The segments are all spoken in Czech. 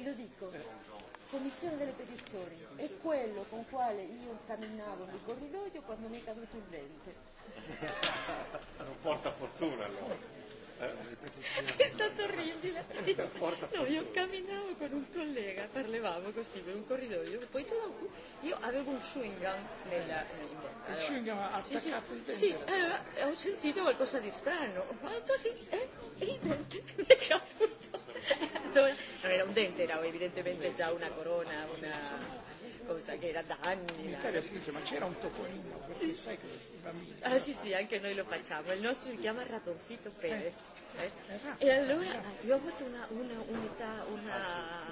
che lo dico, commissione delle petizioni, è quello con quale io camminavo nel corridoio quando mi è caduto il vento. Non porta fortuna allora. È stato orribile. No, io camminavo con un collega, parlavamo così per un corridoio, poi dopo io avevo un chewing gum nella, in Allora, il chewing gum attaccato sì, il Sì, allora ho sentito qualcosa di strano, ho fatto lì eh, e il dente mi è caduto potente, era evidentemente già una corona, una cosa che era da anni. In Italia si dice ma c'era un topolino, sì. sai che i bambini. Ah sì sì, anche noi lo facciamo, il nostro si chiama Ratoncito Perez. Eh? E allora io ho avuto una, una unità, una,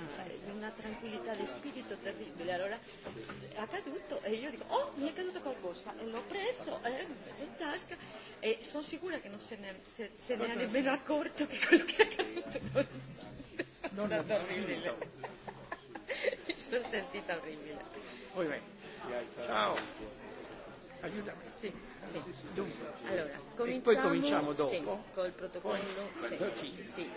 una tranquillità di spirito terribile, allora è accaduto e eh, io dico, oh mi è caduto qualcosa, e l'ho preso eh, in tasca e eh, sono sicura che non se ne, se, se ne ha nemmeno accorto che quello che è accaduto. Così. ¿no? No, no, no, no. sono sentita orribile. Poi vai. Ciao. Aiutami. Sì, sì. Dunque. Allora, cominciamo, e poi cominciamo dopo. Sì, col protocollo. Poi, sì. Sì.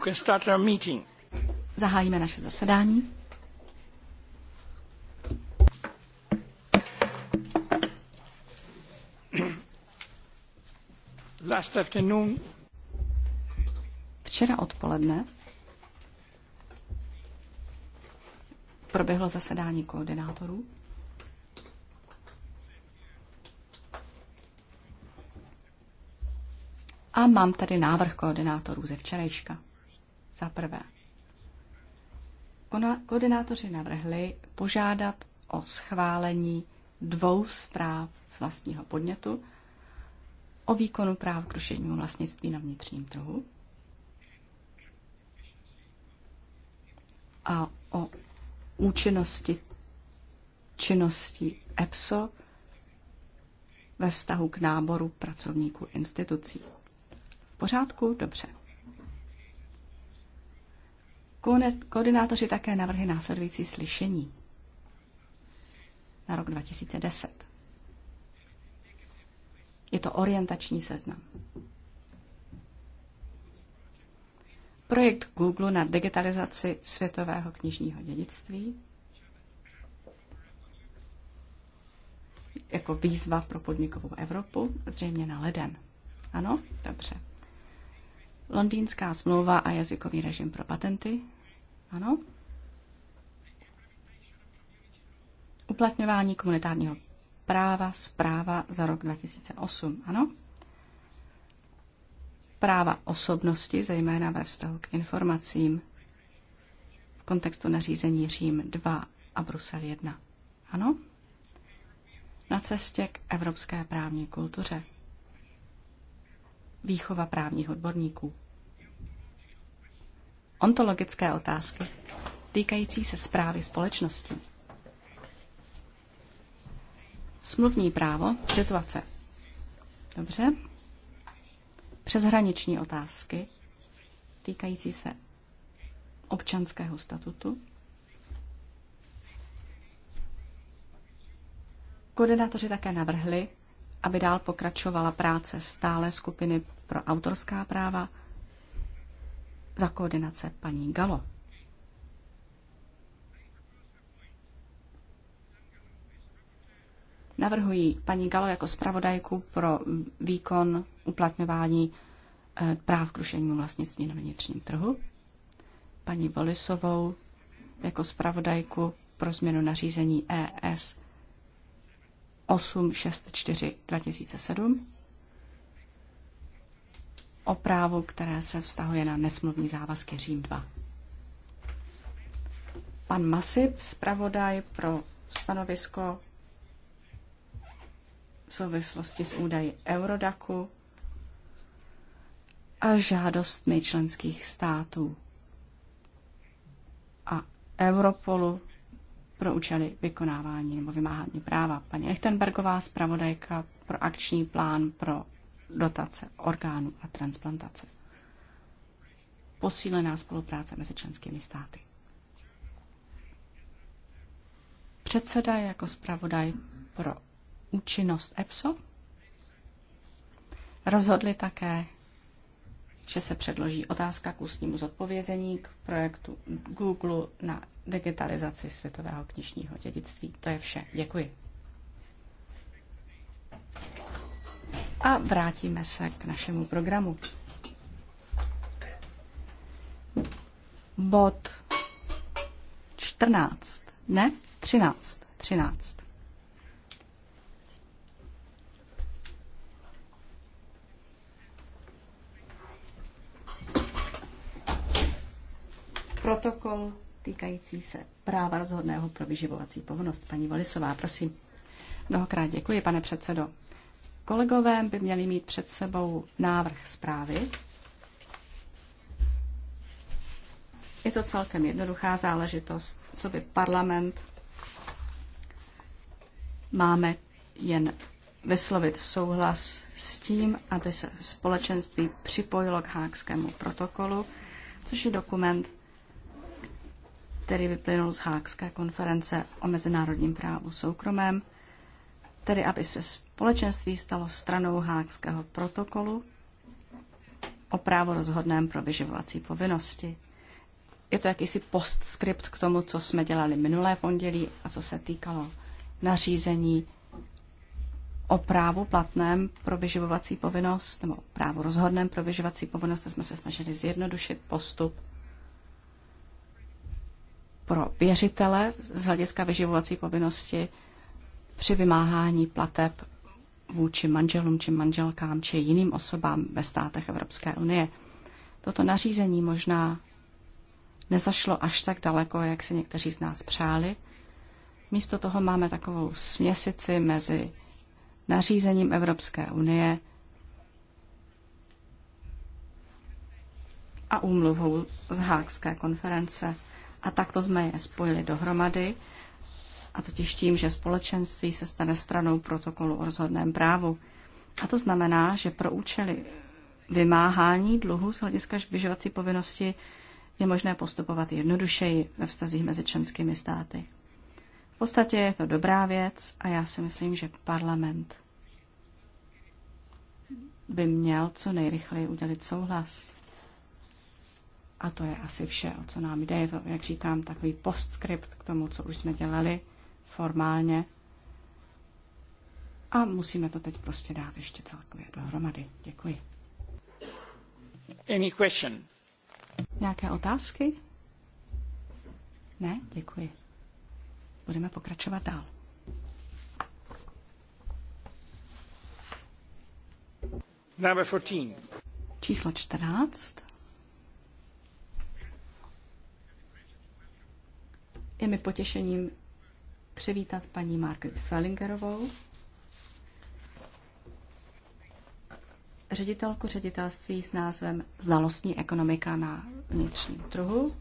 You can start our meeting. Zahájíme naše zasedání. Last afternoon. Včera odpoledne proběhlo zasedání koordinátorů. A mám tady návrh koordinátorů ze včerejška. Za prvé, koordinátoři navrhli požádat o schválení dvou zpráv z vlastního podnětu o výkonu práv k rušení vlastnictví na vnitřním trhu a o účinnosti činnosti EPSO ve vztahu k náboru pracovníků institucí. V pořádku? Dobře. Koordinátoři také navrhli následující slyšení na rok 2010. Je to orientační seznam. Projekt Google na digitalizaci světového knižního dědictví jako výzva pro podnikovou Evropu, zřejmě na leden. Ano? Dobře. Londýnská smlouva a jazykový režim pro patenty. Ano. Uplatňování komunitárního práva, zpráva za rok 2008. Ano. Práva osobnosti, zejména ve vztahu k informacím v kontextu nařízení Řím 2 a Brusel 1. Ano. Na cestě k evropské právní kultuře. Výchova právních odborníků ontologické otázky týkající se zprávy společností. Smluvní právo, situace. Dobře. Přeshraniční otázky týkající se občanského statutu. Koordinátoři také navrhli, aby dál pokračovala práce stále skupiny pro autorská práva za koordinace paní Galo. Navrhuji paní Galo jako zpravodajku pro výkon uplatňování eh, práv k rušení vlastnictví na vnitřním trhu, paní Volisovou jako zpravodajku pro změnu nařízení ES 864 2007 o právu, které se vztahuje na nesmluvní závazky Řím 2. Pan Masip, zpravodaj pro stanovisko v souvislosti s údaji Eurodaku a žádostmi členských států a Europolu pro účely vykonávání nebo vymáhání práva. Paní Lichtenbergová, zpravodajka pro akční plán pro dotace orgánů a transplantace. Posílená spolupráce mezi členskými státy. Předseda jako zpravodaj pro účinnost EPSO rozhodli také, že se předloží otázka k ústnímu zodpovězení k projektu Google na digitalizaci světového knižního dědictví. To je vše. Děkuji. a vrátíme se k našemu programu. Bod 14, ne? 13, 13. Protokol týkající se práva rozhodného pro vyživovací povinnost. Paní Volisová, prosím. Mnohokrát děkuji, pane předsedo. Kolegové by měli mít před sebou návrh zprávy. Je to celkem jednoduchá záležitost, co by parlament máme jen vyslovit souhlas s tím, aby se společenství připojilo k hákskému protokolu, což je dokument, který vyplynul z hákské konference o mezinárodním právu soukromém, tedy aby se společenství stalo stranou Hákského protokolu o právo rozhodném pro vyživovací povinnosti. Je to jakýsi postskript k tomu, co jsme dělali minulé pondělí a co se týkalo nařízení o právu platném pro vyživovací povinnost nebo právo rozhodném pro vyživovací povinnost, jsme se snažili zjednodušit postup pro věřitele z hlediska vyživovací povinnosti při vymáhání plateb vůči manželům či manželkám či jiným osobám ve státech Evropské unie. Toto nařízení možná nezašlo až tak daleko, jak se někteří z nás přáli. Místo toho máme takovou směsici mezi nařízením Evropské unie a úmluvou z Hákské konference. A takto jsme je spojili dohromady a totiž tím, že společenství se stane stranou protokolu o rozhodném právu. A to znamená, že pro účely vymáhání dluhu z hlediska vyžovací povinnosti je možné postupovat jednodušeji ve vztazích mezi členskými státy. V podstatě je to dobrá věc a já si myslím, že parlament by měl co nejrychleji udělit souhlas. A to je asi vše, o co nám jde. Je to, jak říkám, takový postscript k tomu, co už jsme dělali formálně. A musíme to teď prostě dát ještě celkově dohromady. Děkuji. Any question? Nějaké otázky? Ne, děkuji. Budeme pokračovat dál. Number 14. Číslo 14. Je mi potěšením přivítat paní Margaret Fellingerovou, ředitelku ředitelství s názvem Znalostní ekonomika na vnitřním trhu.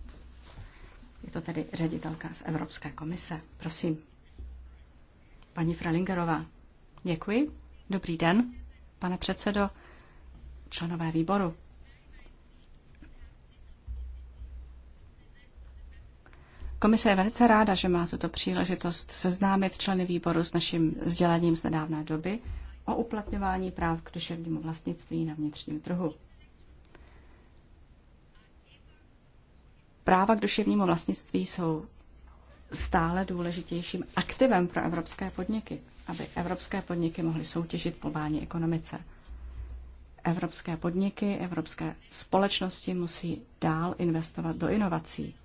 Je to tedy ředitelka z Evropské komise. Prosím. Paní Frelingerová, děkuji. Dobrý den, pane předsedo, členové výboru. Komise je velice ráda, že má tuto příležitost seznámit členy výboru s naším sdělením z nedávné doby o uplatňování práv k duševnímu vlastnictví na vnitřním trhu. Práva k duševnímu vlastnictví jsou stále důležitějším aktivem pro evropské podniky, aby evropské podniky mohly soutěžit v globální ekonomice. Evropské podniky, evropské společnosti musí dál investovat do inovací,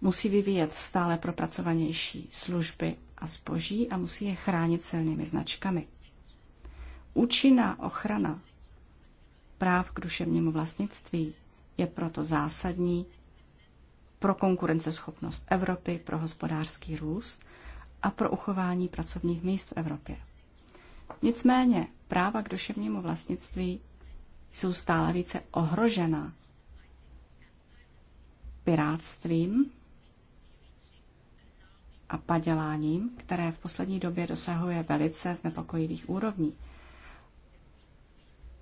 musí vyvíjet stále propracovanější služby a zboží a musí je chránit silnými značkami. Účinná ochrana práv k duševnímu vlastnictví je proto zásadní pro konkurenceschopnost Evropy, pro hospodářský růst a pro uchování pracovních míst v Evropě. Nicméně práva k duševnímu vlastnictví jsou stále více ohrožena pirátstvím a paděláním, které v poslední době dosahuje velice znepokojivých úrovní.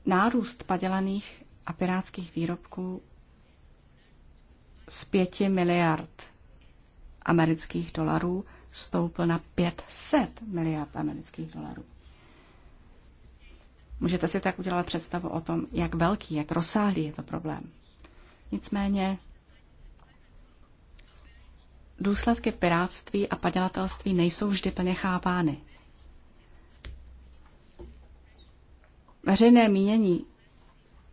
Nárůst padělaných a pirátských výrobků z 5 miliard amerických dolarů stoupl na 500 miliard amerických dolarů. Můžete si tak udělat představu o tom, jak velký, jak rozsáhlý je to problém. Nicméně důsledky piráctví a padělatelství nejsou vždy plně chápány. Veřejné mínění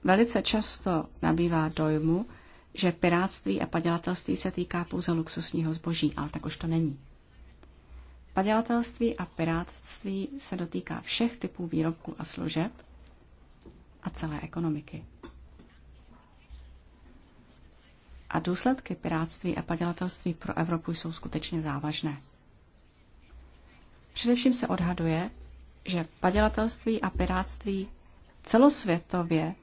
velice často nabývá dojmu, že piráctví a padělatelství se týká pouze luxusního zboží, ale tak už to není. Padělatelství a pirátství se dotýká všech typů výrobků a služeb a celé ekonomiky a důsledky piráctví a padělatelství pro Evropu jsou skutečně závažné. Především se odhaduje, že padělatelství a piráctví celosvětově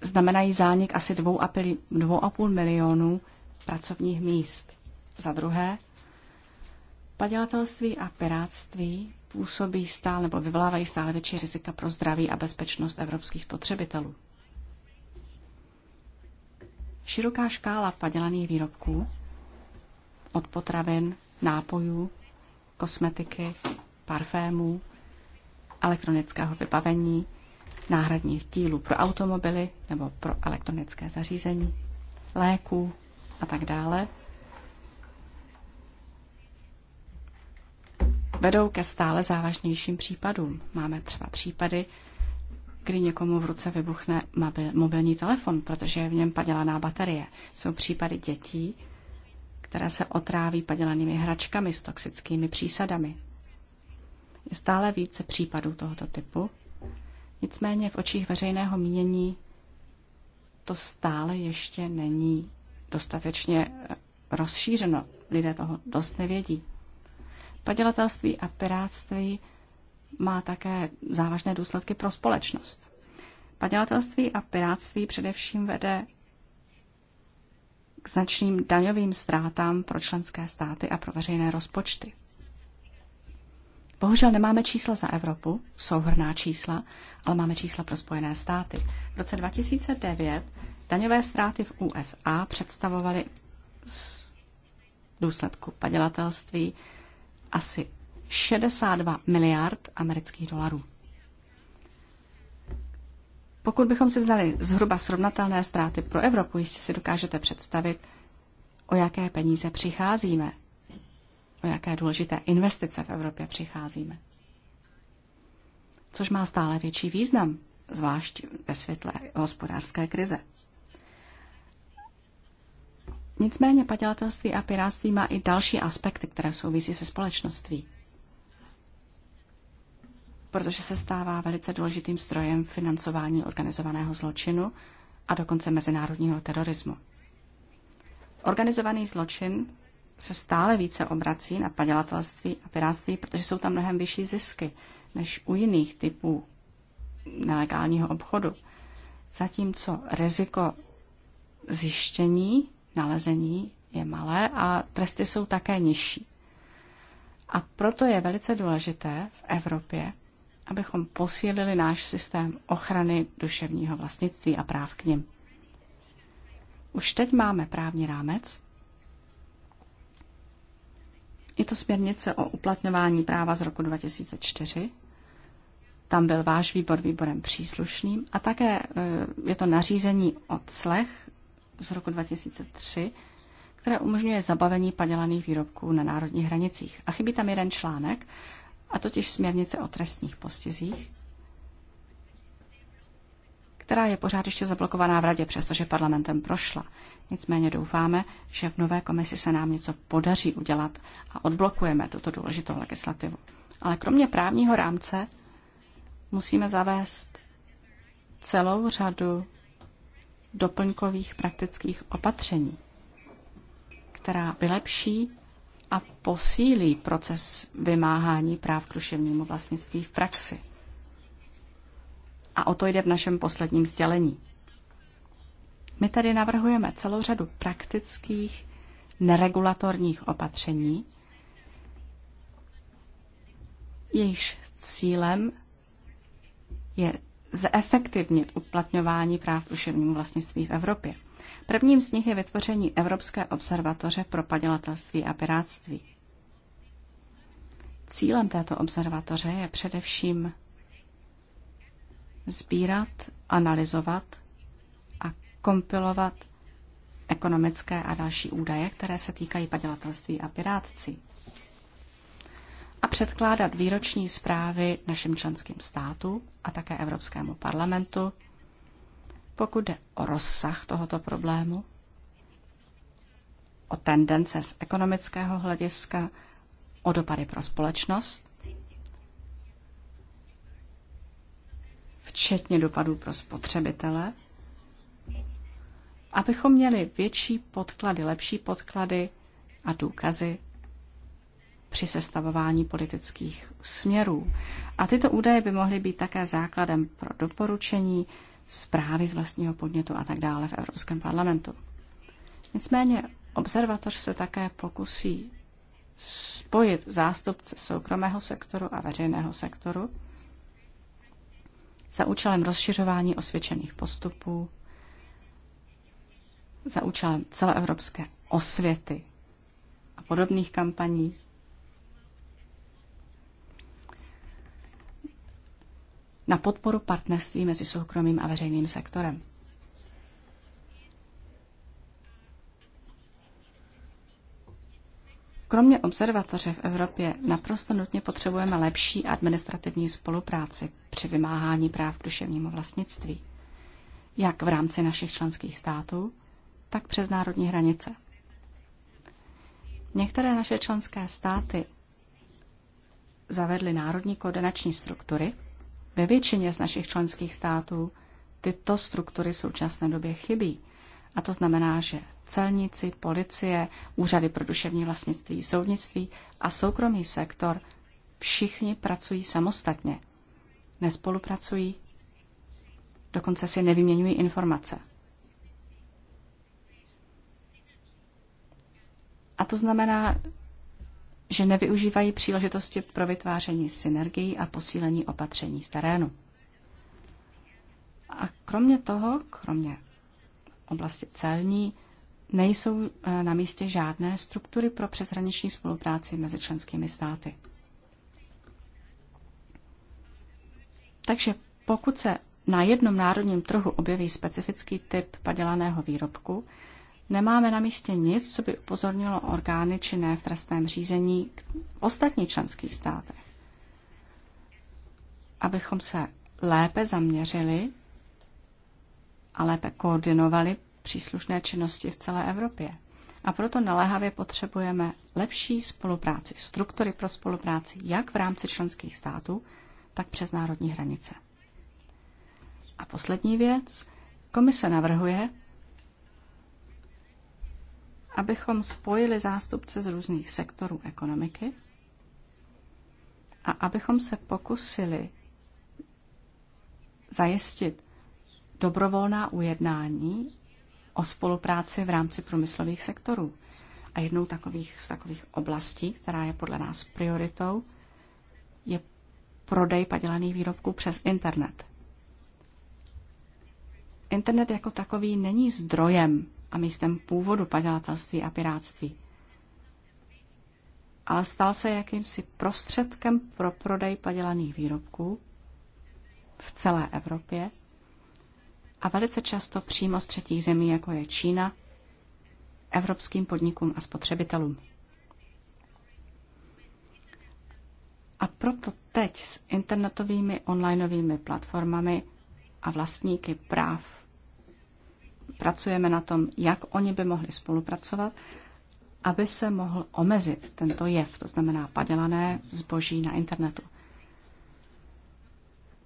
znamenají zánik asi 2,5 milionů pracovních míst. Za druhé, padělatelství a piráctví působí stále nebo vyvolávají stále větší rizika pro zdraví a bezpečnost evropských potřebitelů. Široká škála padělaných výrobků, od potravin, nápojů, kosmetiky, parfémů, elektronického vybavení, náhradních dílů pro automobily nebo pro elektronické zařízení, léků a tak dále, vedou ke stále závažnějším případům. Máme třeba případy, kdy někomu v ruce vybuchne mobilní telefon, protože je v něm padělaná baterie. Jsou případy dětí, které se otráví padělanými hračkami s toxickými přísadami. Je stále více případů tohoto typu. Nicméně v očích veřejného mínění to stále ještě není dostatečně eh, rozšířeno. Lidé toho dost nevědí. Padělatelství a piráctví má také závažné důsledky pro společnost. Padělatelství a pirátství především vede k značným daňovým ztrátám pro členské státy a pro veřejné rozpočty. Bohužel nemáme čísla za Evropu, souhrná čísla, ale máme čísla pro Spojené státy. V roce 2009 daňové ztráty v USA představovaly z důsledku padělatelství asi 62 miliard amerických dolarů. Pokud bychom si vzali zhruba srovnatelné ztráty pro Evropu, jistě si dokážete představit, o jaké peníze přicházíme, o jaké důležité investice v Evropě přicházíme. Což má stále větší význam, zvlášť ve světle hospodářské krize. Nicméně padělatelství a piráctví má i další aspekty, které souvisí se společností protože se stává velice důležitým strojem financování organizovaného zločinu a dokonce mezinárodního terorismu. Organizovaný zločin se stále více obrací na padělatelství a piráctví, protože jsou tam mnohem vyšší zisky než u jiných typů nelegálního obchodu. Zatímco riziko zjištění, nalezení je malé a tresty jsou také nižší. A proto je velice důležité v Evropě, abychom posílili náš systém ochrany duševního vlastnictví a práv k ním. Už teď máme právní rámec. Je to směrnice o uplatňování práva z roku 2004. Tam byl váš výbor výborem příslušným a také e, je to nařízení od slech z roku 2003, které umožňuje zabavení padělaných výrobků na národních hranicích. A chybí tam jeden článek, a totiž směrnice o trestních postizích, která je pořád ještě zablokovaná v radě, přestože parlamentem prošla. Nicméně doufáme, že v nové komisi se nám něco podaří udělat a odblokujeme tuto důležitou legislativu. Ale kromě právního rámce musíme zavést celou řadu doplňkových praktických opatření, která vylepší a posílí proces vymáhání práv k duševnímu vlastnictví v praxi. A o to jde v našem posledním sdělení. My tady navrhujeme celou řadu praktických neregulatorních opatření, jejichž cílem je zefektivnit uplatňování práv duševnímu vlastnictví v Evropě. Prvním z nich je vytvoření Evropské observatoře pro padělatelství a piráctví. Cílem této observatoře je především sbírat, analyzovat a kompilovat ekonomické a další údaje, které se týkají padělatelství a pirátci. a předkládat výroční zprávy našim členským státu a také Evropskému parlamentu pokud jde o rozsah tohoto problému, o tendence z ekonomického hlediska, o dopady pro společnost, včetně dopadů pro spotřebitele, abychom měli větší podklady, lepší podklady a důkazy při sestavování politických směrů. A tyto údaje by mohly být také základem pro doporučení, zprávy z vlastního podnětu a tak dále v Evropském parlamentu. Nicméně observatoř se také pokusí spojit zástupce soukromého sektoru a veřejného sektoru za účelem rozšiřování osvědčených postupů, za účelem celoevropské osvěty a podobných kampaní na podporu partnerství mezi soukromým a veřejným sektorem. Kromě observatoře v Evropě naprosto nutně potřebujeme lepší administrativní spolupráci při vymáhání práv k duševnímu vlastnictví, jak v rámci našich členských států, tak přes národní hranice. Některé naše členské státy zavedly národní koordinační struktury, ve většině z našich členských států tyto struktury v současné době chybí. A to znamená, že celníci, policie, úřady pro duševní vlastnictví, soudnictví a soukromý sektor všichni pracují samostatně. Nespolupracují, dokonce si nevyměňují informace. A to znamená, že nevyužívají příležitosti pro vytváření synergií a posílení opatření v terénu. A kromě toho, kromě oblasti celní, nejsou eh, na místě žádné struktury pro přeshraniční spolupráci mezi členskými státy. Takže pokud se na jednom národním trhu objeví specifický typ padělaného výrobku, Nemáme na místě nic, co by upozornilo orgány činné v trestném řízení v ostatních členských státech. Abychom se lépe zaměřili a lépe koordinovali příslušné činnosti v celé Evropě. A proto naléhavě potřebujeme lepší spolupráci, struktury pro spolupráci jak v rámci členských států, tak přes národní hranice. A poslední věc. Komise navrhuje, abychom spojili zástupce z různých sektorů ekonomiky a abychom se pokusili zajistit dobrovolná ujednání o spolupráci v rámci průmyslových sektorů. A jednou takových, z takových oblastí, která je podle nás prioritou, je prodej padělaných výrobků přes internet. Internet jako takový není zdrojem a místem původu padělatelství a piráctví. Ale stal se jakýmsi prostředkem pro prodej padělaných výrobků v celé Evropě a velice často přímo z třetích zemí, jako je Čína, evropským podnikům a spotřebitelům. A proto teď s internetovými onlineovými platformami a vlastníky práv Pracujeme na tom, jak oni by mohli spolupracovat, aby se mohl omezit tento jev, to znamená padělané zboží na internetu.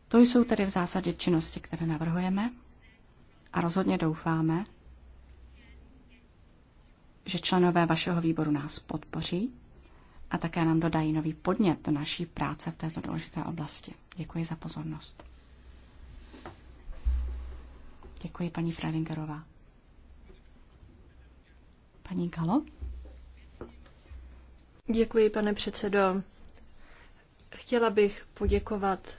To jsou tedy v zásadě činnosti, které navrhujeme a rozhodně doufáme, že členové vašeho výboru nás podpoří a také nám dodají nový podnět do naší práce v této důležité oblasti. Děkuji za pozornost. Děkuji, paní Fradingerová. Paní Galo? Děkuji, pane předsedo. Chtěla bych poděkovat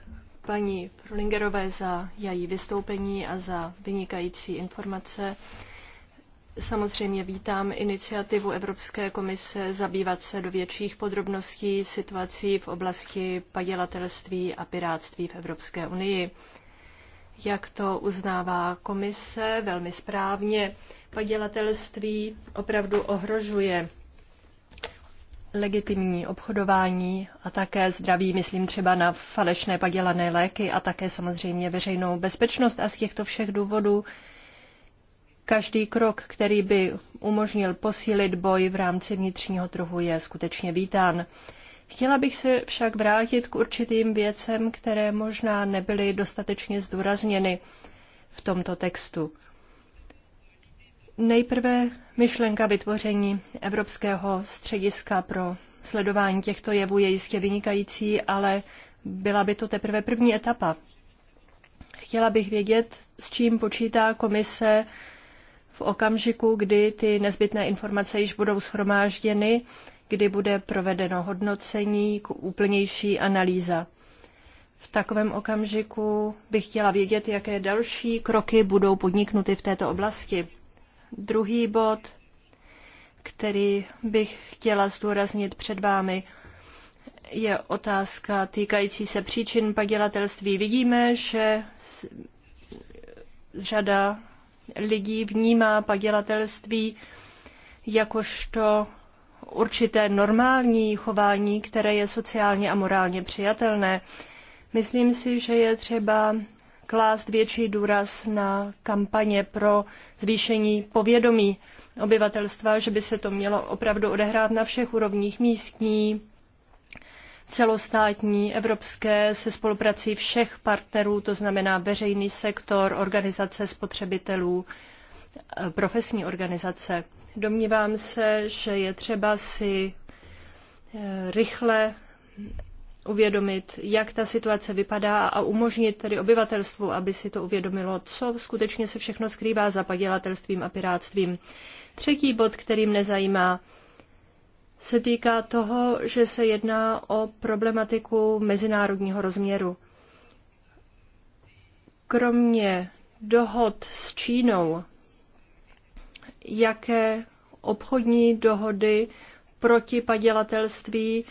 paní Prolingerové za její vystoupení a za vynikající informace. Samozřejmě vítám iniciativu Evropské komise zabývat se do větších podrobností situací v oblasti padělatelství a piráctví v Evropské unii jak to uznává komise velmi správně. Padělatelství opravdu ohrožuje legitimní obchodování a také zdraví, myslím třeba na falešné padělané léky a také samozřejmě veřejnou bezpečnost. A z těchto všech důvodů každý krok, který by umožnil posílit boj v rámci vnitřního trhu, je skutečně vítán. Chtěla bych se však vrátit k určitým věcem, které možná nebyly dostatečně zdůrazněny v tomto textu. Nejprve myšlenka vytvoření Evropského střediska pro sledování těchto jevů je jistě vynikající, ale byla by to teprve první etapa. Chtěla bych vědět, s čím počítá komise v okamžiku, kdy ty nezbytné informace již budou schromážděny kdy bude provedeno hodnocení, úplnější analýza. V takovém okamžiku bych chtěla vědět, jaké další kroky budou podniknuty v této oblasti. Druhý bod, který bych chtěla zdůraznit před vámi, je otázka týkající se příčin padělatelství. Vidíme, že řada lidí vnímá padělatelství jakožto určité normální chování, které je sociálně a morálně přijatelné. Myslím si, že je třeba klást větší důraz na kampaně pro zvýšení povědomí obyvatelstva, že by se to mělo opravdu odehrát na všech úrovních místní, celostátní, evropské, se spoluprací všech partnerů, to znamená veřejný sektor, organizace spotřebitelů, eh, profesní organizace. Domnívám se, že je třeba si eh, rychle uvědomit, jak ta situace vypadá a umožnit tedy obyvatelstvu, aby si to uvědomilo, co skutečně se všechno skrývá za padělatelstvím a pirátstvím. Třetí bod, který mne zajímá, se týká toho, že se jedná o problematiku mezinárodního rozměru. Kromě dohod s Čínou, jaké obchodní dohody proti padělatelství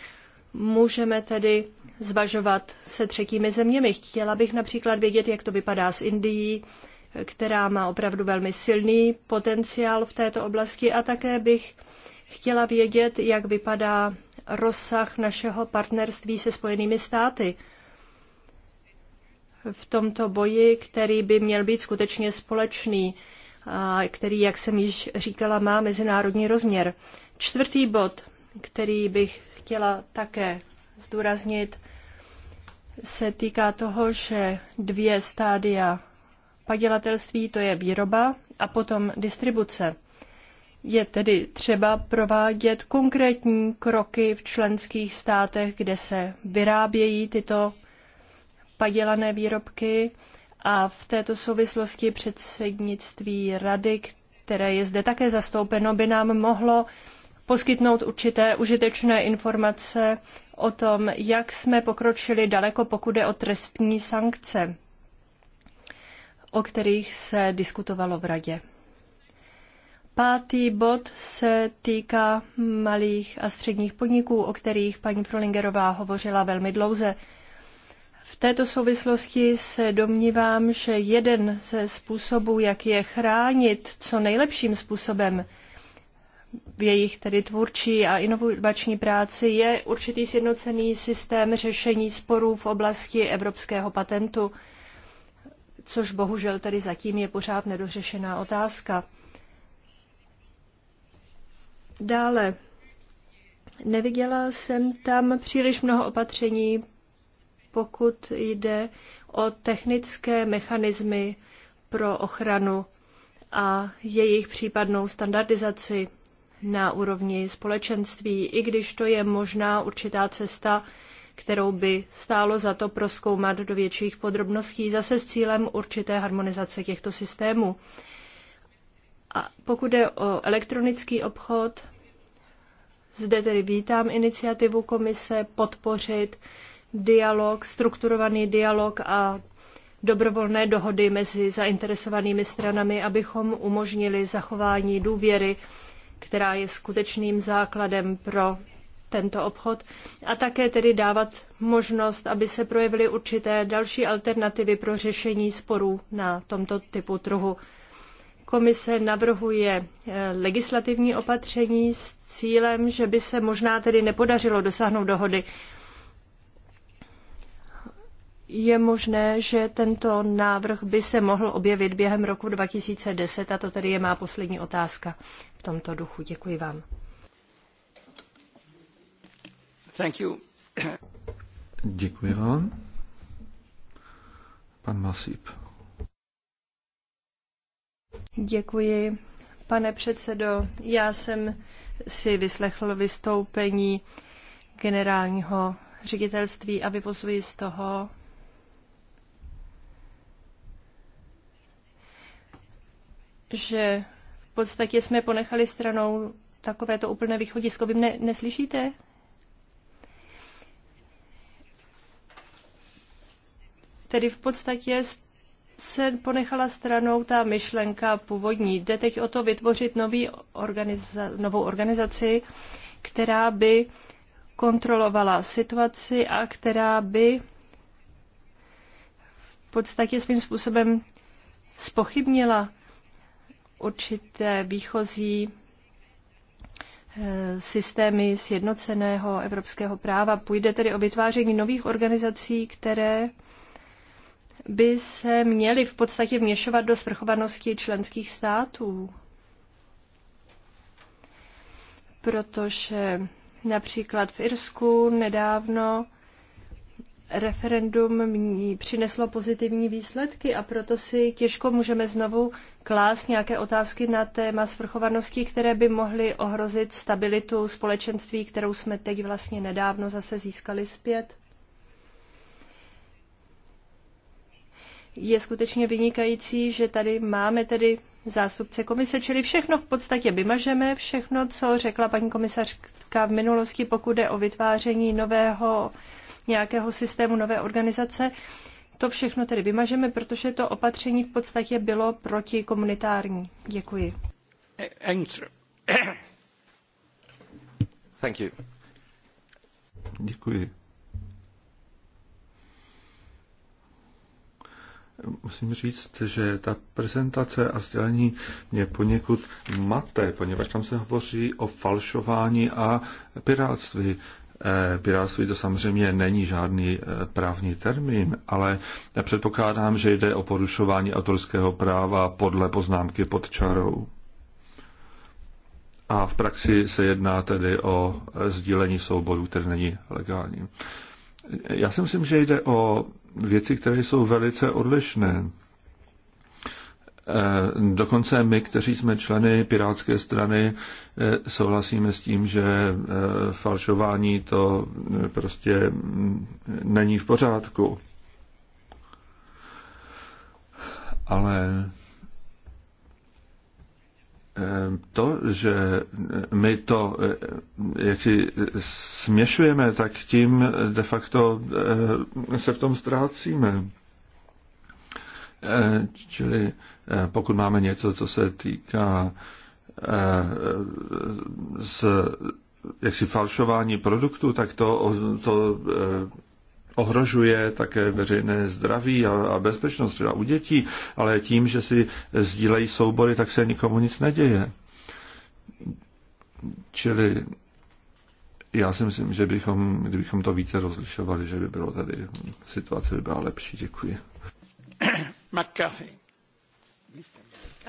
můžeme tedy zvažovat se třetími zeměmi. Chtěla bych například vědět, jak to vypadá s Indií, která má opravdu velmi silný potenciál v této oblasti a také bych chtěla vědět, jak vypadá rozsah našeho partnerství se Spojenými státy v tomto boji, který by měl být skutečně společný který, jak jsem již říkala, má mezinárodní rozměr. Čtvrtý bod, který bych chtěla také zdůraznit, se týká toho, že dvě stádia padělatelství, to je výroba a potom distribuce. Je tedy třeba provádět konkrétní kroky v členských státech, kde se vyrábějí tyto padělané výrobky a v této souvislosti předsednictví rady, které je zde také zastoupeno, by nám mohlo poskytnout určité užitečné informace o tom, jak jsme pokročili daleko, pokud jde o trestní sankce, o kterých se diskutovalo v radě. Pátý bod se týká malých a středních podniků, o kterých paní Prolingerová hovořila velmi dlouze. V této souvislosti se domnívám, že jeden ze způsobů, jak je chránit co nejlepším způsobem v jejich tedy tvůrčí a inovační práci, je určitý sjednocený systém řešení sporů v oblasti evropského patentu, což bohužel tedy zatím je pořád nedořešená otázka. Dále, neviděla jsem tam příliš mnoho opatření pokud jde o technické mechanismy pro ochranu a jejich případnou standardizaci na úrovni společenství, i když to je možná určitá cesta, kterou by stálo za to proskoumat do větších podrobností, zase s cílem určité harmonizace těchto systémů. A pokud je o elektronický obchod, zde tedy vítám iniciativu komise podpořit dialog, strukturovaný dialog a dobrovolné dohody mezi zainteresovanými stranami, abychom umožnili zachování důvěry, která je skutečným základem pro tento obchod a také tedy dávat možnost, aby se projevily určité další alternativy pro řešení sporů na tomto typu trhu. Komise navrhuje eh, legislativní opatření s cílem, že by se možná tedy nepodařilo dosáhnout dohody je možné, že tento návrh by se mohl objevit během roku 2010 a to tedy je má poslední otázka v tomto duchu. Děkuji vám. Thank you. Děkuji vám. Pan Masip. Děkuji, pane předsedo. Já jsem si vyslechl vystoupení generálního ředitelství a vyvozuji z toho, že v podstatě jsme ponechali stranou takovéto úplné východisko. Vy mne neslyšíte? Tedy v podstatě se ponechala stranou ta myšlenka původní. Jde teď o to vytvořit nový organiza- novou organizaci, která by kontrolovala situaci a která by v podstatě svým způsobem spochybnila určité výchozí eh, systémy sjednoceného evropského práva. Půjde tedy o vytváření nových organizací, které by se měly v podstatě vměšovat do svrchovanosti členských států. Protože například v Irsku nedávno referendum přineslo pozitivní výsledky a proto si těžko můžeme znovu klást nějaké otázky na téma svrchovanosti, které by mohly ohrozit stabilitu společenství, kterou jsme teď vlastně nedávno zase získali zpět. Je skutečně vynikající, že tady máme tedy zástupce komise, čili všechno v podstatě vymažeme, všechno, co řekla paní komisařka v minulosti, pokud jde o vytváření nového nějakého systému nové organizace. To všechno tedy vymažeme, protože to opatření v podstatě bylo protikomunitární. Děkuji. Thank you. Děkuji. Musím říct, že ta prezentace a sdělení mě poněkud mate, poněvadž tam se hovoří o falšování a piráctví. Eh, piráctví to samozřejmě není žádný eh, právní termín, ale já předpokládám, že jde o porušování autorského práva podle poznámky pod čarou. A v praxi se jedná tedy o eh, sdílení souborů, který není legální. Já si myslím, že jde o věci, které jsou velice odlišné. Eh, dokonce my, kteří jsme členy Pirátské strany, eh, souhlasíme s tím, že eh, falšování to prostě mm, není v pořádku. Ale to, že my to jak si směšujeme, tak tím de facto se v tom ztrácíme. Čili Eh, pokud máme něco, co se týká z eh, jaksi falšování produktu, tak to, to eh, ohrožuje také veřejné zdraví a, a bezpečnost třeba u dětí, ale tím, že si sdílejí soubory, tak se nikomu nic neděje. Čili já si myslím, že bychom, kdybychom to více rozlišovali, že by bylo tady, situace by byla lepší. Děkuji. McCarthy.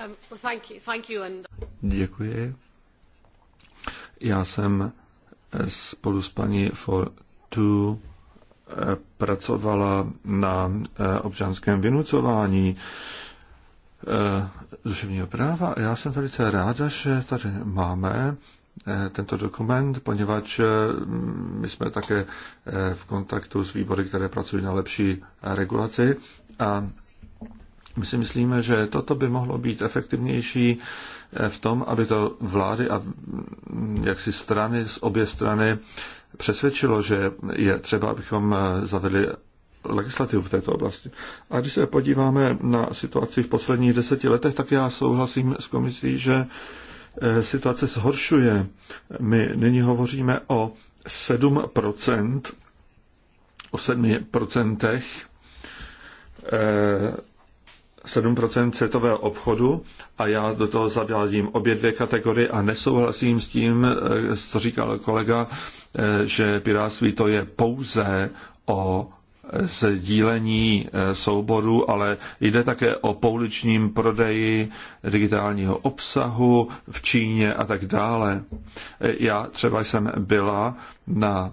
Um, Děkuji. Já jsem eh, spolu s paní Fortu eh, pracovala na eh, občanském vynucování duševního práva. Já jsem velice ráda, že tady máme tento dokument, poněvadž my jsme také v kontaktu s výbory, které pracují na lepší regulaci a my si myslíme, že toto by mohlo být efektivnější eh, v tom, aby to vlády a mm, jaksi strany z obě strany přesvědčilo, že je třeba, abychom eh, zavedli legislativu v této oblasti. A když se podíváme na situaci v posledních deseti letech, tak já souhlasím s komisí, že eh, situace zhoršuje. My nyní hovoříme o 7%, o 7% 7% světového obchodu a já do toho zavádím obě dvě kategorie a nesouhlasím s tím, eh, co říkal kolega, eh, že piráctví to je pouze o eh, sdílení souborů, ale jde také o pouličním prodeji digitálního obsahu v Číně a tak dále. Já třeba jsem byla na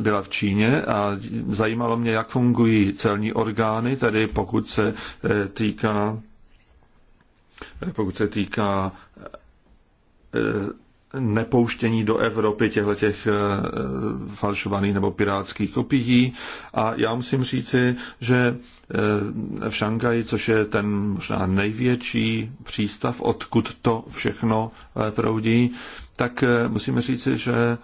byla v Číně a zajímalo mě, jak fungují celní orgány, tedy pokud se eh, týká eh, pokud se týká eh, nepouštění do Evropy těchto těch falšovaných nebo pirátských kopií. A já musím říci, že v Šanghaji, což je ten možná největší přístav, odkud to všechno proudí, tak musíme říci, že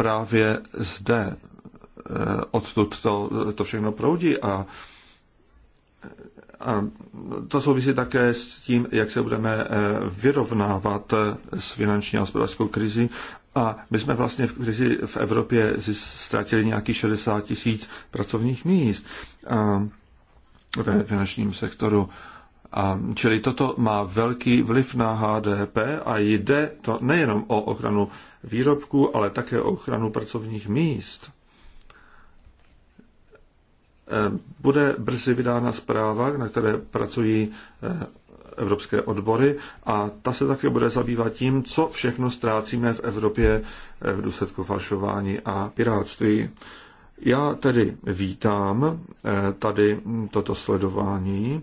právě zde, eh, odtud to, to všechno proudí a a to souvisí také s tím, jak se budeme eh, vyrovnávat eh, s finanční a hospodářskou krizi A my jsme vlastně v krizi v Evropě ztratili nějakých 60 tisíc pracovních míst ve finančním sektoru. A čili toto má velký vliv na HDP a jde to nejenom o ochranu výrobků, ale také o ochranu pracovních míst, ehm, bude brzy vydána zpráva, na které pracují ehm, evropské odbory a ta se také bude zabývat tím, co všechno ztrácíme v Evropě ehm, v důsledku falšování a piráctví. Já tedy vítám tady toto sledování.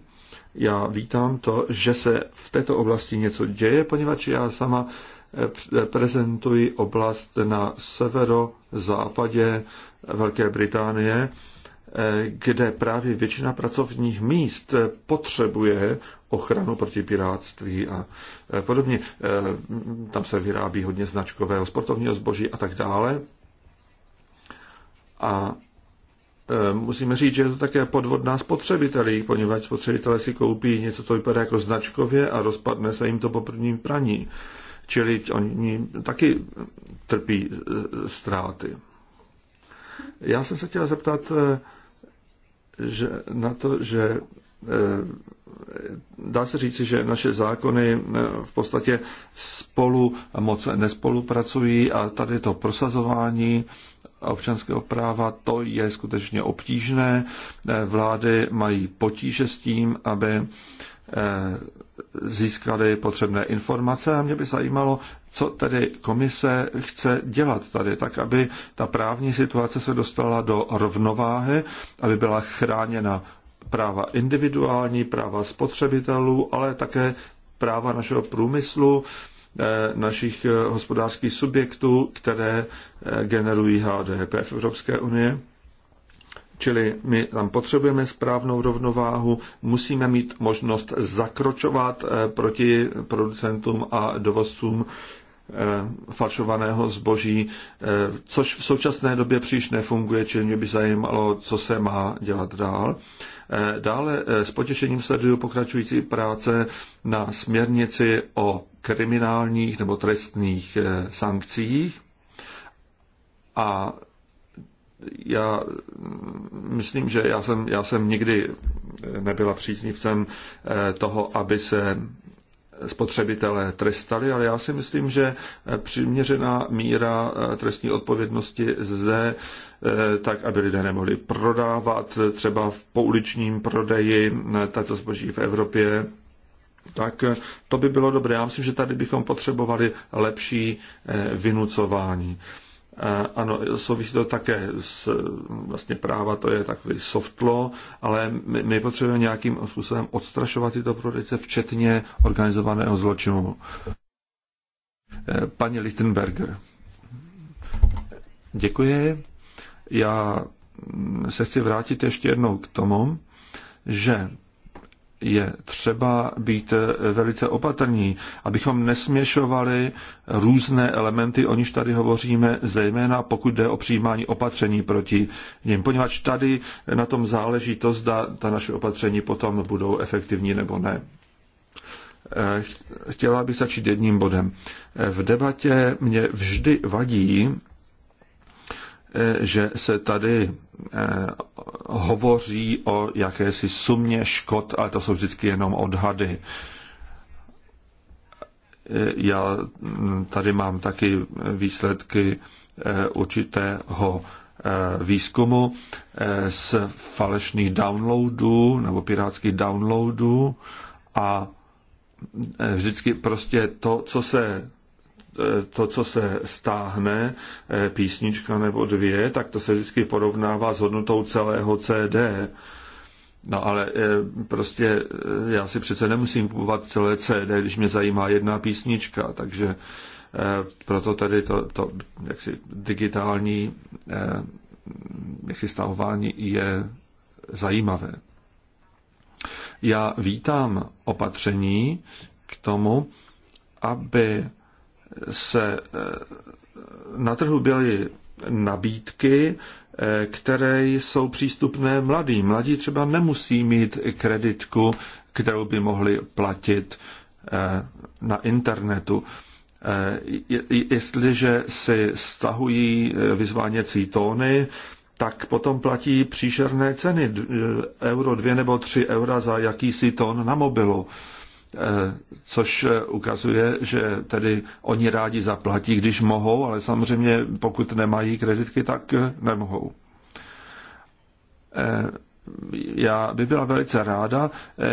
Já vítám to, že se v této oblasti něco děje, poněvadž já sama Eh, prezentují oblast na severozápadě Velké Británie, eh, kde právě většina pracovních míst potřebuje ochranu proti piráctví a eh, podobně. Tam se vyrábí hodně značkového sportovního zboží a tak dále. A musíme říct, že je to také podvodná spotřebitelí, poněvadž spotřebitelé si koupí něco, co vypadá jako značkově a rozpadne se jim to po prvním praní. Čili oni taky trpí e, ztráty. Já jsem se chtěl zeptat e, že na to, že e, dá se říci, že naše zákony v podstatě spolu moc nespolupracují a tady to prosazování občanského práva, to je skutečně obtížné. Vlády mají potíže s tím, aby získali potřebné informace a mě by zajímalo, co tedy komise chce dělat tady, tak aby ta právní situace se dostala do rovnováhy, aby byla chráněna práva individuální, práva spotřebitelů, ale také práva našeho průmyslu, eh, našich eh, hospodářských subjektů, které eh, generují HDP v Evropské unii. Čili my tam potřebujeme správnou rovnováhu, musíme mít možnost zakročovat eh, proti producentům a dovozcům eh, falšovaného zboží, eh, což v současné době příliš nefunguje, čili mě by zajímalo, co se má dělat dál. Dále s potěšením sleduju pokračující práce na směrnici o kriminálních nebo trestných sankcích a já mm, myslím, že já jsem, já jsem nikdy eh, nebyla příznivcem eh, toho, aby se spotřebitelé trestali, ale já si myslím, že eh, přiměřená míra trestní odpovědnosti zde tak, aby lidé nemohli prodávat třeba v pouličním prodeji tato zboží v Evropě, tak to by bylo dobré. Já myslím, že tady bychom potřebovali lepší vynucování. Ano, souvisí to také s vlastně práva, to je takový soft law, ale my, my potřebujeme nějakým způsobem odstrašovat tyto prodejce, včetně organizovaného zločinu. Eh, paní Lichtenberger, děkuji. Já se chci vrátit ještě jednou k tomu, že je třeba být velice opatrní, abychom nesměšovali různé elementy, o nich tady hovoříme, zejména pokud jde o přijímání opatření proti nim, poněvadž tady na tom záleží to, zda ta naše opatření potom budou efektivní nebo ne. Chtěla bych začít jedním bodem. V debatě mě vždy vadí, že se tady eh, hovoří o jakési sumě škod, ale to jsou vždycky jenom odhady. Eh, já hm, tady mám taky výsledky eh, určitého výzkumu z falešných downloadů nebo pirátských downloadů a hm, vždycky prostě to, co se to, co se stáhne, eh, písnička nebo dvě, tak to se vždycky porovnává s hodnotou celého CD. No ale eh, prostě eh, já si přece nemusím kupovat celé CD, když mě zajímá jedna písnička, takže proto tady to, to jaksi digitální jaksi stahování je zajímavé. Já vítám opatření k tomu, aby se eh, na trhu byly nabídky, eh, které jsou přístupné mladým. Mladí třeba nemusí mít kreditku, kterou by mohli platit eh, na internetu. Jestliže si stahují vyzváněcí tóny, tak potom platí příšerné ceny, euro dvě nebo tři eura za jakýsi tón na mobilu. Eh, což eh, ukazuje, že tedy oni rádi zaplatí, když mohou, ale samozřejmě pokud nemají kreditky, tak eh, nemohou. Já bych byla velice ráda,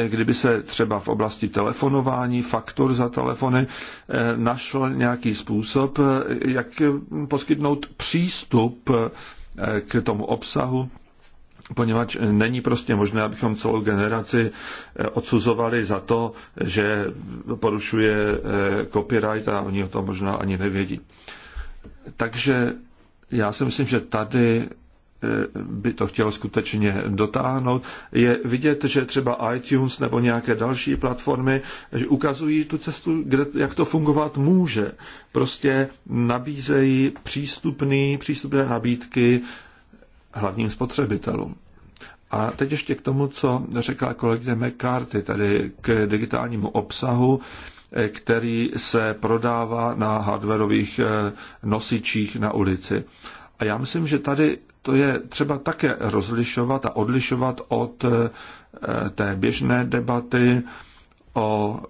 kdyby se třeba v oblasti telefonování, faktur za telefony našel nějaký způsob, jak poskytnout přístup k tomu obsahu poněvadž není prostě možné, abychom celou generaci eh, odsuzovali za to, že porušuje eh, copyright a oni o tom možná ani nevědí. Takže já si myslím, že tady eh, by to chtělo skutečně dotáhnout, je vidět, že třeba iTunes nebo nějaké další platformy že ukazují tu cestu, kde, jak to fungovat může. Prostě nabízejí přístupný, přístupné nabídky hlavním spotřebitelům. A teď ještě k tomu, co řekla kolegyně McCarthy, tady k digitálnímu obsahu, eh, který se prodává na hardwareových eh, nosičích na ulici. A já myslím, že tady to je třeba také rozlišovat a odlišovat od eh, té běžné debaty o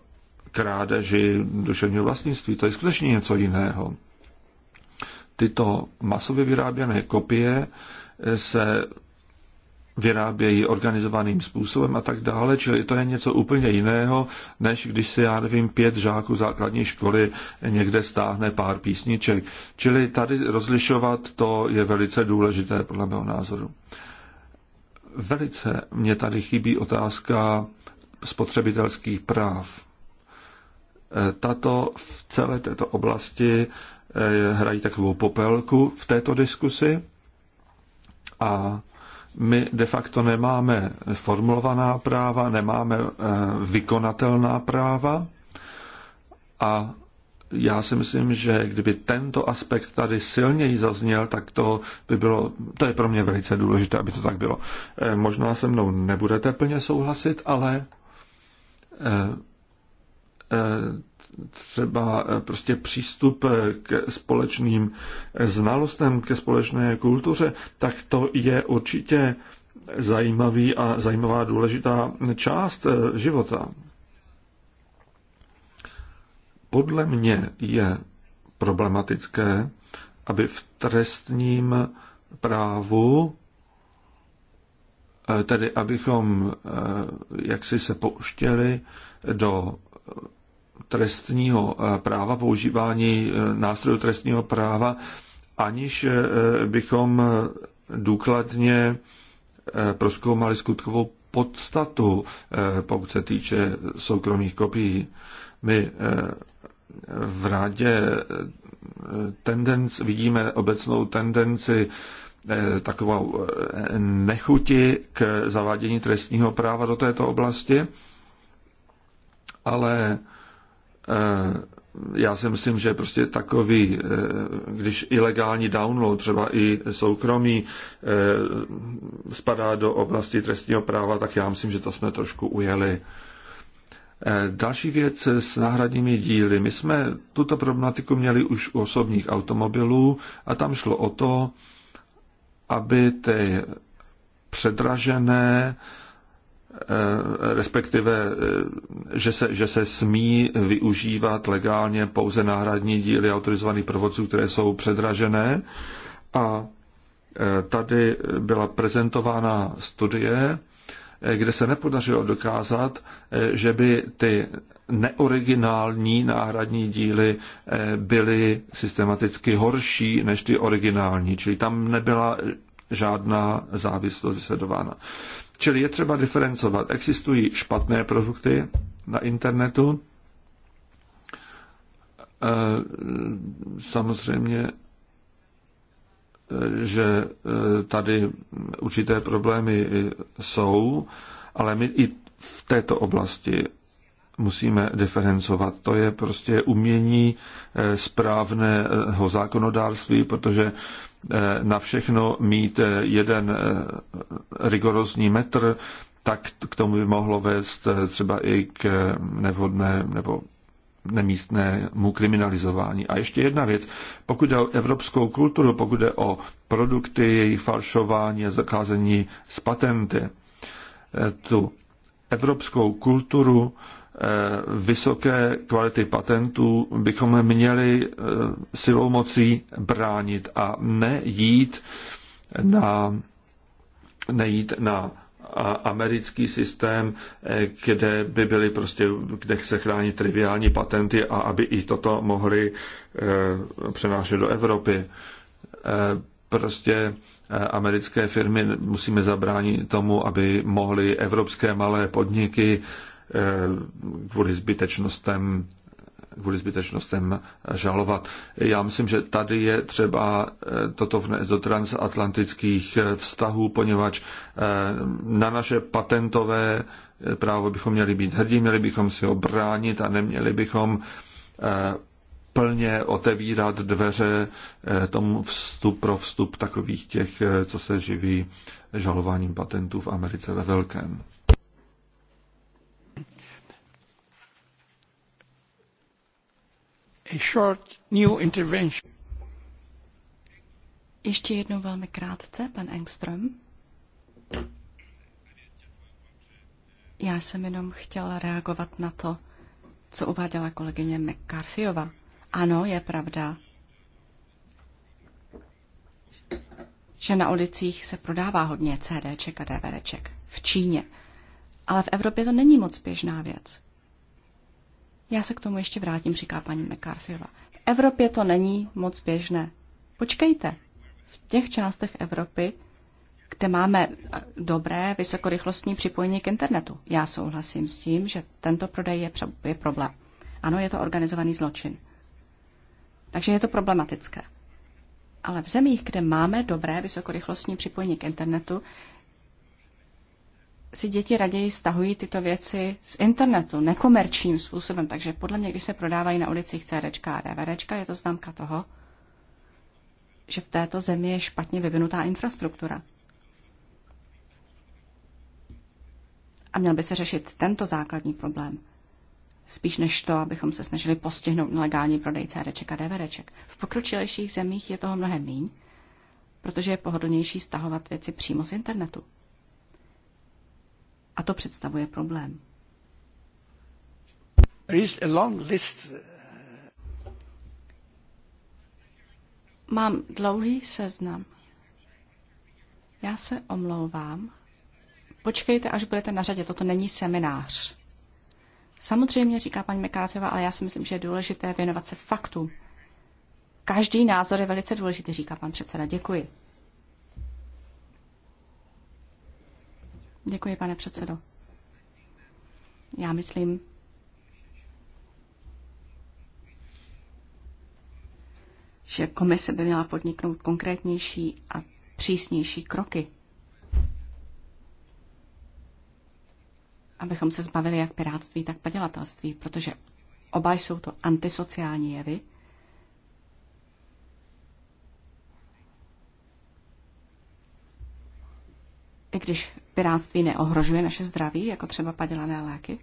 krádeži duševního vlastnictví. To je skutečně něco jiného. Tyto masově vyráběné kopie se vyrábějí organizovaným způsobem a tak dále, čili to je něco úplně jiného, než když si, já nevím, pět žáků základní školy někde stáhne pár písniček. Čili tady rozlišovat to je velice důležité, podle mého názoru. Velice mě tady chybí otázka spotřebitelských práv. Tato v celé této oblasti eh, hrají takovou popelku v této diskusi a my de facto nemáme formulovaná práva, nemáme eh, vykonatelná práva a já si myslím, že kdyby tento aspekt tady silněji zazněl, tak to by bylo, to je pro mě velice důležité, aby to tak bylo. Eh, možná se mnou nebudete plně souhlasit, ale eh, třeba eh, prostě přístup eh, k společným eh, znalostem, ke společné kultuře, tak to je určitě zajímavý a zajímavá důležitá část života. Podle mě je problematické, aby v trestním právu, tedy abychom jaksi se pouštěli do trestního eh, práva, používání eh, nástrojů trestního práva, aniž eh, bychom důkladně proskoumali skutkovou podstatu, pokud se týče soukromých kopií. My v rádě tendenc, vidíme obecnou tendenci takovou nechuti k zavádění trestního práva do této oblasti, ale Eh, já si myslím, že prostě takový, eh, když ilegální download, třeba i soukromý, eh, spadá do oblasti trestního práva, tak já myslím, že to jsme trošku ujeli. Další věc s náhradními díly. My jsme tuto problematiku měli už u osobních automobilů a tam šlo o to, aby ty předražené eh, Eh, respektive, eh, že se, že se smí využívat legálně pouze náhradní díly autorizovaných provodců, které jsou předražené. A eh, tady byla prezentována studie, kde se nepodařilo dokázat, že by ty neoriginální náhradní díly byly systematicky horší než ty originální, čili tam nebyla žádná závislost vysledována. Čili je třeba diferencovat. Existují špatné produkty na internetu. Eh, samozřejmě, eh, že eh, tady určité problémy jsou, ale my i v této oblasti musíme diferencovat. To je prostě umění správného zákonodárství, protože Eh, na všechno mít eh, jeden eh, rigorózní metr, tak k tomu by mohlo vést třeba i k nevhodné nebo nemístnému kriminalizování. A ještě jedna věc, pokud jde o evropskou kulturu, pokud jde o produkty, jejich falšování a zakázení z patenty, tu evropskou kulturu Eh, vysoké kvality patentů bychom měli eh, silou mocí bránit a nejít na, nejít na americký systém, eh, kde by byly prostě, kde se chrání triviální patenty a aby i toto mohli přenášet do Evropy. Prostě americké firmy musíme zabránit tomu, aby mohly evropské malé podniky Eh, kvůli zbytečnostem kvůli zbytečnostem žalovat. Já myslím, že tady je třeba eh, toto vnést do transatlantických eh, vztahů, poněvadž na naše patentové právo bychom měli být hrdí, měli bychom si ho bránit a neměli bychom plně otevírat dveře tomu vstup pro vstup takových těch, co se živí žalováním patentů v Americe ve velkém. a short new intervention. Ještě jednou velmi krátce, pan Engström. Já jsem jenom chtěla reagovat na to, co uváděla kolegyně McCarthyová. Ano, je pravda, že na ulicích se prodává hodně CDček a DVDček v Číně. Ale v Evropě to není moc běžná věc. Já se k tomu ještě vrátím, říká paní McCarthyová. V Evropě to není moc běžné. Počkejte, v těch částech Evropy, kde máme eh, dobré vysokorychlostní připojení k internetu. Já souhlasím s tím, že tento prodej je, je problém. Ano, je to organizovaný zločin. Takže je to problematické. Ale v zemích, kde máme dobré vysokorychlostní připojení k internetu, si děti raději stahují tyto věci z internetu nekomerčním způsobem. Takže podle mě, když se prodávají na ulicích CD a DVD, je to známka toho, že v této zemi je špatně vyvinutá infrastruktura. A měl by se řešit tento základní problém. Spíš než to, abychom se snažili postihnout nelegální prodej CD a DVD. V pokročilejších zemích je toho mnohem míň, protože je pohodlnější stahovat věci přímo z internetu. A to představuje problém. Mám dlouhý seznam. Já se omlouvám. Počkejte, až budete na řadě. Toto není seminář. Samozřejmě, říká paní Mekátová, ale já si myslím, že je důležité věnovat se faktům. Každý názor je velice důležitý, říká pan předseda. Děkuji. Děkuji, pane předsedo. Já myslím, že komise by měla podniknout konkrétnější a přísnější kroky, abychom se zbavili jak pirátství, tak padělatelství, protože oba jsou to antisociální jevy – i když piráctví neohrožuje naše zdraví, jako třeba padělané léky.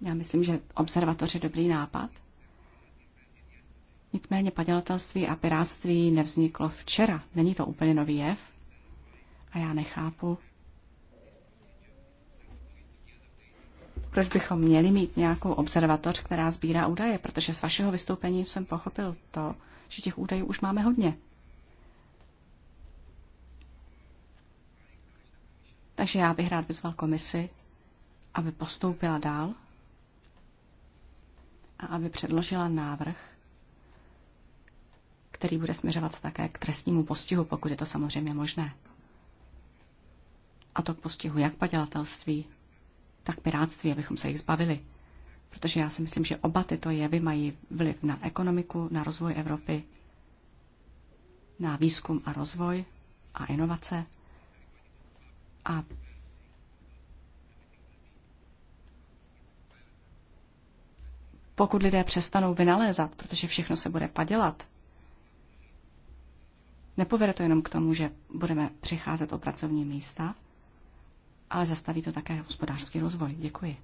Já myslím, že observatoř je dobrý nápad. Nicméně padělatelství a piráctví nevzniklo včera. Není to úplně nový jev. A já nechápu, proč bychom měli mít nějakou observatoř, která sbírá údaje, protože z vašeho vystoupení jsem pochopil to, že těch údajů už máme hodně. Takže já bych rád vyzval komisi, aby postoupila dál a aby předložila návrh, který bude směřovat také k trestnímu postihu, pokud je to samozřejmě možné. A to k postihu jak padělatelství, tak piráctví, abychom se jich zbavili. Protože já si myslím, že oba tyto jevy mají vliv na ekonomiku, na rozvoj Evropy, na výzkum a rozvoj a inovace – a pokud lidé přestanou vynalézat, protože všechno se bude padělat, nepovede to jenom k tomu, že budeme přicházet o pracovní místa, ale zastaví to také hospodářský rozvoj. Děkuji.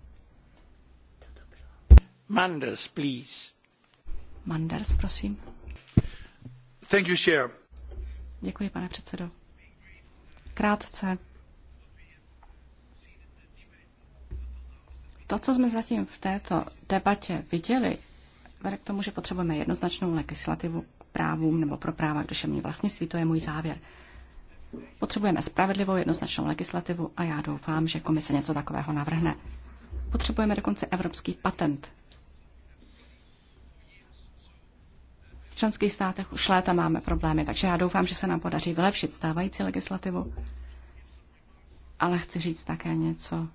Manders, please. Manders, prosím. Thank you, Chair. Děkuji, pane předsedo. Krátce. To, co jsme zatím v této debatě viděli, vede k tomu, že potřebujeme jednoznačnou legislativu k právům nebo pro práva k duševní vlastnictví. To je můj závěr. Potřebujeme spravedlivou jednoznačnou legislativu a já doufám, že komise něco takového navrhne. Potřebujeme dokonce evropský patent. V členských státech už léta máme problémy, takže já doufám, že se nám podaří vylepšit stávající legislativu. Ale chci říct také něco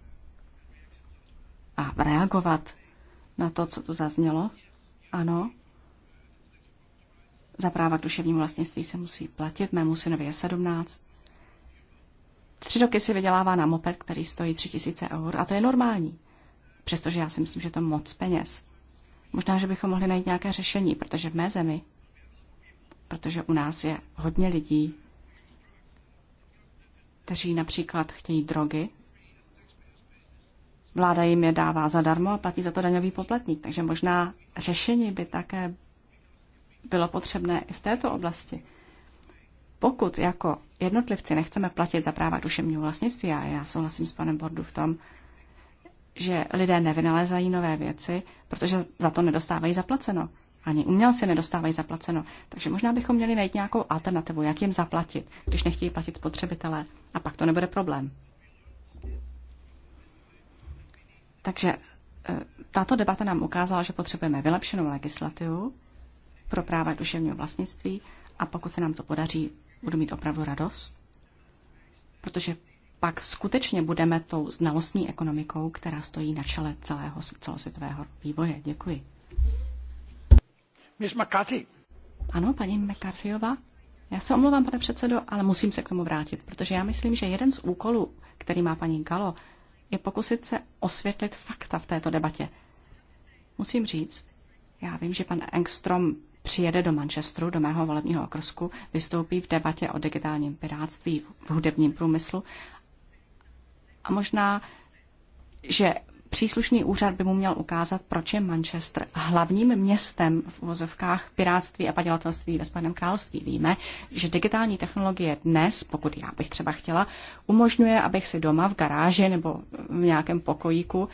a reagovat na to, co tu zaznělo. Ano, za práva k duševnímu vlastnictví se musí platit. Mému synovi je 17. Tři roky si vydělává na moped, který stojí 3000 eur a to je normální. Přestože já si myslím, že to je moc peněz. Možná, že bychom mohli najít nějaké řešení, protože v mé zemi, protože u nás je hodně lidí, kteří například chtějí drogy Vláda jim je dává zadarmo a platí za to daňový poplatník. Takže možná řešení by také bylo potřebné i v této oblasti. Pokud jako jednotlivci nechceme platit za práva duševního vlastnictví, a já souhlasím s panem Bordu v tom, že lidé nevynalézají nové věci, protože za to nedostávají zaplaceno. Ani umělci nedostávají zaplaceno. Takže možná bychom měli najít nějakou alternativu, jak jim zaplatit, když nechtějí platit spotřebitelé. A pak to nebude problém. Takže e, tato debata nám ukázala, že potřebujeme vylepšenou legislativu pro práva duševního vlastnictví a pokud se nám to podaří, budu mít opravdu radost, protože pak skutečně budeme tou znalostní ekonomikou, která stojí na čele celého celosvětového vývoje. Děkuji. Miss McCarthy. Ano, paní McCarthyová. Já se omlouvám, pane předsedo, ale musím se k tomu vrátit, protože já myslím, že jeden z úkolů, který má paní Galo, je pokusit se osvětlit fakta v této debatě. Musím říct, já vím, že pan Engstrom přijede do Manchesteru, do mého volebního okrsku, vystoupí v debatě o digitálním pirátství v hudebním průmyslu a možná, že Příslušný úřad by mu měl ukázat, proč je Manchester hlavním městem v vozovkách pirátství a padělatelství ve Spojeném království. Víme, že digitální technologie dnes, pokud já bych třeba chtěla, umožňuje, abych si doma v garáži nebo v nějakém pokojíku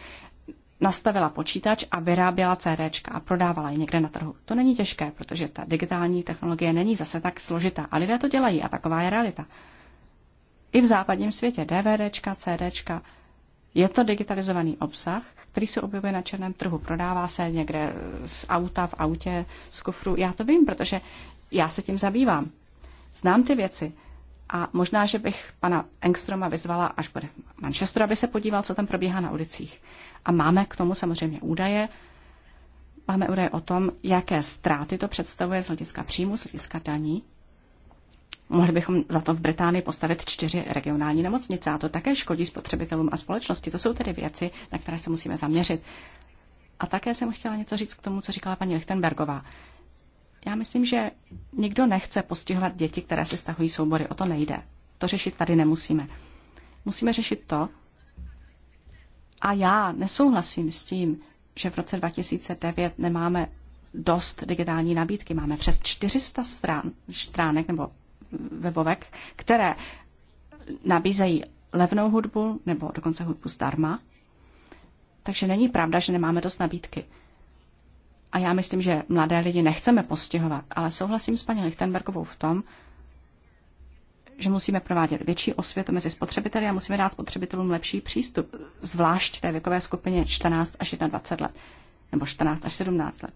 nastavila počítač a vyráběla CDčka a prodávala je někde na trhu. To není těžké, protože ta digitální technologie není zase tak složitá a lidé to dělají a taková je realita. I v západním světě DVDčka, CDčka, je to digitalizovaný obsah, který se objevuje na černém trhu. Prodává se někde z auta, v autě, z kufru. Já to vím, protože já se tím zabývám. Znám ty věci. A možná, že bych pana Engstroma vyzvala, až bude Manchester, aby se podíval, co tam probíhá na ulicích. A máme k tomu samozřejmě údaje. Máme údaje o tom, jaké ztráty to představuje z hlediska příjmu, z hlediska daní. Mohli bychom za to v Británii postavit čtyři regionální nemocnice a to také škodí spotřebitelům a společnosti. To jsou tedy věci, na které se musíme zaměřit. A také jsem chtěla něco říct k tomu, co říkala paní Lichtenbergová. Já myslím, že nikdo nechce postihovat děti, které si stahují soubory. O to nejde. To řešit tady nemusíme. Musíme řešit to, a já nesouhlasím s tím, že v roce 2009 nemáme dost digitální nabídky. Máme přes 400 strán, stránek nebo webovek, které nabízejí levnou hudbu nebo dokonce hudbu zdarma. Takže není pravda, že nemáme dost nabídky. A já myslím, že mladé lidi nechceme postihovat, ale souhlasím s paní Lichtenbergovou v tom, že musíme provádět větší osvětu mezi spotřebiteli a musíme dát spotřebitelům lepší přístup, zvlášť té věkové skupině 14 až 21 let, nebo 14 až 17 let.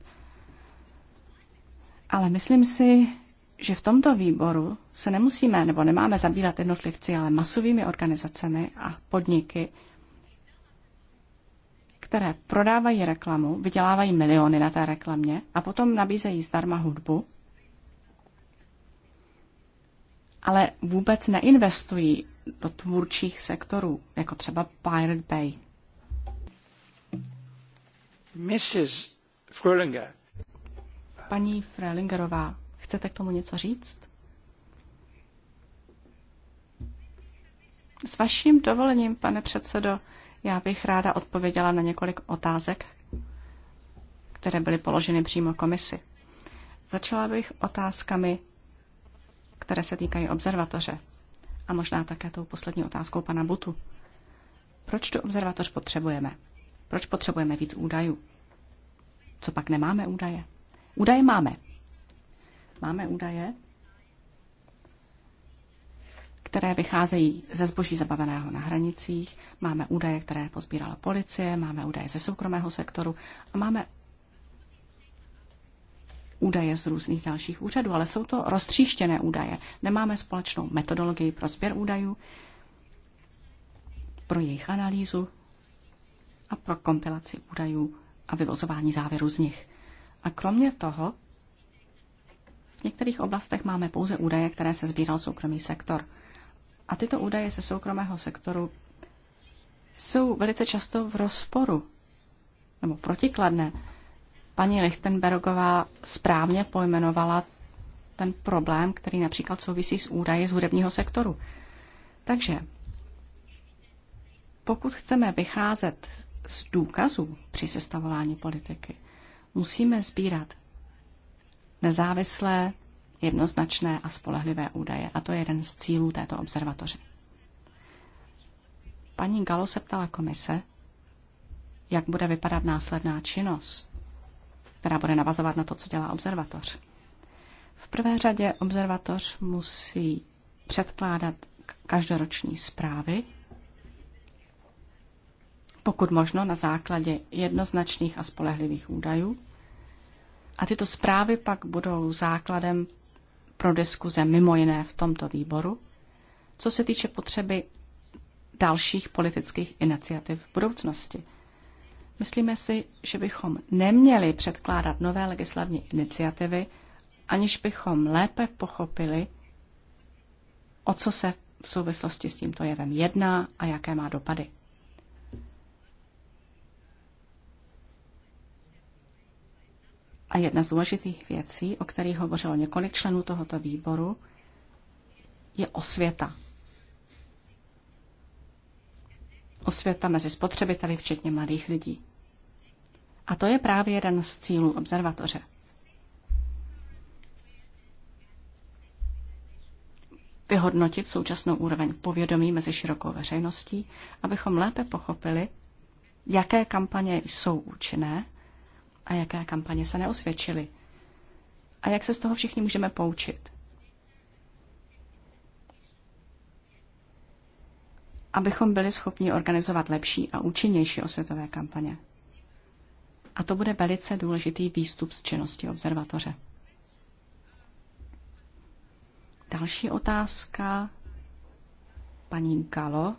Ale myslím si, že v tomto výboru se nemusíme nebo nemáme zabývat jednotlivci, ale masovými organizacemi a podniky, které prodávají reklamu, vydělávají miliony na té reklamě a potom nabízejí zdarma hudbu, ale vůbec neinvestují do tvůrčích sektorů, jako třeba Pirate Bay. Mrs. Frölinger. Paní Frölingerová, Chcete k tomu něco říct? S vaším dovolením, pane předsedo, já bych ráda odpověděla na několik otázek, které byly položeny přímo komisi. Začala bych otázkami, které se týkají observatoře. A možná také tou poslední otázkou pana Butu. Proč tu observatoř potřebujeme? Proč potřebujeme víc údajů? Co pak nemáme údaje? Údaje máme. Máme údaje, které vycházejí ze zboží zabaveného na hranicích, máme údaje, které pozbírala policie, máme údaje ze soukromého sektoru a máme údaje z různých dalších úřadů, ale jsou to roztříštěné údaje. Nemáme společnou metodologii pro sběr údajů, pro jejich analýzu a pro kompilaci údajů a vyvozování závěru z nich. A kromě toho v některých oblastech máme pouze údaje, které se sbíral soukromý sektor. A tyto údaje ze soukromého sektoru jsou velice často v rozporu nebo protikladné. Paní Lichtenbergová správně pojmenovala ten problém, který například souvisí s údaji z hudebního sektoru. Takže pokud chceme vycházet z důkazů při sestavování politiky, musíme sbírat nezávislé, jednoznačné a spolehlivé údaje. A to je jeden z cílů této observatoře. Paní Galo se ptala komise, jak bude vypadat následná činnost, která bude navazovat na to, co dělá observatoř. V prvé řadě observatoř musí předkládat každoroční zprávy, pokud možno na základě jednoznačných a spolehlivých údajů, a tyto zprávy pak budou základem pro diskuze mimo jiné v tomto výboru, co se týče potřeby dalších politických iniciativ v budoucnosti. Myslíme si, že bychom neměli předkládat nové legislativní iniciativy, aniž bychom lépe pochopili, o co se v souvislosti s tímto jevem jedná a jaké má dopady. A jedna z důležitých věcí, o kterých hovořilo několik členů tohoto výboru, je osvěta. Osvěta mezi spotřebiteli, včetně mladých lidí. A to je právě jeden z cílů observatoře. Vyhodnotit současnou úroveň povědomí mezi širokou veřejností, abychom lépe pochopili, jaké kampaně jsou účinné a jaké kampaně se neosvědčily. A jak se z toho všichni můžeme poučit. Abychom byli schopni organizovat lepší a účinnější osvětové kampaně. A to bude velice důležitý výstup z činnosti observatoře. Další otázka paní Galo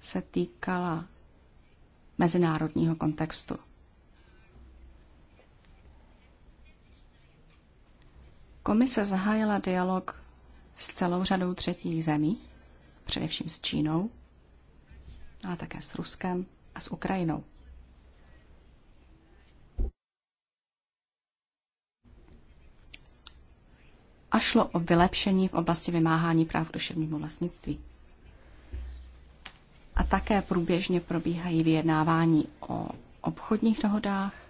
se týkala mezinárodního kontextu. Komise zahájila dialog s celou řadou třetích zemí, především s Čínou, ale také s Ruskem a s Ukrajinou. A šlo o vylepšení v oblasti vymáhání práv k duševnímu vlastnictví. A také průběžně probíhají vyjednávání o obchodních dohodách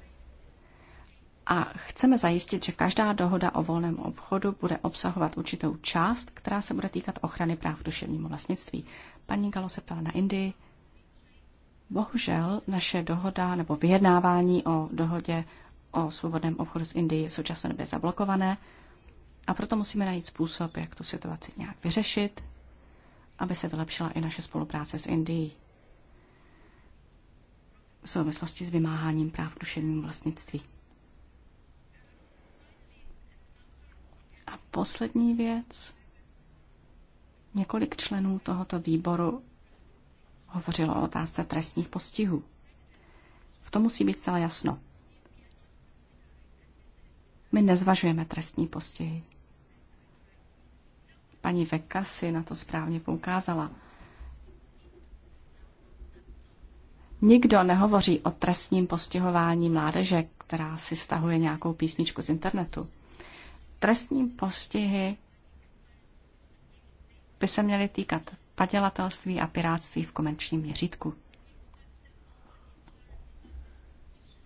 a chceme zajistit, že každá dohoda o volném obchodu bude obsahovat určitou část, která se bude týkat ochrany práv duševnímu vlastnictví. Paní Galo se ptala na Indii. Bohužel naše dohoda nebo vyjednávání o dohodě o svobodném obchodu s Indií v současné době zablokované a proto musíme najít způsob, jak tu situaci nějak vyřešit, aby se vylepšila i naše spolupráce s Indií v souvislosti s vymáháním práv duševního vlastnictví. poslední věc. Několik členů tohoto výboru hovořilo o otázce trestních postihů. V tom musí být zcela jasno. My nezvažujeme trestní postihy. Paní Veka si na to správně poukázala. Nikdo nehovoří o trestním postihování mládeže, která si stahuje nějakou písničku z internetu. Trestní postihy by se měly týkat padělatelství a piráctví v komerčním měřítku.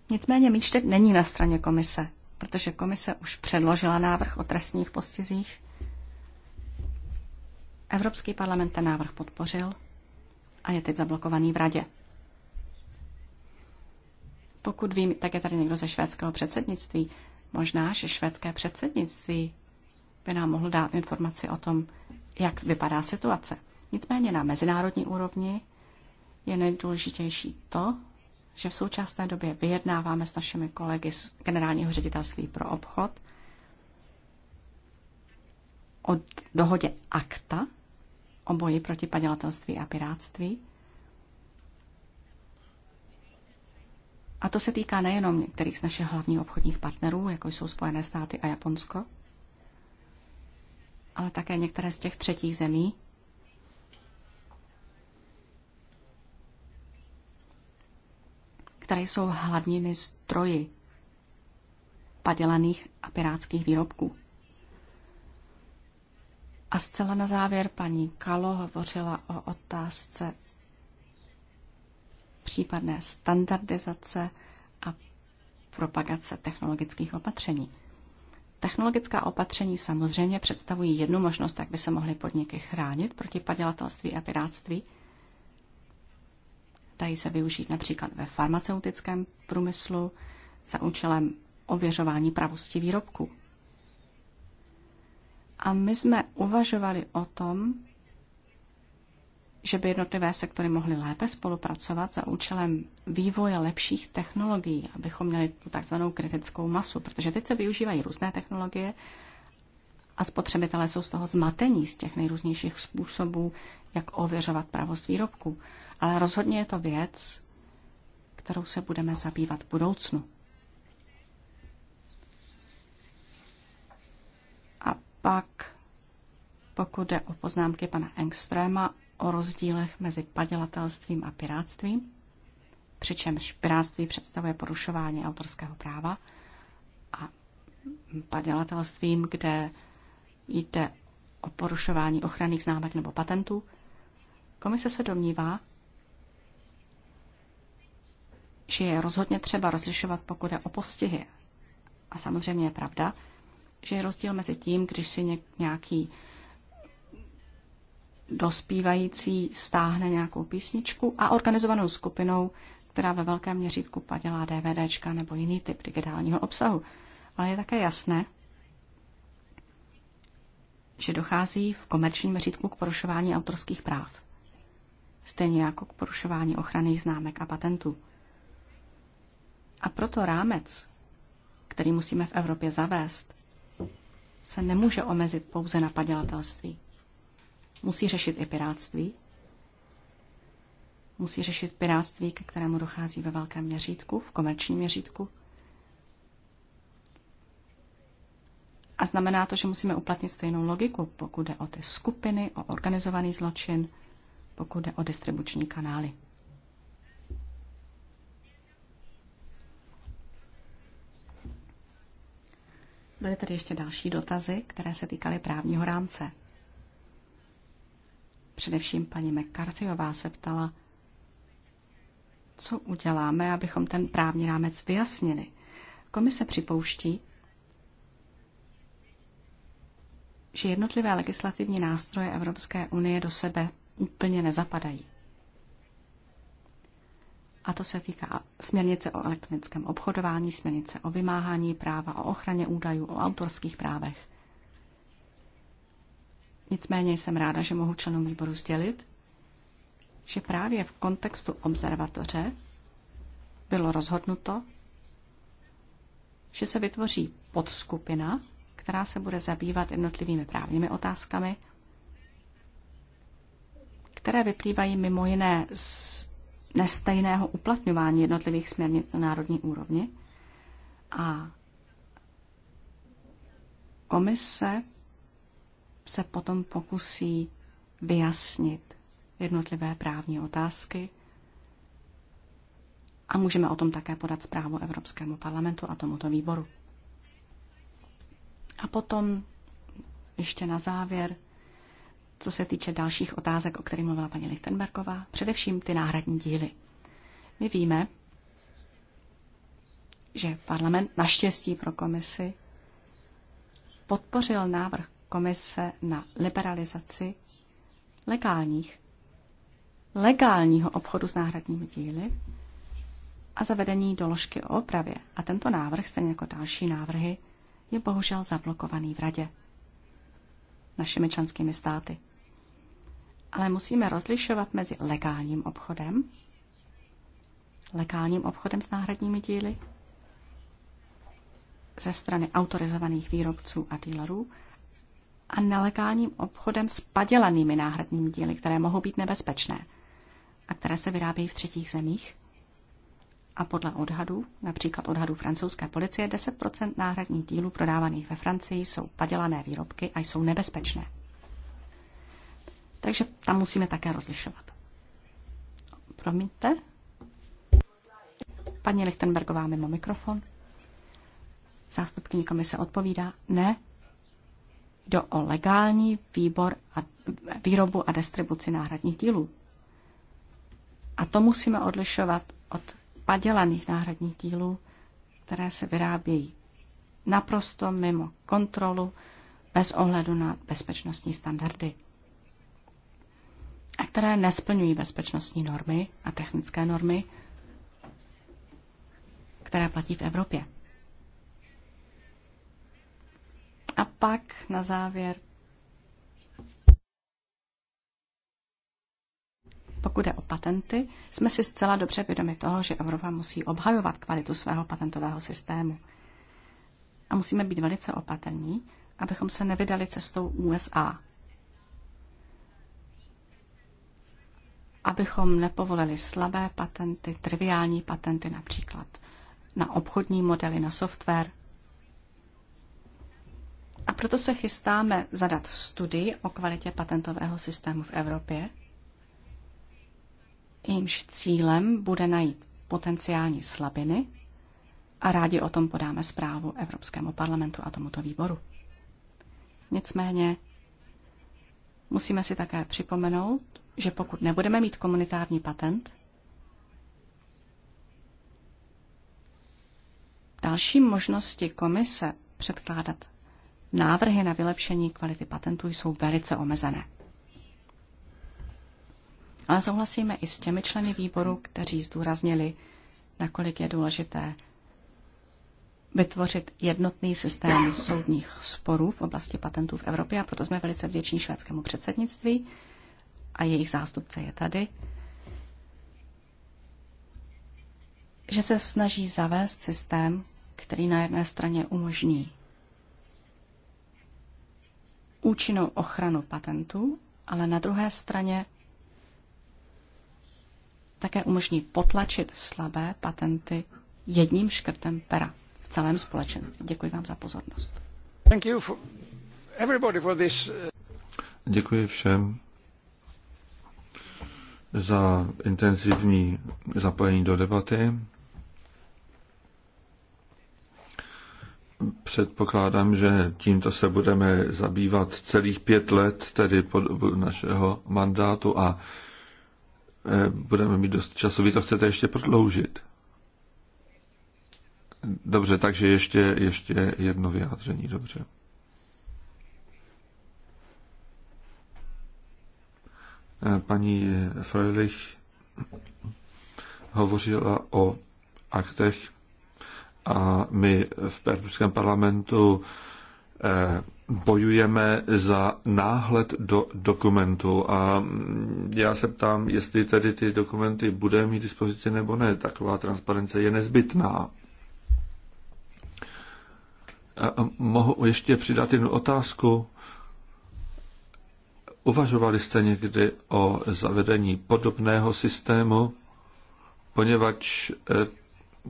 Nicméně míčtek není na straně komise, protože komise už předložila návrh o trestních postizích. Evropský parlament ten návrh podpořil a je teď zablokovaný v radě. Pokud vím, tak je tady někdo ze švédského předsednictví Možná, že švédské předsednictví by nám mohl dát informaci o tom, jak vypadá situace. Nicméně na mezinárodní úrovni je nejdůležitější to, že v současné době vyjednáváme s našimi kolegy z Generálního ředitelství pro obchod o dohodě akta o boji proti padělatelství a pirátství, A to se týká nejenom některých z našich hlavních obchodních partnerů, jako jsou Spojené státy a Japonsko, ale také některé z těch třetích zemí, které jsou hlavními zdroji padělaných a pirátských výrobků. A zcela na závěr paní Kalo hovořila o otázce případné standardizace a propagace technologických opatření. Technologická opatření samozřejmě představují jednu možnost, jak by se mohly podniky chránit proti padělatelství a piráctví. Dají se využít například ve farmaceutickém průmyslu za účelem ověřování pravosti výrobků. A my jsme uvažovali o tom, že by jednotlivé sektory mohly lépe spolupracovat za účelem vývoje lepších technologií, abychom měli tu takzvanou kritickou masu, protože teď se využívají různé technologie a spotřebitelé jsou z toho zmatení z těch nejrůznějších způsobů, jak ověřovat pravost výrobku. Ale rozhodně je to věc, kterou se budeme zabývat v budoucnu. A pak, pokud jde o poznámky pana Engstréma o rozdílech mezi padělatelstvím a pirátstvím, přičemž pirátství představuje porušování autorského práva a padělatelstvím, kde jde o porušování ochranných známek nebo patentů, komise se domnívá, že je rozhodně třeba rozlišovat, pokud je o postihy. A samozřejmě je pravda, že je rozdíl mezi tím, když si nějaký dospívající stáhne nějakou písničku a organizovanou skupinou, která ve velkém měřítku padělá DVDčka nebo jiný typ digitálního obsahu. Ale je také jasné, že dochází v komerčním měřítku k porušování autorských práv. Stejně jako k porušování ochranných známek a patentů. A proto rámec, který musíme v Evropě zavést, se nemůže omezit pouze na padělatelství. Musí řešit i piráctví. Musí řešit piráctví, ke kterému dochází ve velkém měřítku, v komerčním měřítku. A znamená to, že musíme uplatnit stejnou logiku, pokud jde o ty skupiny, o organizovaný zločin, pokud jde o distribuční kanály. Byly tady ještě další dotazy, které se týkaly právního rámce. Především paní McCarthyová se ptala, co uděláme, abychom ten právní rámec vyjasnili. Komise připouští, že jednotlivé legislativní nástroje Evropské unie do sebe úplně nezapadají. A to se týká směrnice o elektronickém obchodování, směrnice o vymáhání práva, o ochraně údajů, o autorských právech. Nicméně jsem ráda, že mohu členům výboru sdělit, že právě v kontextu observatoře bylo rozhodnuto, že se vytvoří podskupina, která se bude zabývat jednotlivými právními otázkami, které vyplývají mimo jiné z nestejného uplatňování jednotlivých směrnic na národní úrovni. A komise se potom pokusí vyjasnit jednotlivé právní otázky a můžeme o tom také podat zprávu Evropskému parlamentu a tomuto výboru. A potom ještě na závěr, co se týče dalších otázek, o kterých mluvila paní Lichtenbergová, především ty náhradní díly. My víme, že parlament naštěstí pro komisi podpořil návrh komise na liberalizaci legálních, legálního obchodu s náhradními díly a zavedení doložky o opravě. A tento návrh, stejně jako další návrhy, je bohužel zablokovaný v radě našimi členskými státy. Ale musíme rozlišovat mezi legálním obchodem, legálním obchodem s náhradními díly ze strany autorizovaných výrobců a dílerů a nelegálním obchodem s padělanými náhradními díly, které mohou být nebezpečné a které se vyrábějí v třetích zemích. A podle odhadů, například odhadů francouzské policie, 10 náhradních dílů prodávaných ve Francii jsou padělané výrobky a jsou nebezpečné. Takže tam musíme také rozlišovat. Promiňte. Paní Lichtenbergová mimo mikrofon. Zástupkyní komise odpovídá, ne, jde o legální výbor a výrobu a distribuci náhradních dílů. A to musíme odlišovat od padělaných náhradních dílů, které se vyrábějí naprosto mimo kontrolu, bez ohledu na bezpečnostní standardy a které nesplňují bezpečnostní normy a technické normy, které platí v Evropě. A pak na závěr, pokud jde o patenty, jsme si zcela dobře vědomi toho, že Evropa musí obhajovat kvalitu svého patentového systému. A musíme být velice opatrní, abychom se nevydali cestou USA. Abychom nepovolili slabé patenty, triviální patenty například na obchodní modely, na software, a proto se chystáme zadat studii o kvalitě patentového systému v Evropě, jejímž cílem bude najít potenciální slabiny a rádi o tom podáme zprávu Evropskému parlamentu a tomuto výboru. Nicméně musíme si také připomenout, že pokud nebudeme mít komunitární patent, další možnosti komise předkládat návrhy na vylepšení kvality patentů jsou velice omezené. Ale souhlasíme i s těmi členy výboru, kteří zdůraznili, nakolik je důležité vytvořit jednotný systém soudních sporů v oblasti patentů v Evropě a proto jsme velice vděční švédskému předsednictví a jejich zástupce je tady, že se snaží zavést systém, který na jedné straně umožní účinnou ochranu patentů, ale na druhé straně také umožní potlačit slabé patenty jedním škrtem pera v celém společenství. Děkuji vám za pozornost. Thank you for for this. Uh, Děkuji všem za intenzivní zapojení do debaty. předpokládám, že tímto se budeme zabývat celých pět let, tedy pod našeho mandátu a eh, budeme mít dost času. Vy to chcete ještě prodloužit? Dobře, takže ještě, ještě jedno vyjádření, dobře. Eh, paní Freilich hovořila o aktech a my v Evropském parlamentu eh, bojujeme za náhled do dokumentu a mm, já se ptám, jestli tedy ty dokumenty bude mít dispozici nebo ne. Taková transparence je nezbytná. A mohu ještě přidat jednu otázku. Uvažovali jste někdy o zavedení podobného systému, poněvadž eh,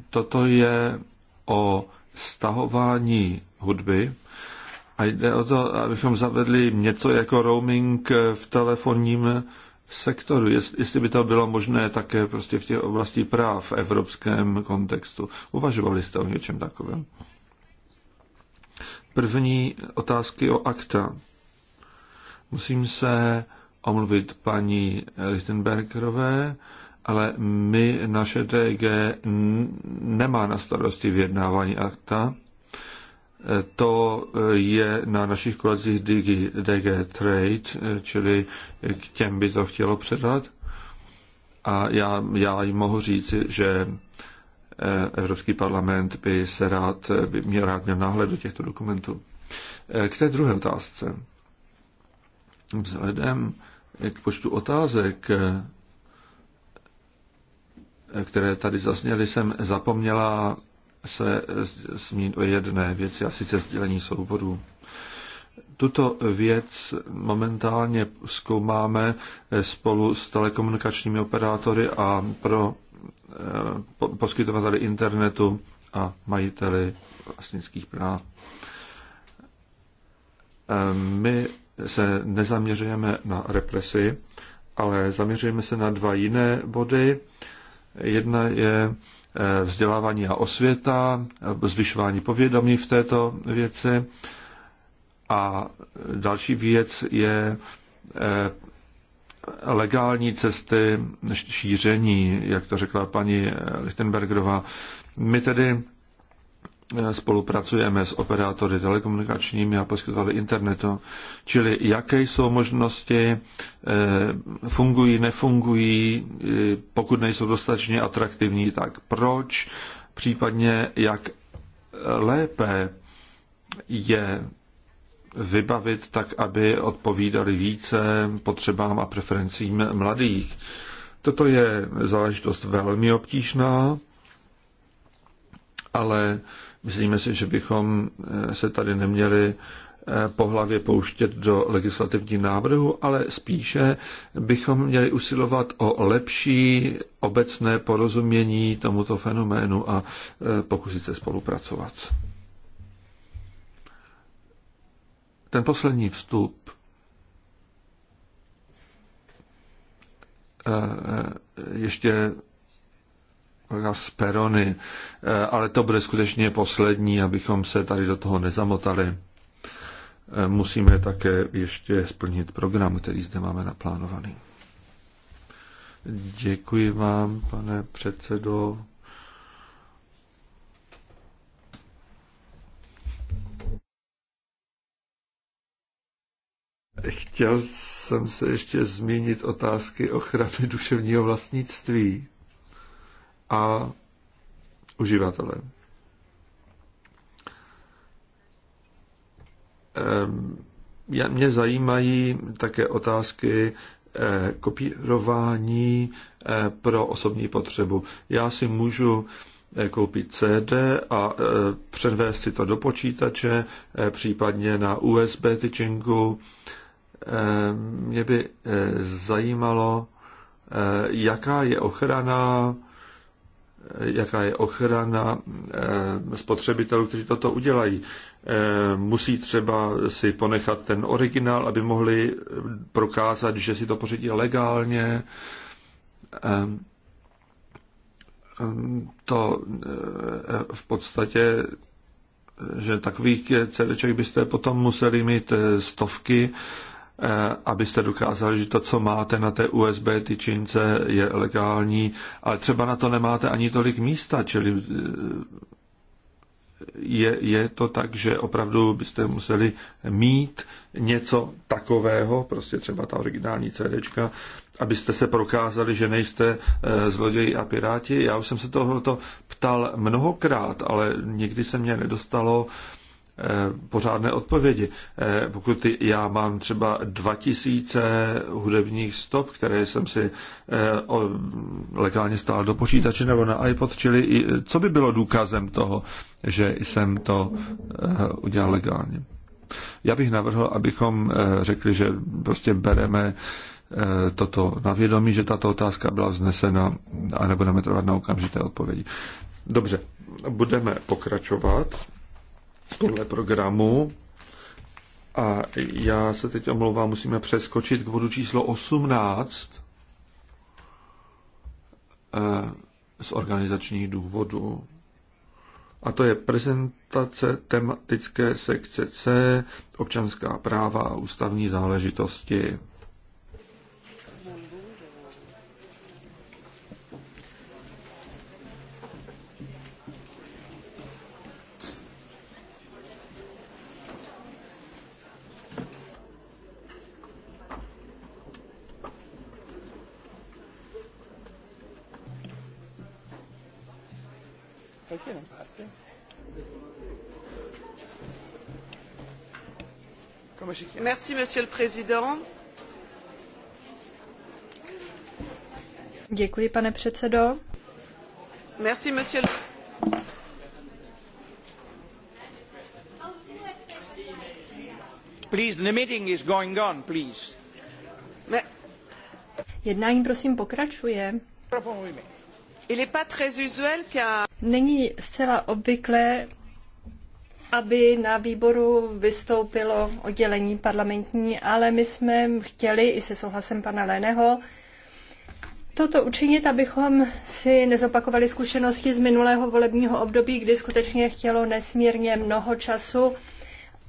toto je o stahování hudby a jde o to, abychom zavedli něco jako roaming v telefonním sektoru, jestli by to bylo možné také prostě v těch oblasti práv v evropském kontextu. Uvažovali jste o něčem takovém? První otázky o akta. Musím se omluvit paní Lichtenbergerové, ale my, naše DG, nemá na starosti vyjednávání akta. To je na našich kolezích DG, DG Trade, čili k těm by to chtělo předat. A já, já jim mohu říct, že eh, Evropský parlament by se rád, by měl rád měl náhled do těchto dokumentů. Eh, k té druhé otázce. Vzhledem k počtu otázek, které tady zazněly, jsem zapomněla se zmínit o jedné věci, a sice sdělení souborů. Tuto věc momentálně zkoumáme spolu s telekomunikačními operátory a pro eh, poskytovateli internetu a majiteli vlastnických práv. Eh, my se nezaměřujeme na represi, ale zaměřujeme se na dva jiné body. Jedna je eh, vzdělávání a osvěta, eh, zvyšování povědomí v této věci. A další věc je eh, legální cesty šíření, jak to řekla paní Lichtenbergerová. My tedy Eh, spolupracujeme s operátory telekomunikačními a poskytovali internetu, čili jaké jsou možnosti, eh, fungují, nefungují, eh, pokud nejsou dostatečně atraktivní, tak proč, případně jak lépe je vybavit tak, aby odpovídali více potřebám a preferencím mladých. Toto je záležitost velmi obtížná, ale Myslíme si, že bychom eh, se tady neměli eh, po hlavě pouštět do legislativní návrhu, ale spíše bychom měli usilovat o lepší obecné porozumění tomuto fenoménu a eh, pokusit se spolupracovat. Ten poslední vstup ještě Gasperony, eh, ale to bude skutečně poslední, abychom se tady do toho nezamotali. Eh, musíme také ještě splnit program, který zde máme naplánovaný. Děkuji vám, pane předsedo. Chtěl jsem se ještě zmínit otázky ochrany duševního vlastnictví a uživatele. Mě zajímají také otázky eh, kopírování eh, pro osobní potřebu. Já si můžu eh, koupit CD a předvést si to do počítače, případně na USB tyčinku. Mě by zajímalo, jaká je ochrana jaká je ochrana eh, spotřebitelů, kteří toto udělají. Eh, musí třeba si ponechat ten originál, aby mohli prokázat, že si to pořídí legálně. Eh, to v podstatě, že takových CDček byste potom museli mít stovky, Eh, abyste dokázali, že to, co máte na té USB tyčince, je legální, ale třeba na to nemáte ani tolik místa, čili eh, je, je to tak, že opravdu byste museli mít něco takového, prostě třeba ta originální CD, abyste se prokázali, že nejste eh, zloději a piráti. Já už jsem se tohoto ptal mnohokrát, ale nikdy se mě nedostalo Eh, pořádné odpovědi. Eh, pokud já mám třeba 2000 hudebních stop, které jsem si eh, legálně stál do počítače nebo na iPod, čili co by bylo důkazem toho, že jsem to udělal legálně? Já bych navrhl, abychom řekli, že prostě bereme toto na vědomí, že tato otázka byla vznesena a nebudeme trvat na okamžité odpovědi. Dobře, budeme pokračovat podle programu. A já se teď omlouvám, musíme přeskočit k bodu číslo 18 eh, z organizačních důvodů. A to je prezentace tematické sekce C, občanská práva a ústavní záležitosti. monsieur le président. Děkuji, pane předsedo. Merci, monsieur le... Please, the meeting is going on, please. Me... Jednání prosím pokračuje. Il n'est pas très usuel qu'un Není zcela obvyklé, aby na výboru vystoupilo oddělení parlamentní, ale my jsme chtěli i se souhlasem pana Léného toto učinit, abychom si nezopakovali zkušenosti z minulého volebního období, kdy skutečně chtělo nesmírně mnoho času,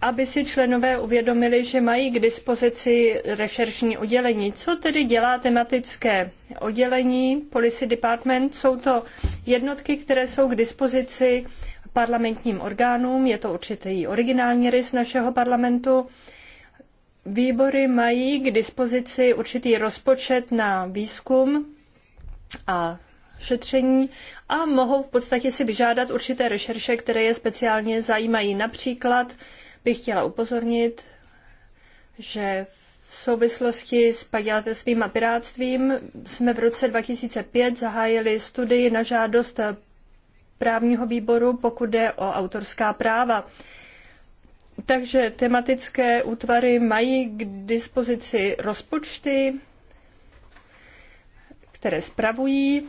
aby si členové uvědomili, že mají k dispozici rešeršní oddělení. Co tedy dělá tematické oddělení Policy Department? Jsou to jednotky, které jsou k dispozici parlamentním orgánům. Je to určitý originální rys našeho parlamentu. Výbory mají k dispozici určitý rozpočet na výzkum a šetření a mohou v podstatě si vyžádat určité rešerše, které je speciálně zajímají. Například bych chtěla upozornit, že v souvislosti s padělatelstvím a pirátstvím jsme v roce 2005 zahájili studii na žádost právního výboru, pokud jde o autorská práva. Takže tematické útvary mají k dispozici rozpočty, které spravují.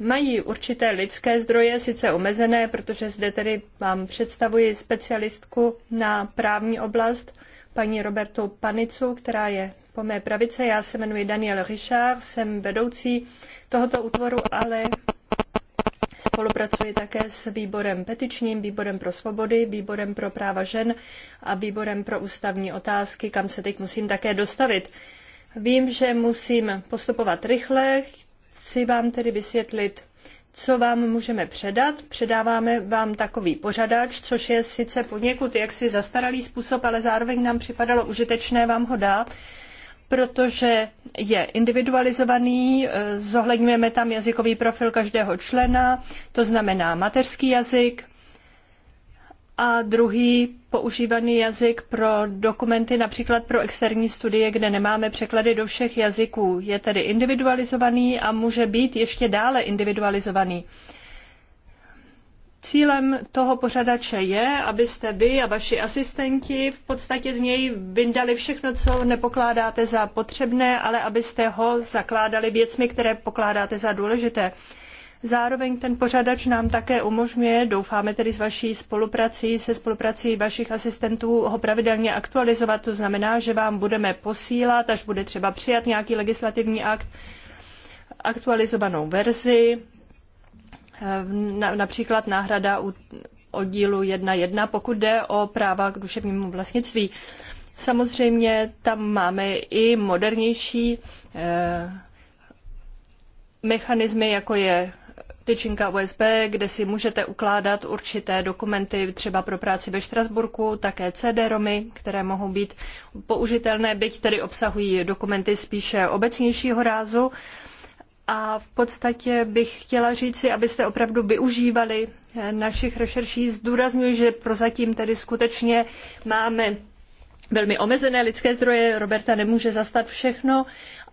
Mají určité lidské zdroje, sice omezené, protože zde tedy vám představuji specialistku na právní oblast, paní Roberto Panicu, která je po mé pravice. Já se jmenuji Daniel Richard, jsem vedoucí tohoto útvoru, ale spolupracuji také s výborem petičním, výborem pro svobody, výborem pro práva žen a výborem pro ústavní otázky, kam se teď musím také dostavit. Vím, že musím postupovat rychle, chci vám tedy vysvětlit, co vám můžeme předat. Předáváme vám takový pořadač, což je sice poněkud jaksi zastaralý způsob, ale zároveň nám připadalo užitečné vám ho dát protože je individualizovaný, eh, zohledňujeme tam jazykový profil každého člena, to znamená mateřský jazyk a druhý používaný jazyk pro dokumenty, například pro externí studie, kde nemáme překlady do všech jazyků. Je tedy individualizovaný a může být ještě dále individualizovaný. Cílem toho pořadače je, abyste vy a vaši asistenti v podstatě z něj vyndali všechno, co nepokládáte za potřebné, ale abyste ho zakládali věcmi, které pokládáte za důležité. Zároveň ten pořadač nám také umožňuje, doufáme tedy s vaší spoluprací, se spoluprací vašich asistentů ho pravidelně aktualizovat. To znamená, že vám budeme posílat, až bude třeba přijat nějaký legislativní akt, aktualizovanou verzi Eh, například náhrada u oddílu 1.1, pokud jde o práva k duševnímu vlastnictví. Samozřejmě tam máme i modernější eh, mechanismy, jako je tyčinka USB, kde si můžete ukládat určité dokumenty třeba pro práci ve Štrasburku, také CD-romy, které mohou být použitelné, byť tedy obsahují dokumenty spíše obecnějšího rázu a v podstatě bych chtěla říci, abyste opravdu využívali eh, našich rešerší. Zdůraznuju, že prozatím tedy skutečně máme velmi omezené lidské zdroje. Roberta nemůže zastat všechno,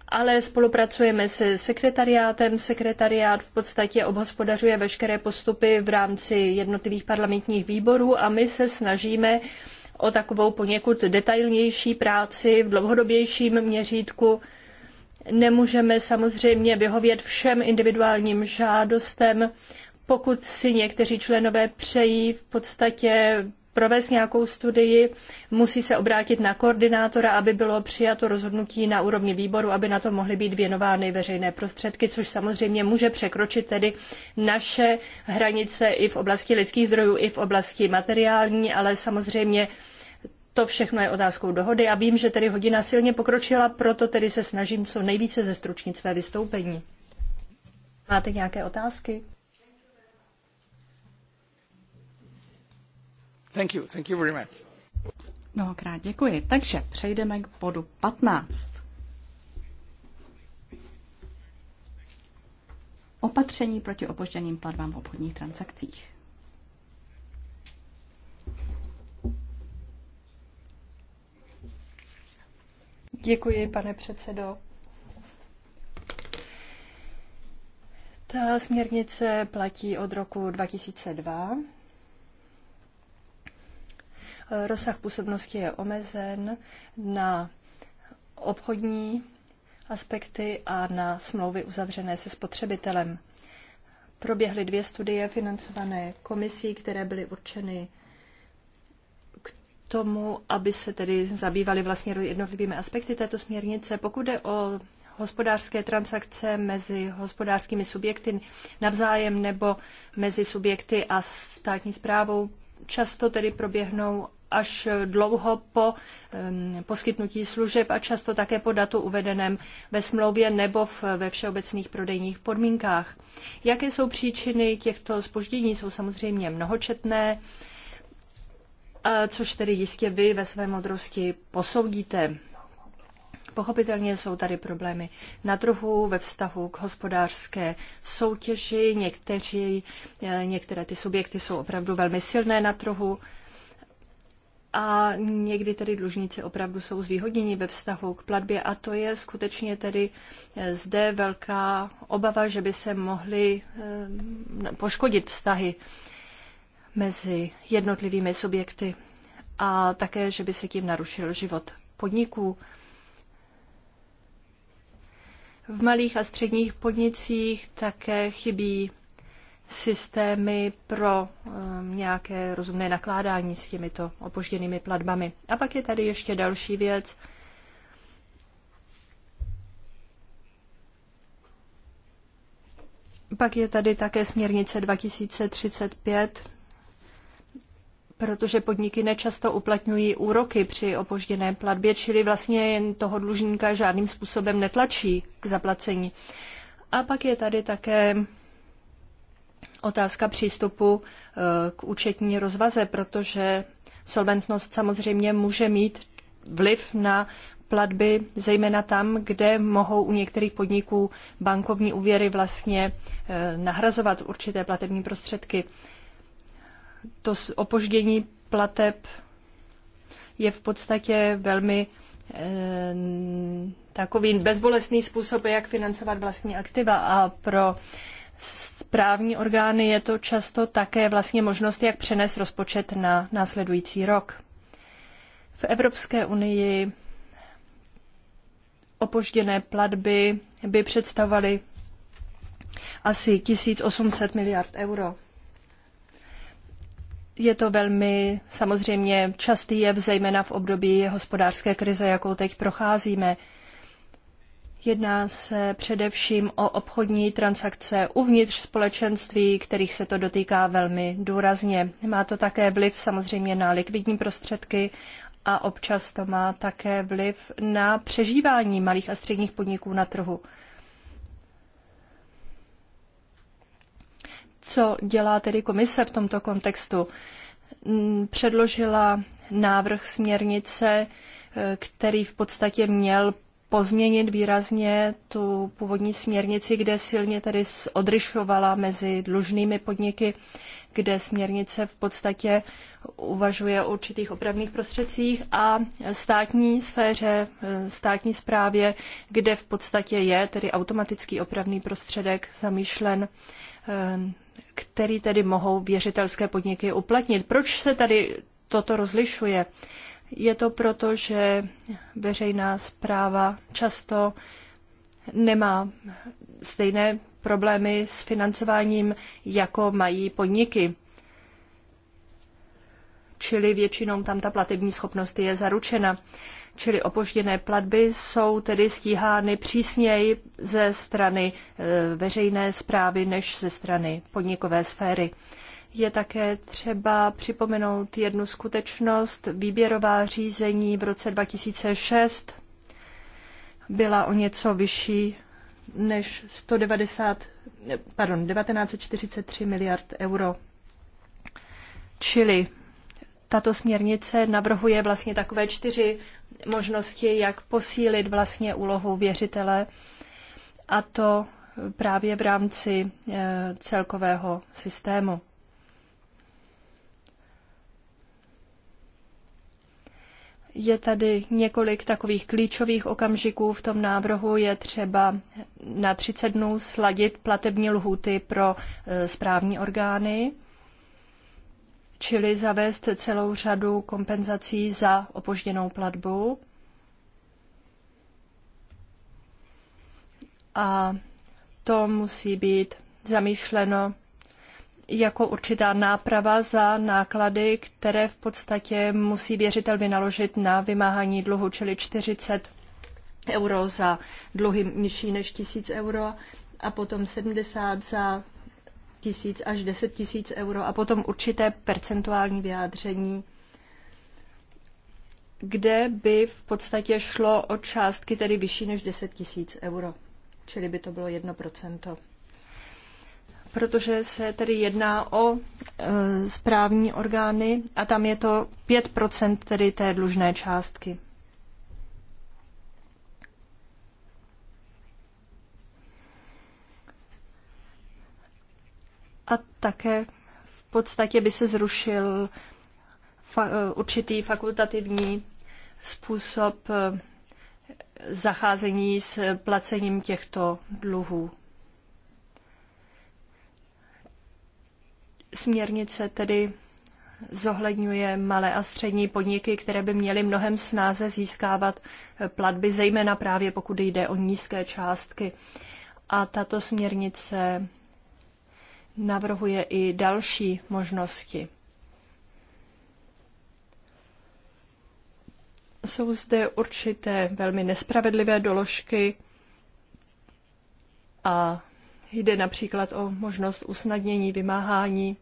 ale spolupracujeme se sekretariátem. Sekretariát v podstatě obhospodařuje veškeré postupy v rámci jednotlivých parlamentních výborů a my se snažíme o takovou poněkud detailnější práci v dlouhodobějším měřítku Nemůžeme samozřejmě vyhovět všem individuálním žádostem. Pokud si někteří členové přejí v podstatě provést nějakou studii, musí se obrátit na koordinátora, aby bylo přijato rozhodnutí na úrovni výboru, aby na to mohly být věnovány veřejné prostředky, což samozřejmě může překročit tedy naše hranice i v oblasti lidských zdrojů, i v oblasti materiální, ale samozřejmě to všechno je otázkou dohody a vím, že tedy hodina silně pokročila, proto tedy se snažím co nejvíce zestručnit své vystoupení. Máte nějaké otázky? Thank you, thank you very much. Mnohokrát děkuji. Takže přejdeme k bodu 15. Opatření proti opožděným platbám v obchodních transakcích. Děkuji, pane předsedo. Ta směrnice platí od roku 2002. Rozsah působnosti je omezen na obchodní aspekty a na smlouvy uzavřené se spotřebitelem. Proběhly dvě studie financované komisí, které byly určeny tomu, aby se tedy zabývali vlastně jednotlivými aspekty této směrnice. Pokud jde o hospodářské transakce mezi hospodářskými subjekty navzájem nebo mezi subjekty a státní zprávou, často tedy proběhnou až dlouho po poskytnutí služeb a často také po datu uvedeném ve smlouvě nebo v, ve všeobecných prodejních podmínkách. Jaké jsou příčiny těchto spoždění? Jsou samozřejmě mnohočetné což tedy jistě vy ve své modrosti posoudíte. Pochopitelně jsou tady problémy na trhu ve vztahu k hospodářské soutěži. Někteří, eh, některé ty subjekty jsou opravdu velmi silné na trhu a někdy tedy dlužníci opravdu jsou zvýhodněni ve vztahu k platbě a to je skutečně tedy eh, zde velká obava, že by se mohly eh, poškodit vztahy mezi jednotlivými subjekty a také, že by se tím narušil život podniků. V malých a středních podnicích také chybí systémy pro um, nějaké rozumné nakládání s těmito opožděnými platbami. A pak je tady ještě další věc. Pak je tady také směrnice 2035 protože podniky nečasto uplatňují úroky při opožděné platbě, čili vlastně jen toho dlužníka žádným způsobem netlačí k zaplacení. A pak je tady také otázka přístupu eh, k účetní rozvaze, protože solventnost samozřejmě může mít vliv na platby, zejména tam, kde mohou u některých podniků bankovní úvěry vlastně eh, nahrazovat určité platební prostředky to opoždění plateb je v podstatě velmi eh, takový bezbolestný způsob, jak financovat vlastní aktiva a pro správní orgány je to často také vlastně možnost, jak přenést rozpočet na následující rok. V Evropské unii opožděné platby by představovaly asi 1800 miliard euro je to velmi samozřejmě častý jev, zejména v období hospodářské krize, jakou teď procházíme. Jedná se především o obchodní transakce uvnitř společenství, kterých se to dotýká velmi důrazně. Má to také vliv samozřejmě na likvidní prostředky a občas to má také vliv na přežívání malých a středních podniků na trhu. Co dělá tedy komise v tomto kontextu? Mm, předložila návrh směrnice, e, který v podstatě měl pozměnit výrazně tu původní směrnici, kde silně tedy odlišovala mezi dlužnými podniky, kde směrnice v podstatě uvažuje o určitých opravných prostředcích a státní sféře, e, státní správě, kde v podstatě je tedy automatický opravný prostředek zamýšlen e, který tedy mohou věřitelské podniky uplatnit. Proč se tady toto rozlišuje? Je to proto, že veřejná zpráva často nemá stejné problémy s financováním, jako mají podniky. Čili většinou tam ta platební schopnost je zaručena čili opožděné platby, jsou tedy stíhány přísněji ze strany e, veřejné zprávy než ze strany podnikové sféry. Je také třeba připomenout jednu skutečnost. Výběrová řízení v roce 2006 byla o něco vyšší než 190, pardon, 1943 miliard euro. Čili tato směrnice navrhuje vlastně takové čtyři možnosti, jak posílit vlastně úlohu věřitele a to právě v rámci e, celkového systému. Je tady několik takových klíčových okamžiků v tom návrhu. Je třeba na 30 dnů sladit platební lhuty pro e, správní orgány čili zavést celou řadu kompenzací za opožděnou platbu. A to musí být zamýšleno jako určitá náprava za náklady, které v podstatě musí věřitel vynaložit na vymáhání dluhu, čili 40 euro za dluhy nižší než 1000 euro a potom 70 za tisíc až 10 tisíc euro a potom určité percentuální vyjádření, kde by v podstatě šlo o částky tedy vyšší než 10 tisíc euro, čili by to bylo 1%. Protože se tedy jedná o e, správní orgány a tam je to 5% tedy té dlužné částky. a také v podstatě by se zrušil eh, určitý fakultativní způsob eh, zacházení s placením těchto dluhů. Směrnice tedy zohledňuje malé a střední podniky, které by měly mnohem snáze získávat eh, platby, zejména právě pokud jde o nízké částky. A tato směrnice navrhuje i další možnosti. Jsou zde určité velmi nespravedlivé doložky a jde například o možnost usnadnění vymáhání,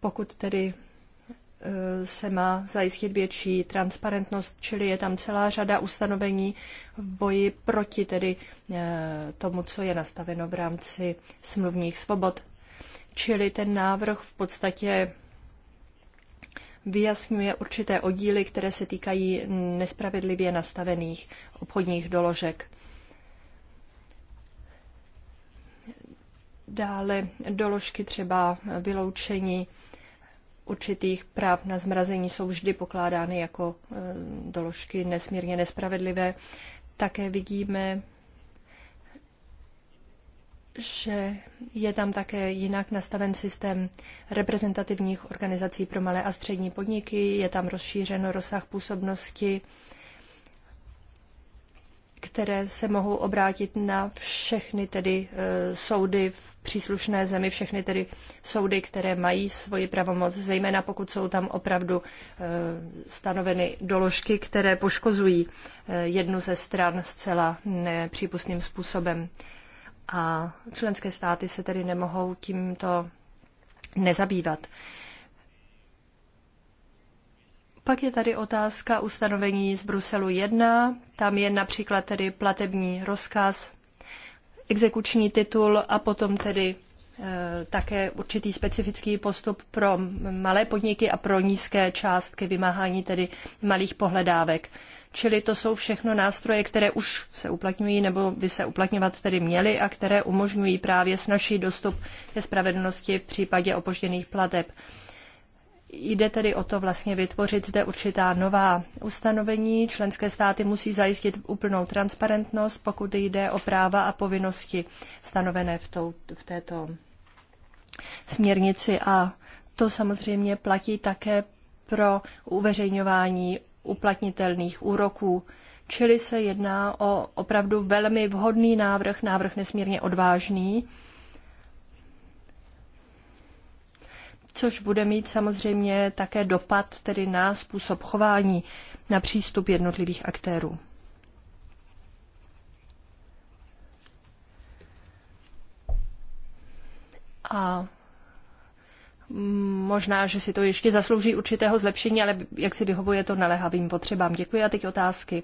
pokud tedy e, se má zajistit větší transparentnost, čili je tam celá řada ustanovení v boji proti tedy e, tomu, co je nastaveno v rámci smluvních svobod čili ten návrh v podstatě vyjasňuje určité oddíly, které se týkají nespravedlivě nastavených obchodních doložek. Dále doložky třeba vyloučení určitých práv na zmrazení jsou vždy pokládány jako eh, doložky nesmírně nespravedlivé. Také vidíme že je tam také jinak nastaven systém reprezentativních organizací pro malé a střední podniky, je tam rozšířen rozsah působnosti, které se mohou obrátit na všechny tedy e, soudy v příslušné zemi, všechny tedy soudy, které mají svoji pravomoc, zejména pokud jsou tam opravdu e, stanoveny doložky, které poškozují e, jednu ze stran zcela nepřípustným způsobem a členské státy se tedy nemohou tímto nezabývat. Pak je tady otázka ustanovení z Bruselu 1. Tam je například tedy platební rozkaz, exekuční titul a potom tedy Eh, také určitý specifický postup pro malé podniky a pro nízké částky vymáhání tedy malých pohledávek. Čili to jsou všechno nástroje, které už se uplatňují nebo by se uplatňovat tedy měly a které umožňují právě snažší dostup ke spravedlnosti v případě opožděných plateb. Jde tedy o to vlastně vytvořit zde určitá nová ustanovení. Členské státy musí zajistit úplnou transparentnost, pokud jde o práva a povinnosti stanovené v, tou, v této směrnici a to samozřejmě platí také pro uveřejňování uplatnitelných úroků. Čili se jedná o opravdu velmi vhodný návrh, návrh nesmírně odvážný, což bude mít samozřejmě také dopad tedy na způsob chování, na přístup jednotlivých aktérů. a možná, že si to ještě zaslouží určitého zlepšení, ale jak si vyhovuje to naléhavým potřebám. Děkuji a teď otázky.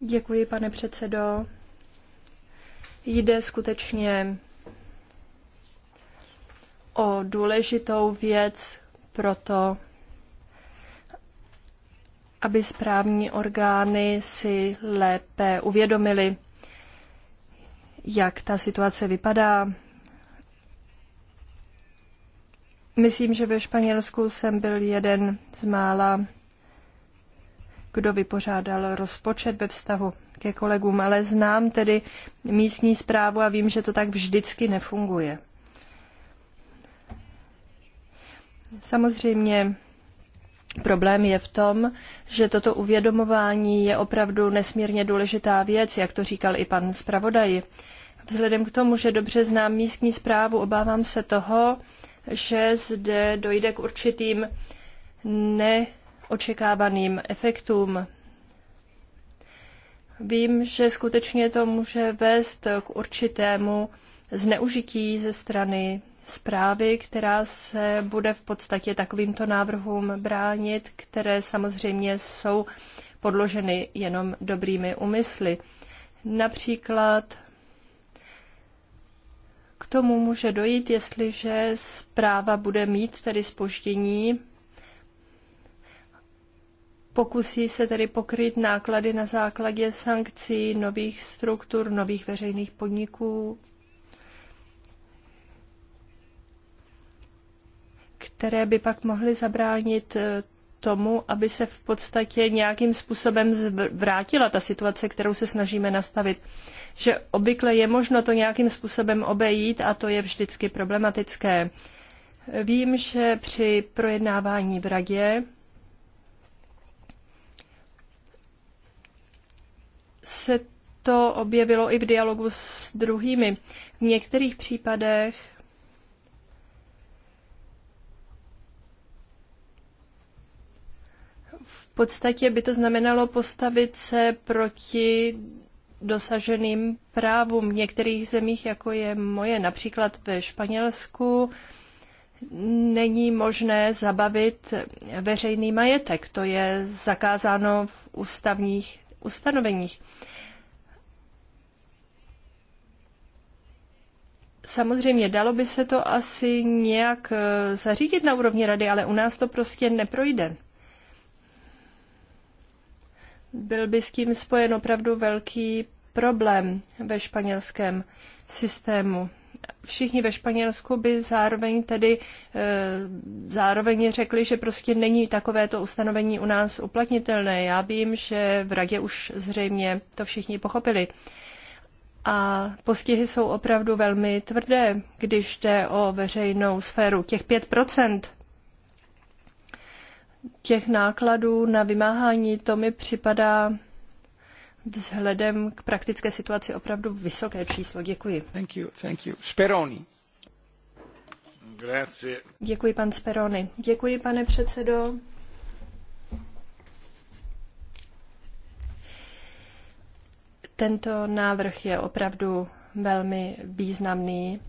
Děkuji, pane předsedo. Jde skutečně o důležitou věc pro to, aby správní orgány si lépe uvědomili jak ta situace vypadá. Myslím, že ve Španělsku jsem byl jeden z mála, kdo vypořádal rozpočet ve vztahu ke kolegům, ale znám tedy místní zprávu a vím, že to tak vždycky nefunguje. Samozřejmě Problém je v tom, že toto uvědomování je opravdu nesmírně důležitá věc, jak to říkal i pan zpravodaj. Vzhledem k tomu, že dobře znám místní zprávu, obávám se toho, že zde dojde k určitým neočekávaným efektům. Vím, že skutečně to může vést k určitému zneužití ze strany zprávy, která se bude v podstatě takovýmto návrhům bránit, které samozřejmě jsou podloženy jenom dobrými úmysly. Například k tomu může dojít, jestliže zpráva bude mít tedy spoždění. Pokusí se tedy pokryt náklady na základě sankcí, nových struktur, nových veřejných podniků které by pak mohly zabránit eh, tomu, aby se v podstatě nějakým způsobem vrátila ta situace, kterou se snažíme nastavit. Že obvykle je možno to nějakým způsobem obejít a to je vždycky problematické. Vím, že při projednávání v radě se to objevilo i v dialogu s druhými. V některých případech podstatě by to znamenalo postavit se proti dosaženým právům v některých zemích, jako je moje, například ve Španělsku, není možné zabavit veřejný majetek. To je zakázáno v ústavních ustanoveních. Samozřejmě, dalo by se to asi nějak eh, zařídit na úrovni rady, ale u nás to prostě neprojde byl by s tím spojen opravdu velký problém ve španělském systému. Všichni ve Španělsku by zároveň tedy eh, zároveň řekli, že prostě není takovéto ustanovení u nás uplatnitelné. Já vím, že v radě už zřejmě to všichni pochopili. A postihy jsou opravdu velmi tvrdé, když jde o veřejnou sféru. Těch těch nákladů na vymáhání, to mi připadá vzhledem k praktické situaci opravdu vysoké číslo. Děkuji. Thank you, thank you. Speroni. Grazie. Děkuji, pan Speroni. Děkuji, pane předsedo. Tento návrh je opravdu velmi významný,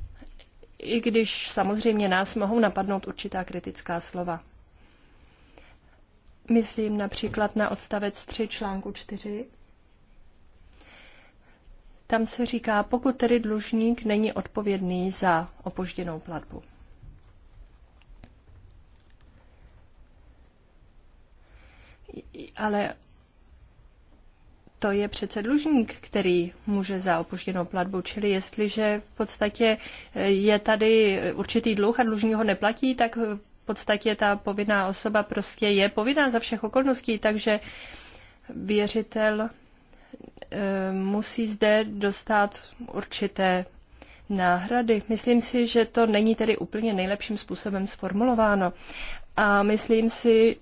i když samozřejmě nás mohou napadnout určitá kritická slova. Myslím například na odstavec 3 článku 4. Tam se říká, pokud tedy dlužník není odpovědný za opožděnou platbu. Ale to je přece dlužník, který může za opožděnou platbu. Čili jestliže v podstatě je tady určitý dluh a dlužník ho neplatí, tak podstatě ta povinná osoba prostě je povinná za všech okolností, takže věřitel eh, musí zde dostat určité náhrady. Myslím si, že to není tedy úplně nejlepším způsobem sformulováno. A myslím si,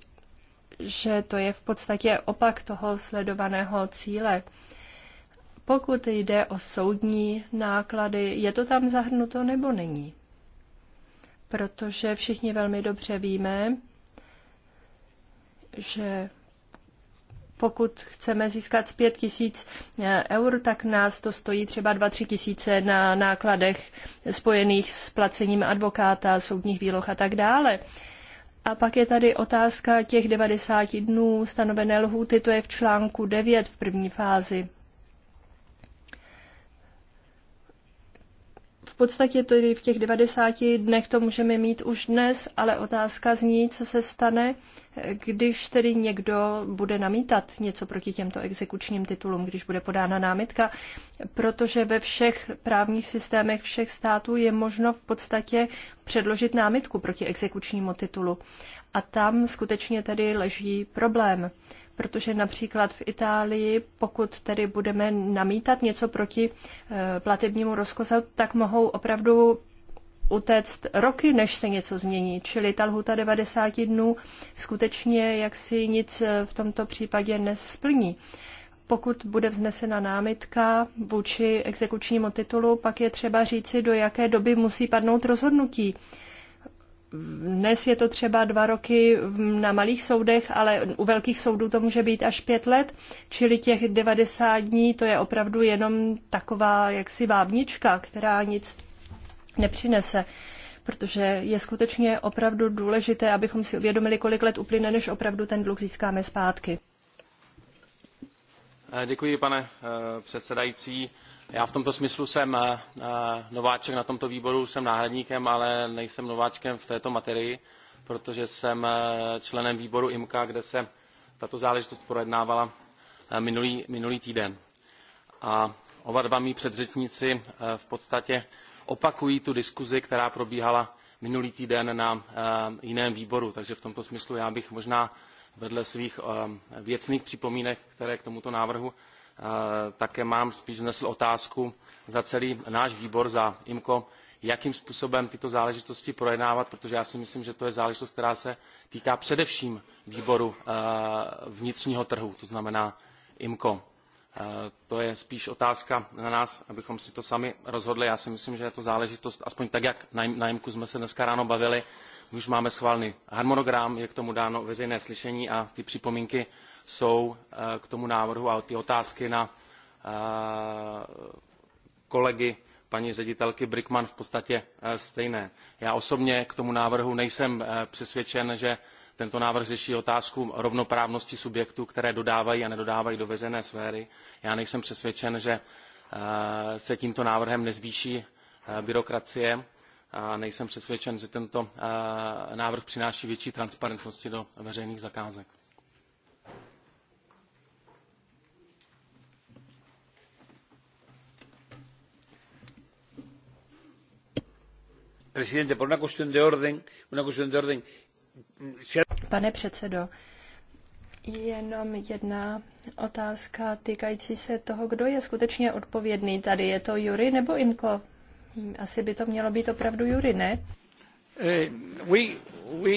že to je v podstatě opak toho sledovaného cíle. Pokud jde o soudní náklady, je to tam zahrnuto nebo není? protože všichni velmi dobře víme, že pokud chceme získat zpět tisíc eh, eur, tak nás to stojí třeba 2-3 tisíce na nákladech spojených s placením advokáta, soudních výloh a tak dále. A pak je tady otázka těch 90 dnů stanovené lhůty, to je v článku 9 v první fázi. podstatě tedy v těch 90 dnech to můžeme mít už dnes, ale otázka zní, co se stane, když tedy někdo bude namítat něco proti těmto exekučním titulům, když bude podána námitka, protože ve všech právních systémech všech států je možno v podstatě předložit námitku proti exekučnímu titulu. A tam skutečně tedy leží problém protože například v Itálii, pokud tedy budeme namítat něco proti eh, platebnímu rozkozu, tak mohou opravdu utéct roky, než se něco změní. Čili ta lhuta 90 dnů skutečně jaksi nic eh, v tomto případě nesplní. Pokud bude vznesena námitka vůči exekučnímu titulu, pak je třeba říci, do jaké doby musí padnout rozhodnutí. Dnes je to třeba dva roky na malých soudech, ale u velkých soudů to může být až pět let, čili těch 90 dní to je opravdu jenom taková jaksi vábnička, která nic nepřinese protože je skutečně opravdu důležité, abychom si uvědomili, kolik let uplyne, než opravdu ten dluh získáme zpátky. Děkuji, pane eh, předsedající. Já v tomto smyslu jsem eh, eh, nováček na tomto výboru, jsem náhradníkem, ale nejsem nováčkem v této materii, protože jsem eh, členem výboru IMKA, kde se tato záležitost projednávala minulý, minulý týden. A oba dva mý předřečníci v podstatě opakují tu diskuzi, která probíhala minulý týden na jiném výboru. Takže v tomto smyslu já bych možná vedle svých věcných připomínek, které k tomuto návrhu Eh, také mám spíš nesl otázku za celý náš výbor, za IMCO, jakým způsobem tyto záležitosti projednávat, protože já si myslím, že to je záležitost, která se týká především výboru eh, vnitřního trhu, to znamená IMCO. Eh, to je spíš otázka na nás, abychom si to sami rozhodli. Já si myslím, že je to záležitost, aspoň tak, jak na IMCO jsme se dneska ráno bavili, už máme schválený harmonogram, je k tomu dáno veřejné slyšení a ty připomínky jsou eh, k tomu návrhu a ty otázky na eh, kolegy paní ředitelky Brickman v podstatě eh, stejné. Já osobně k tomu návrhu nejsem přesvědčen, že tento návrh řeší otázku rovnoprávnosti subjektů, které dodávají a nedodávají do veřejné sféry. Já nejsem přesvědčen, že se tímto návrhem nezvýší byrokracie a nejsem přesvědčen, že tento návrh přináší větší transparentnosti do veřejných zakázek. Presidente, por una cuestión de orden, una cuestión de orden. Pane předsedo, jenom jedna otázka týkající se toho, kdo je skutečně odpovědný tady. Je to Jury nebo Inko? Asi by to mělo být opravdu Jury, ne? Uh, we, we,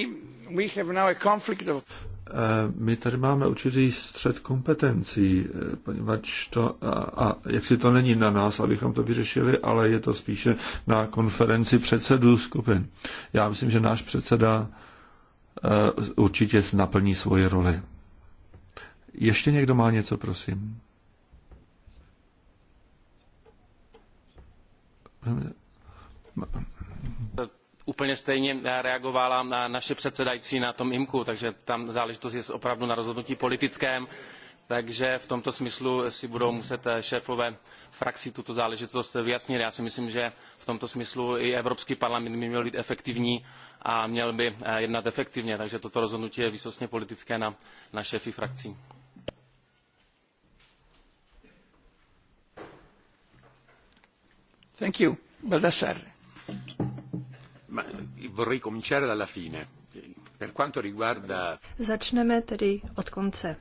we have now a conflict of... Eh, my tady máme určitý střed kompetencí, eh, poněvadž to, a, a jak si to není na nás, abychom to vyřešili, ale je to spíše na konferenci předsedů skupin. Já myslím, že náš předseda eh, určitě naplní svoje roli. Ještě někdo má něco, prosím? úplně stejně eh, reagovala na naše předsedající na tom IMKU, takže tam záležitost je opravdu na rozhodnutí politickém, takže v tomto smyslu si budou muset eh, šéfové frakcí tuto záležitost vyjasnit. Já si myslím, že v tomto smyslu i Evropský parlament by měl být efektivní a měl by eh, jednat efektivně, takže toto rozhodnutí je výsostně politické na, na šéfy frakcí. Thank you vorrei cominciare dalla fine. Per quanto riguarda... Začneme tedy od konce.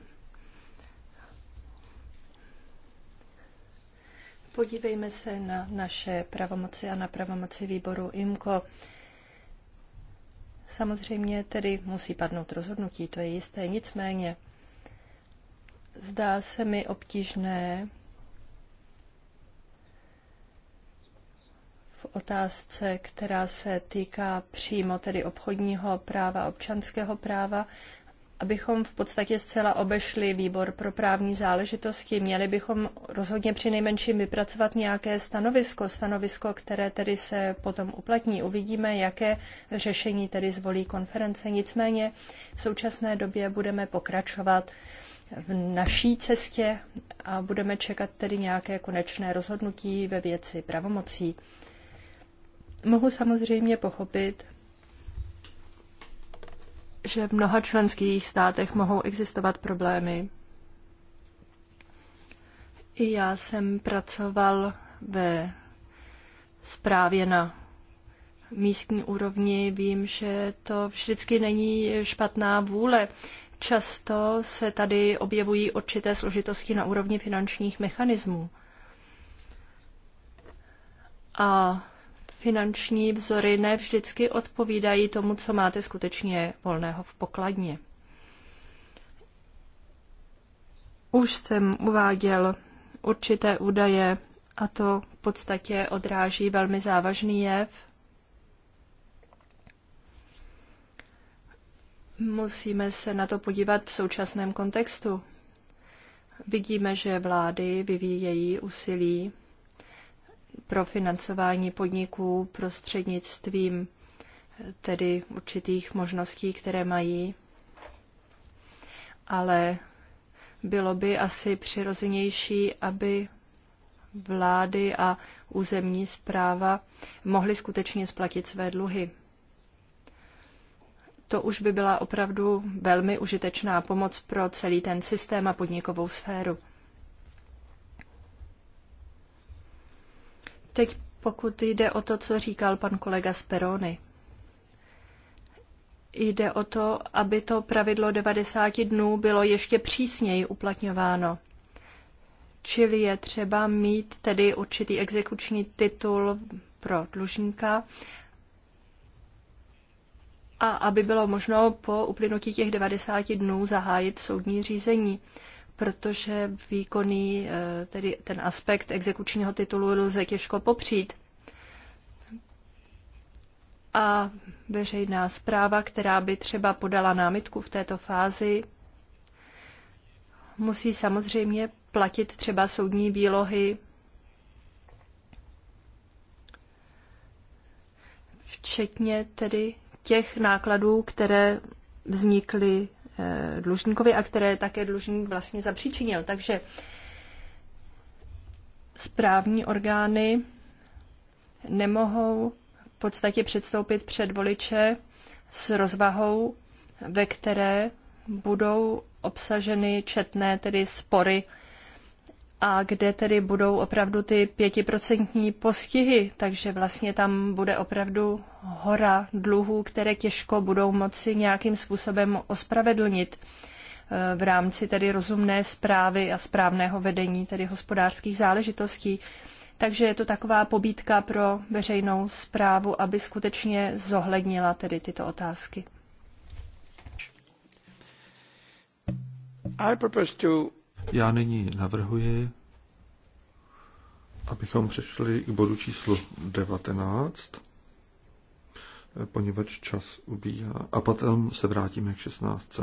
Podívejme se na naše pravomoci a na pravomoci výboru IMCO. Samozřejmě tedy musí padnout rozhodnutí, to je jisté. Nicméně zdá se mi obtížné otázce, která se týká přímo tedy obchodního práva, občanského práva, abychom v podstatě zcela obešli výbor pro právní záležitosti. Měli bychom rozhodně při nejmenším vypracovat nějaké stanovisko, stanovisko, které tedy se potom uplatní. Uvidíme, jaké řešení tedy zvolí konference. Nicméně v současné době budeme pokračovat v naší cestě a budeme čekat tedy nějaké konečné rozhodnutí ve věci pravomocí. Mohu samozřejmě pochopit, že v mnoha členských státech mohou existovat problémy. I já jsem pracoval ve správě na místní úrovni. Vím, že to vždycky není špatná vůle. Často se tady objevují určité složitosti na úrovni finančních mechanismů. A finanční vzory ne vždycky odpovídají tomu, co máte skutečně volného v pokladně. Už jsem uváděl určité údaje a to v podstatě odráží velmi závažný jev. Musíme se na to podívat v současném kontextu. Vidíme, že vlády vyvíjejí úsilí pro financování podniků prostřednictvím eh, tedy určitých možností, které mají, ale bylo by asi přirozenější, aby vlády a územní zpráva mohly skutečně splatit své dluhy. To už by byla opravdu velmi užitečná pomoc pro celý ten systém a podnikovou sféru. Teď pokud jde o to, co říkal pan kolega Sperony. Jde o to, aby to pravidlo 90 dnů bylo ještě přísněji uplatňováno. Čili je třeba mít tedy určitý exekuční titul pro dlužníka a aby bylo možno po uplynutí těch 90 dnů zahájit soudní řízení protože výkonný, eh, tedy ten aspekt exekučního titulu lze těžko popřít. A veřejná zpráva, která by třeba podala námitku v této fázi, musí samozřejmě platit třeba soudní výlohy, včetně tedy těch nákladů, které vznikly Eh, dlužníkovi a které také dlužník vlastně zapříčinil. Takže správní orgány nemohou v podstatě předstoupit před voliče s rozvahou, ve které budou obsaženy četné tedy spory a kde tedy budou opravdu ty pětiprocentní postihy, takže vlastně tam bude opravdu hora dluhů, které těžko budou moci nějakým způsobem ospravedlnit e, v rámci tedy rozumné zprávy a správného vedení tedy hospodářských záležitostí. Takže je to taková pobídka pro veřejnou zprávu, aby skutečně zohlednila tedy tyto otázky. I propose to já nyní navrhuji, abychom přešli k bodu číslo 19, poněvadž čas ubíhá. A potom se vrátíme k 16.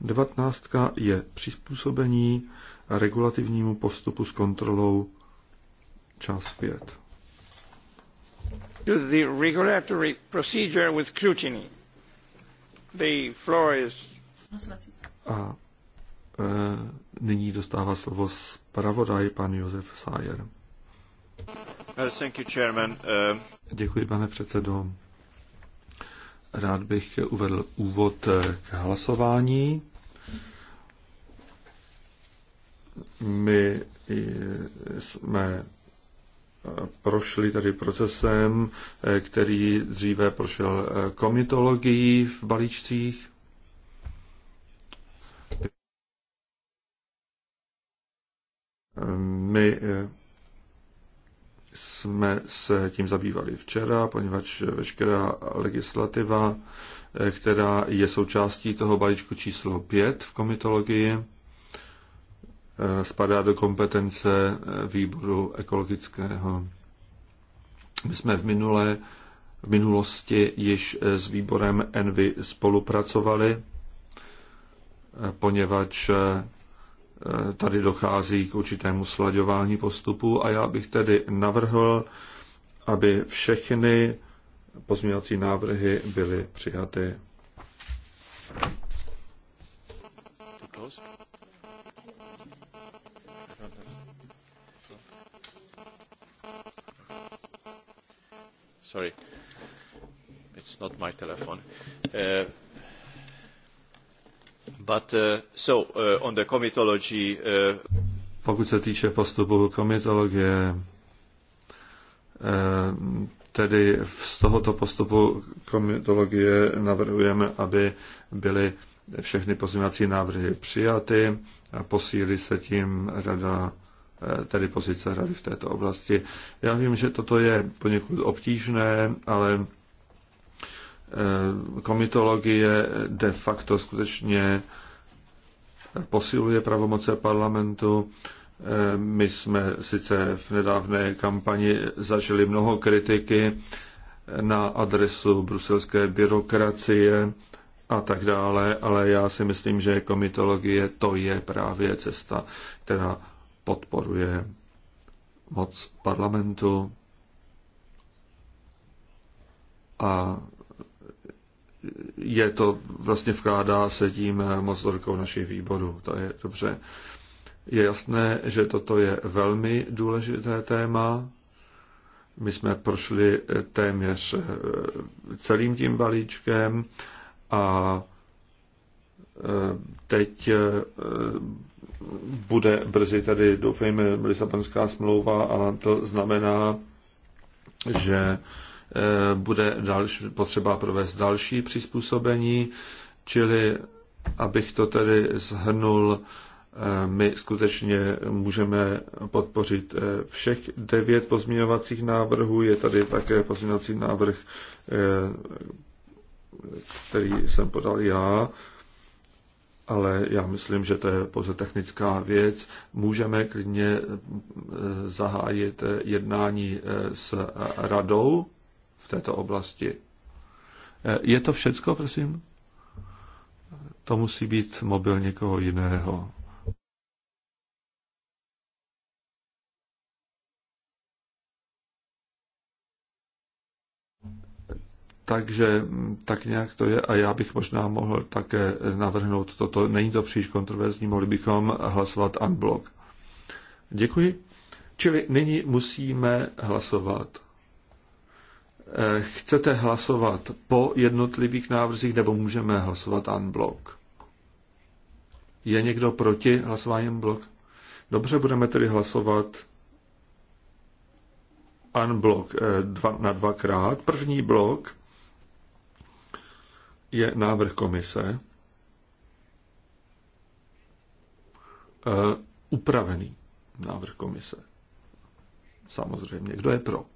19. je přizpůsobení regulativnímu postupu s kontrolou čas 5. To the regulatory procedure with scrutiny. The floor is... A Eh, nyní dostává slovo zpravodaj pan Josef Sájer. Thank you, chairman. Eh, Děkuji, pane předsedo. Rád bych uvedl úvod eh, k hlasování. My jsme prošli tady procesem, který dříve prošel komitologií v balíčcích My eh, jsme se tím zabývali včera, poněvadž veškerá legislativa, eh, která je součástí toho balíčku číslo 5 v komitologii, eh, spadá do kompetence výboru ekologického. My jsme v minulé v minulosti již s výborem Envy spolupracovali, poněvadž tady dochází k určitému slaďování postupu a já bych tedy navrhl, aby všechny pozměňovací návrhy byly přijaty. Sorry, it's not my telephone. Uh, But, uh, so, uh, on the uh... Pokud se týče postupu komitologie, eh, tedy z tohoto postupu komitologie navrhujeme, aby byly všechny pozměňovací návrhy přijaty a posílí se tím rada, eh, tedy pozice rady v této oblasti. Já vím, že toto je poněkud obtížné, ale Eh, komitologie de facto skutečně posiluje pravomoce parlamentu. Eh, my jsme sice v nedávné kampani zažili mnoho kritiky na adresu bruselské byrokracie a tak dále, ale já si myslím, že komitologie to je právě cesta, která podporuje moc parlamentu a je to vlastně vkládá se tím moc do rukou našich výborů. To je dobře. Je jasné, že toto je velmi důležité téma. My jsme prošli téměř eh, celým tím balíčkem a eh, teď eh, bude brzy tady, doufejme, Lisabonská smlouva a to znamená, že Eh, bude další, potřeba provést další přizpůsobení, čili abych to tedy zhrnul, eh, my skutečně můžeme podpořit eh, všech devět pozměňovacích návrhů. Je tady také pozměňovací návrh, který jsem podal já, ale já myslím, že to je pouze technická věc. Můžeme klidně zahájit jednání s radou v této oblasti. E, je to všecko, prosím? To musí být mobil někoho jiného. Takže mm, tak nějak to je a já bych možná mohl také navrhnout toto. Není to příliš kontroverzní, mohli bychom hlasovat unblock. Děkuji. Čili nyní musíme hlasovat. Eh, chcete hlasovat po jednotlivých návrzích nebo můžeme hlasovat unblock? Je někdo proti hlasováním blok? Dobře, budeme tedy hlasovat unblock eh, dva, na dvakrát. První blok je návrh komise eh, upravený návrh komise. Samozřejmě. Kdo je pro?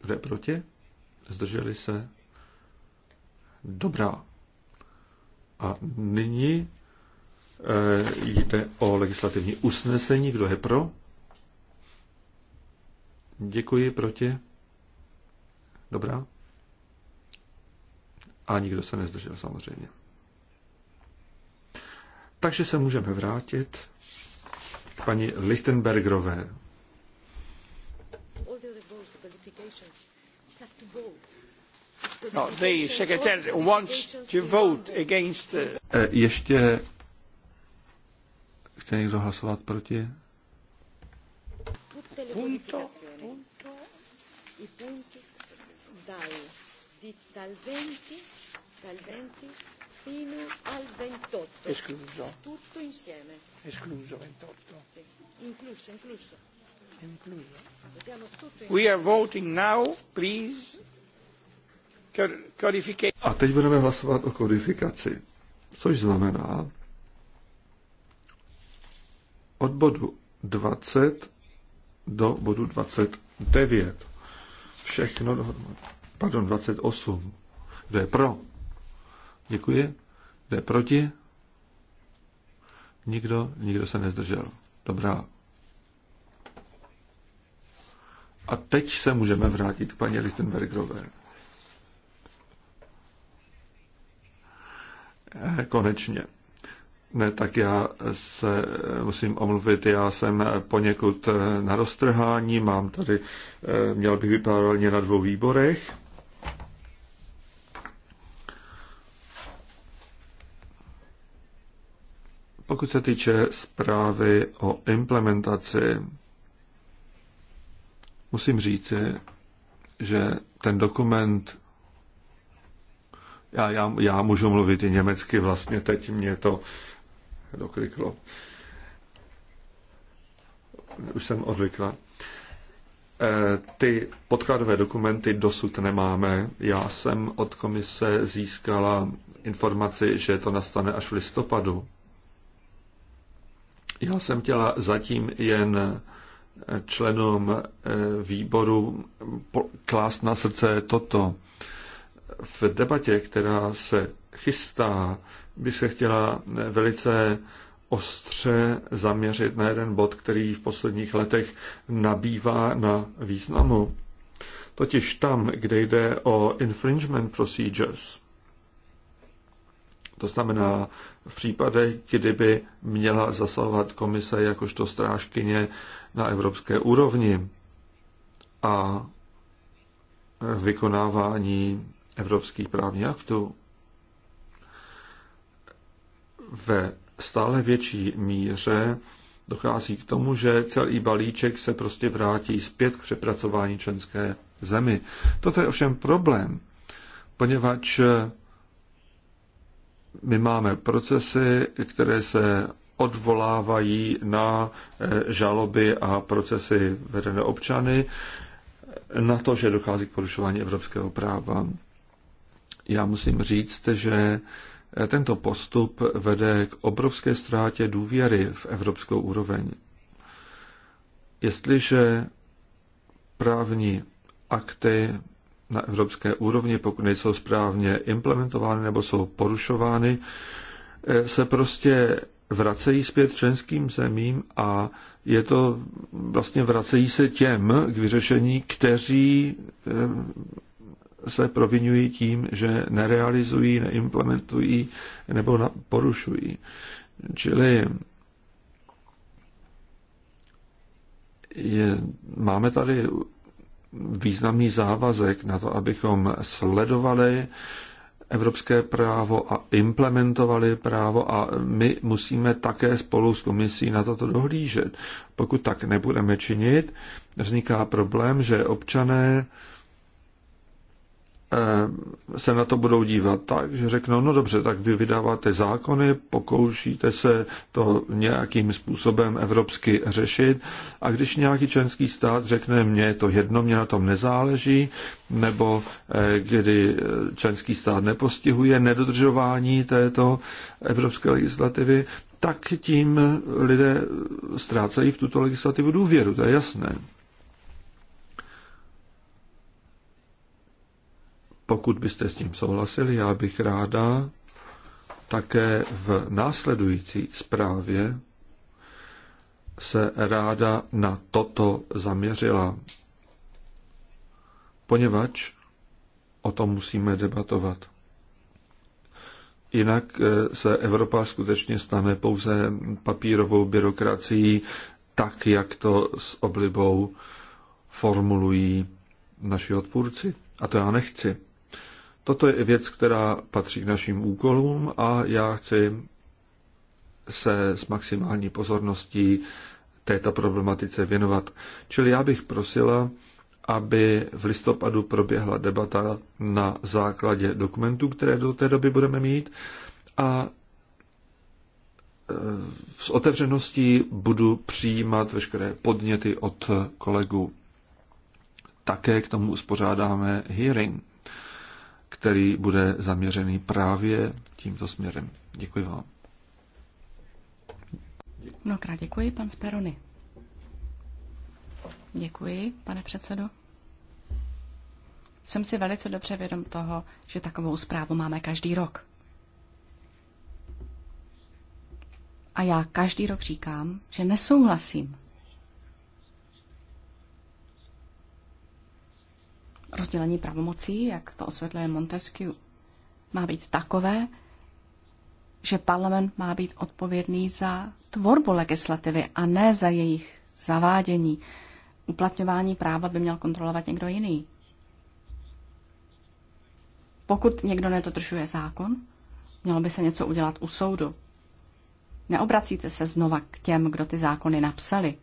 Kdo je proti? Zdrželi se? Dobrá. A nyní eh, jde o legislativní usnesení. Kdo je pro? Děkuji, proti? Dobrá. A nikdo se nezdržel samozřejmě. Takže se můžeme vrátit k paní Lichtenbergerové. No, uh, e, ještě chce někdo hlasovat proti? Punto, punto. Dal 28. Escluso. Tutto insieme. Escluso 28. Incluso, incluso. Incluso. We are voting now, please. A teď budeme hlasovat o kodifikaci, což znamená od bodu 20 do bodu 29. Všechno dohromady. Pardon, 28. Kdo je pro? Děkuji. Kdo je proti? Nikdo, nikdo se nezdržel. Dobrá. A teď se můžeme vrátit k paní Lichtenbergové. Eh, konečně. Ne, tak já se musím omluvit, já jsem poněkud eh, na roztrhání, mám tady, eh, měl bych vypadat na dvou výborech. Pokud se týče zprávy o implementaci, musím říci, že ten dokument já, já, já můžu mluvit i německy, vlastně teď mě to dokliklo. Už jsem odvykla. Eh, ty podkladové dokumenty dosud nemáme. Já jsem od komise získala informaci, že to nastane až v listopadu. Já jsem chtěla zatím jen eh, členům eh, výboru klást na srdce toto v debatě, která se chystá, by se chtěla velice ostře zaměřit na jeden bod, který v posledních letech nabývá na významu. Totiž tam, kde jde o infringement procedures, to znamená v případech, kdyby měla zasahovat komise jakožto strážkyně na evropské úrovni a vykonávání evropských právních aktů ve stále větší míře dochází k tomu, že celý balíček se prostě vrátí zpět k přepracování členské zemi. Toto je ovšem problém, poněvadž my máme procesy, které se odvolávají na eh, žaloby a procesy vedené občany, na to, že dochází k porušování evropského práva já musím říct, že eh, tento postup vede k obrovské ztrátě důvěry v evropskou úroveň. Jestliže právní akty na evropské úrovni, pokud nejsou správně implementovány nebo jsou porušovány, eh, se prostě vracejí zpět členským zemím a je to vlastně vracejí se těm k vyřešení, kteří eh, se provinují tím, že nerealizují, neimplementují nebo porušují. Čili je, máme tady významný závazek na to, abychom sledovali evropské právo a implementovali právo a my musíme také spolu s komisí na toto dohlížet. Pokud tak nebudeme činit, vzniká problém, že občané Eh, se na to budou dívat tak, že řeknou, no dobře, tak vy vydáváte zákony, pokoušíte se to nějakým způsobem evropsky řešit a když nějaký členský stát řekne, mně je to jedno, mě na tom nezáleží, nebo eh, kdy eh, členský stát nepostihuje nedodržování této evropské legislativy, tak tím lidé ztrácejí v tuto legislativu důvěru, to je jasné. Pokud byste s tím souhlasili, já bych ráda také v následující zprávě se ráda na toto zaměřila, poněvadž o tom musíme debatovat. Jinak eh, se Evropa skutečně stane pouze papírovou byrokracií, tak jak to s oblibou formulují naši odpůrci. A to já nechci. Toto je věc, která patří k našim úkolům a já chci se s maximální pozorností této problematice věnovat. Čili já bych prosila, aby v listopadu proběhla debata na základě dokumentů, které do té doby budeme mít a e, s otevřeností budu přijímat veškeré podněty od kolegů. Také k tomu uspořádáme hearing který bude zaměřený právě tímto směrem. Děkuji vám. Mnohokrát děkuji, pan Sperony. Děkuji, pane předsedo. Jsem si velice dobře vědom toho, že takovou zprávu máme každý rok. A já každý rok říkám, že nesouhlasím rozdělení pravomocí, jak to osvětluje Montesquieu, má být takové, že parlament má být odpovědný za tvorbu legislativy a ne za jejich zavádění. Uplatňování práva by měl kontrolovat někdo jiný. Pokud někdo nedodržuje zákon, mělo by se něco udělat u soudu. Neobracíte se znova k těm, kdo ty zákony napsali,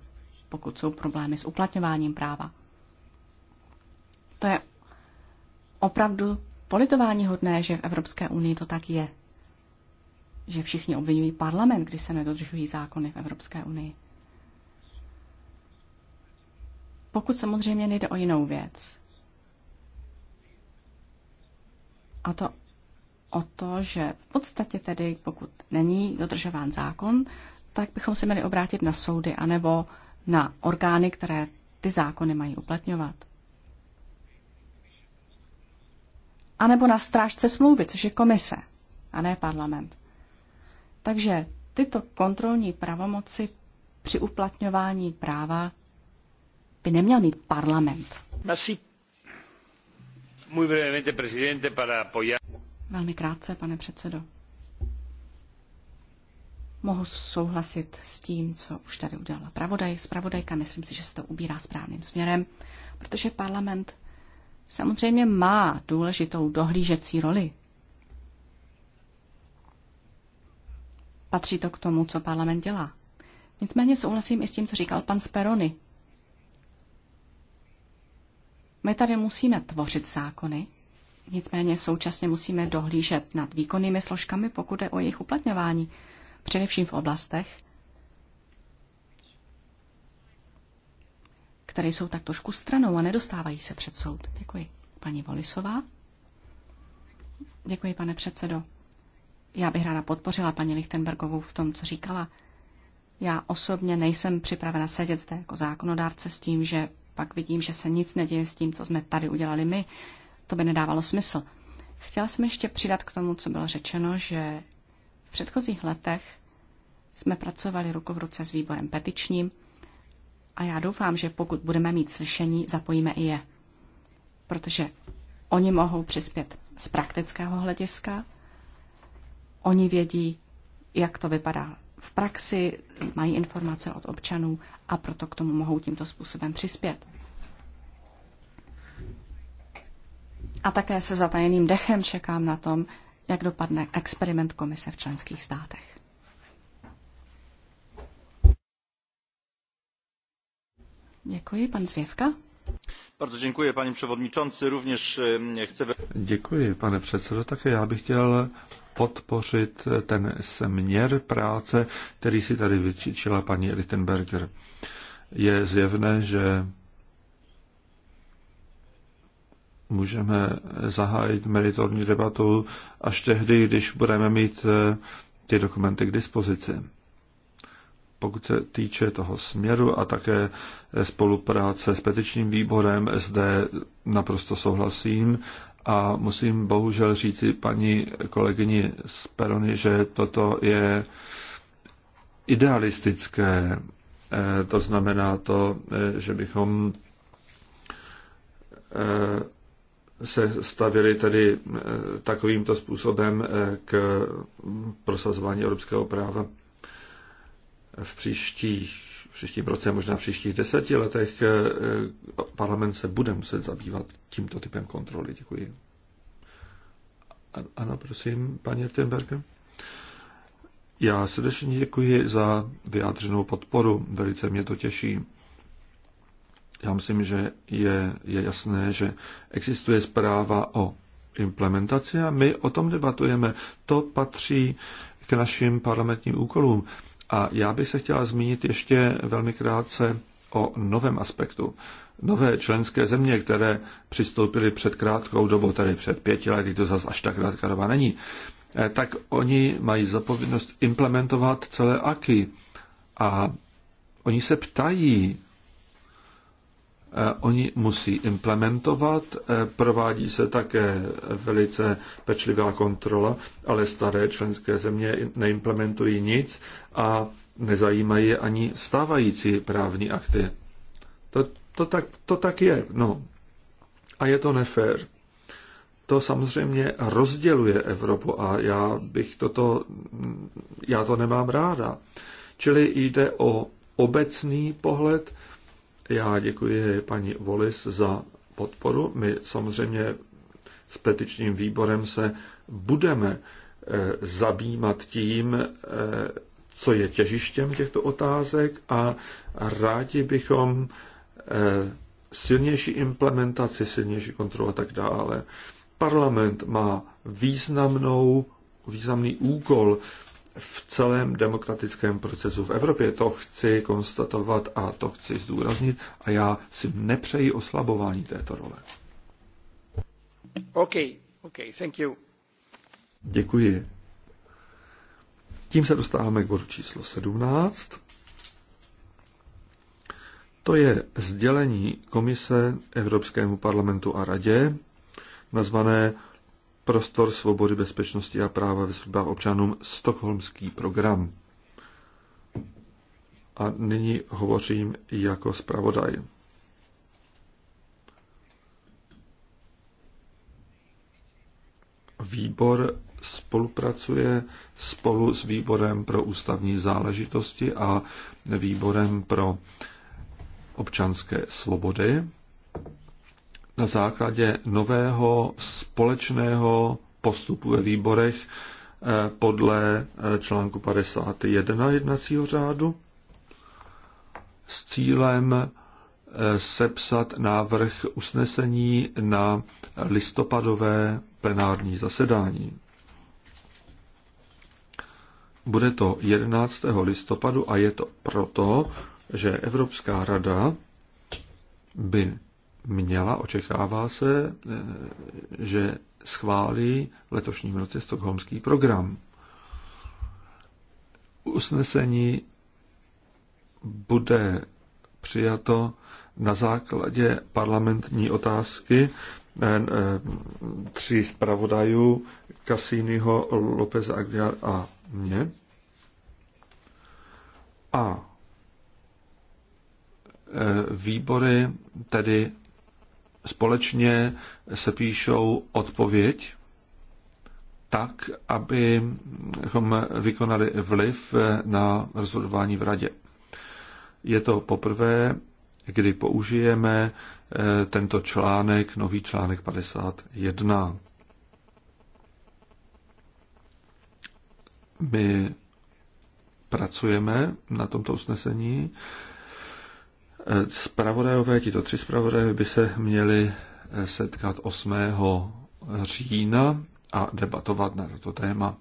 pokud jsou problémy s uplatňováním práva. To je opravdu politování hodné, že v Evropské unii to tak je. Že všichni obvinují parlament, když se nedodržují zákony v Evropské unii. Pokud samozřejmě nejde o jinou věc. A to o to, že v podstatě tedy, pokud není dodržován zákon, tak bychom se měli obrátit na soudy anebo na orgány, které ty zákony mají uplatňovat. anebo na strážce smlouvy, což je komise, a ne parlament. Takže tyto kontrolní pravomoci při uplatňování práva by neměl mít parlament. Velmi krátce, pane předsedo. Mohu souhlasit s tím, co už tady udělala pravodaj, zpravodajka. Myslím si, že se to ubírá správným směrem, protože parlament samozřejmě má důležitou dohlížecí roli. Patří to k tomu, co parlament dělá. Nicméně souhlasím i s tím, co říkal pan Sperony. My tady musíme tvořit zákony, nicméně současně musíme dohlížet nad výkonnými složkami, pokud je o jejich uplatňování, především v oblastech, které jsou tak trošku stranou a nedostávají se před soud. Děkuji. Paní Volisová. Děkuji, pane předsedo. Já bych ráda podpořila paní Lichtenbergovou v tom, co říkala. Já osobně nejsem připravena sedět zde jako zákonodárce s tím, že pak vidím, že se nic neděje s tím, co jsme tady udělali my. To by nedávalo smysl. Chtěla jsem ještě přidat k tomu, co bylo řečeno, že v předchozích letech jsme pracovali ruku v ruce s výborem petičním a já doufám, že pokud budeme mít slyšení, zapojíme i je. Protože oni mohou přispět z praktického hlediska, oni vědí, jak to vypadá v praxi, mají informace od občanů a proto k tomu mohou tímto způsobem přispět. A také se zatajeným dechem čekám na tom, jak dopadne experiment komise v členských státech. Děkuji, e, Děkuji, pane předsedo. Také já bych chtěl podpořit ten směr práce, který si tady vyčičila paní Rittenberger. Je zjevné, že můžeme zahájit meritorní debatu až tehdy, když budeme mít e, ty dokumenty k dispozici pokud se týče toho směru a také spolupráce s petičním výborem, SD, naprosto souhlasím a musím bohužel říct, paní kolegyni z Perony, že toto je idealistické. Eh, to znamená to, eh, že bychom eh, se stavili tedy takovýmto způsobem k prosazování evropského práva v příštích příštím roce, možná v příštích deseti letech eh, eh, parlament se bude muset zabývat tímto typem kontroly. Děkuji. Ano, prosím, paní Ertenberger. Já srdečně děkuji za vyjádřenou podporu. Velice mě to těší. Já myslím, že je, je jasné, že existuje zpráva o implementaci a my o tom debatujeme. To patří k našim parlamentním úkolům. A já bych se chtěla zmínit ještě velmi krátce o novém aspektu. Nové členské země, které přistoupily před krátkou dobou, tedy před pěti lety, to zase až tak krátká doba není, eh, tak oni mají zapovinnost implementovat celé AKY. A oni se ptají Eh, oni musí implementovat, eh, provádí se také velice pečlivá kontrola, ale staré členské země neimplementují nic a nezajímají ani stávající právní akty. To, to, tak, to tak je. No. A je to nefér. To samozřejmě rozděluje Evropu a já bych toto, já to nemám ráda. Čili jde o obecný pohled, já děkuji paní Volis za podporu. My samozřejmě s petičním výborem se budeme eh, zabývat tím, eh, co je těžištěm těchto otázek a rádi bychom eh, silnější implementaci, silnější kontrolu a tak dále. Parlament má významnou, významný úkol v celém demokratickém procesu v Evropě. To chci konstatovat a to chci zdůraznit a já si nepřeji oslabování této role. OK, OK, thank you. Děkuji. Tím se dostáváme k bodu číslo 17. To je sdělení Komise Evropskému parlamentu a radě nazvané prostor svobody, bezpečnosti a práva ve službách občanům Stockholmský program. A nyní hovořím jako zpravodaj. Výbor spolupracuje spolu s výborem pro ústavní záležitosti a výborem pro občanské svobody na základě nového společného postupu ve výborech eh, podle eh, článku 51 jednacího řádu s cílem eh, sepsat návrh usnesení na listopadové plenární zasedání. Bude to 11. listopadu a je to proto, že Evropská rada by měla, očekává se, eh, že schválí v letošním roce stokholmský program. Usnesení bude přijato na základě parlamentní otázky eh, eh, tří zpravodajů Cassiniho, López Aguiar a mě. A výbory tedy společně se píšou odpověď tak, abychom vykonali vliv na rozhodování v radě. Je to poprvé, kdy použijeme eh, tento článek, nový článek 51. My pracujeme na tomto usnesení Spravodajové, tito tři spravodajové by se měli eh, setkat 8. října a debatovat na toto téma.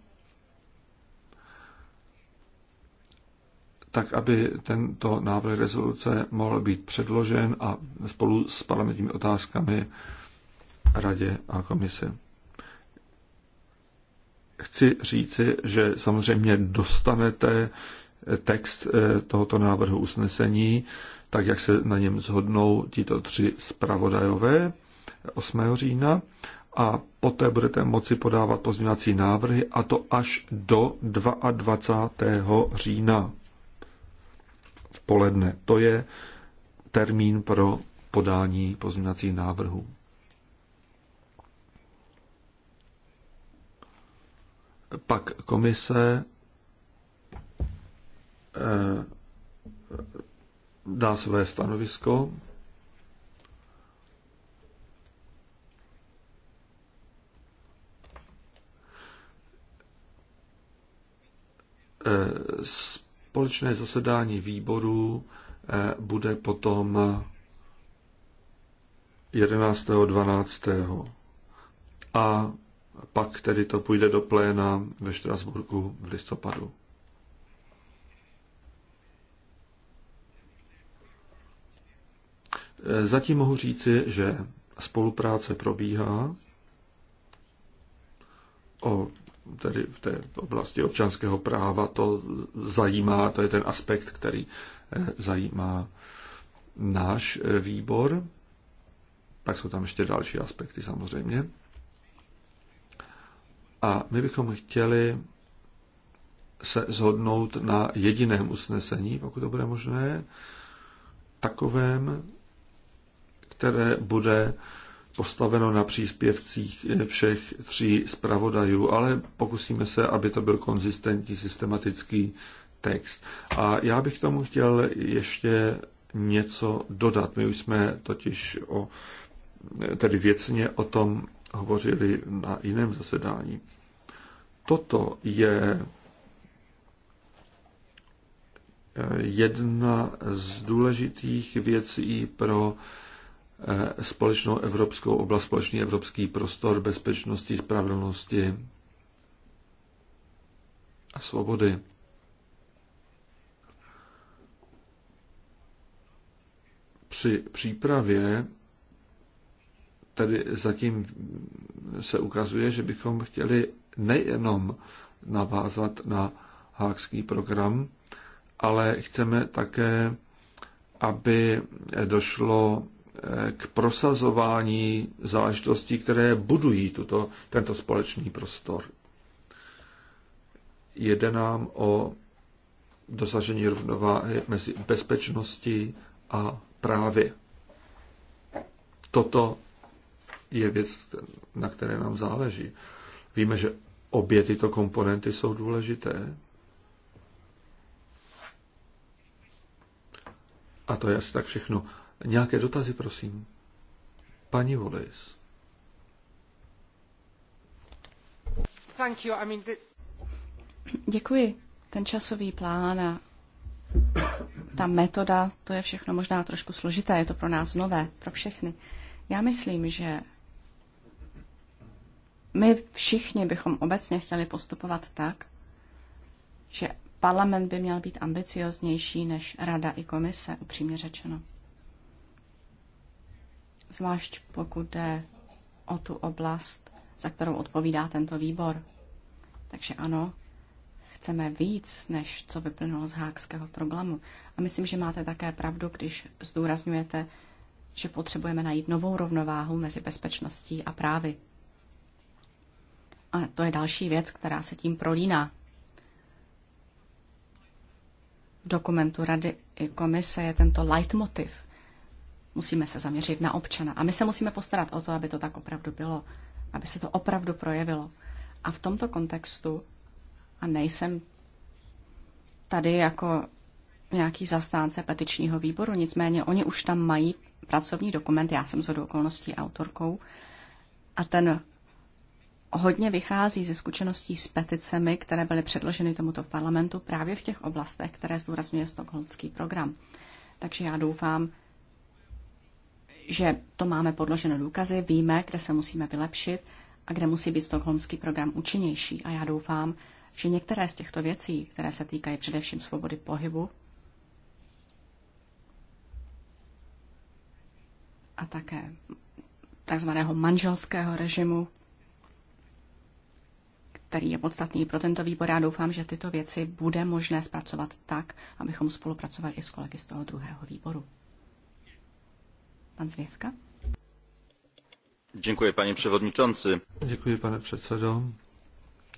tak aby tento návrh rezoluce mohl být předložen a spolu s parlamentními otázkami radě a komisi. Chci říci, že samozřejmě dostanete text eh, tohoto návrhu usnesení tak jak se na něm zhodnou tito tři zpravodajové 8. října a poté budete moci podávat pozměňovací návrhy a to až do 22. října v poledne. To je termín pro podání pozměňovacích návrhů. Pak komise eh, dá své stanovisko. Společné zasedání výboru eh, bude potom 11. 12. a pak tedy to půjde do pléna ve Štrasburku v listopadu. Eh, zatím mohu říci, že spolupráce probíhá o, tedy v té oblasti občanského práva. To zajímá, to je ten aspekt, který eh, zajímá náš eh, výbor. Pak jsou tam ještě další aspekty samozřejmě. A my bychom chtěli se zhodnout na jediném usnesení, pokud to bude možné, takovém, které bude postaveno na příspěvcích všech tří zpravodajů, ale pokusíme se, aby to byl konzistentní, systematický text. A já bych tomu chtěl ještě něco dodat. My už jsme totiž o, tedy věcně o tom hovořili na jiném zasedání. Toto je jedna z důležitých věcí pro Eh, společnou evropskou oblast, společný evropský prostor bezpečnosti, spravedlnosti a svobody. Při přípravě tedy zatím se ukazuje, že bychom chtěli nejenom navázat na hákský program, ale chceme také, aby došlo k prosazování záležitostí, které budují tuto, tento společný prostor. Jede nám o dosažení rovnováhy mezi bezpečností a právě. Toto je věc, na které nám záleží. Víme, že obě tyto komponenty jsou důležité. A to je asi tak všechno. Nějaké dotazy, prosím. Pani Volis. Thank you. I mean the... Děkuji. Ten časový plán a ta metoda, to je všechno možná trošku složité, je to pro nás nové, pro všechny. Já myslím, že my všichni bychom obecně chtěli postupovat tak, že parlament by měl být ambicioznější než rada i komise, upřímně řečeno zvlášť pokud jde o tu oblast, za kterou odpovídá tento výbor. Takže ano, chceme víc, než co vyplynulo z hákského problému. A myslím, že máte také pravdu, když zdůrazňujete, že potřebujeme najít novou rovnováhu mezi bezpečností a právy. A to je další věc, která se tím prolíná. V dokumentu Rady i komise je tento leitmotiv. Musíme se zaměřit na občana. A my se musíme postarat o to, aby to tak opravdu bylo, aby se to opravdu projevilo. A v tomto kontextu, a nejsem tady jako nějaký zastánce petičního výboru, nicméně oni už tam mají pracovní dokument, já jsem zhodou okolností autorkou, a ten hodně vychází ze zkušeností s peticemi, které byly předloženy tomuto parlamentu právě v těch oblastech, které zdůrazňuje stokholmský program. Takže já doufám, že to máme podloženo důkazy, víme, kde se musíme vylepšit a kde musí být stokholmský program účinnější. A já doufám, že některé z těchto věcí, které se týkají především svobody pohybu a také takzvaného manželského režimu, který je podstatný pro tento výbor. Já doufám, že tyto věci bude možné zpracovat tak, abychom spolupracovali i s kolegy z toho druhého výboru. Pan předsedající. Děkuji, pane předsedo.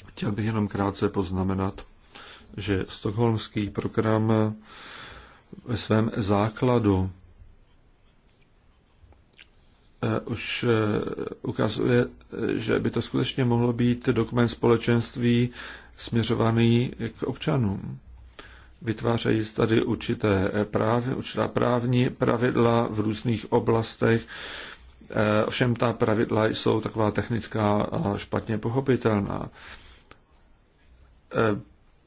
Chtěl bych jenom krátce poznamenat, že stokholmský program ve svém základu eh, už eh, ukazuje, že by to skutečně mohlo být dokument společenství směřovaný k občanům. Vytvářejí tady určité eh, právě, určitá právní pravidla v různých oblastech. Eh, ovšem ta pravidla jsou taková technická a špatně pochopitelná. Eh,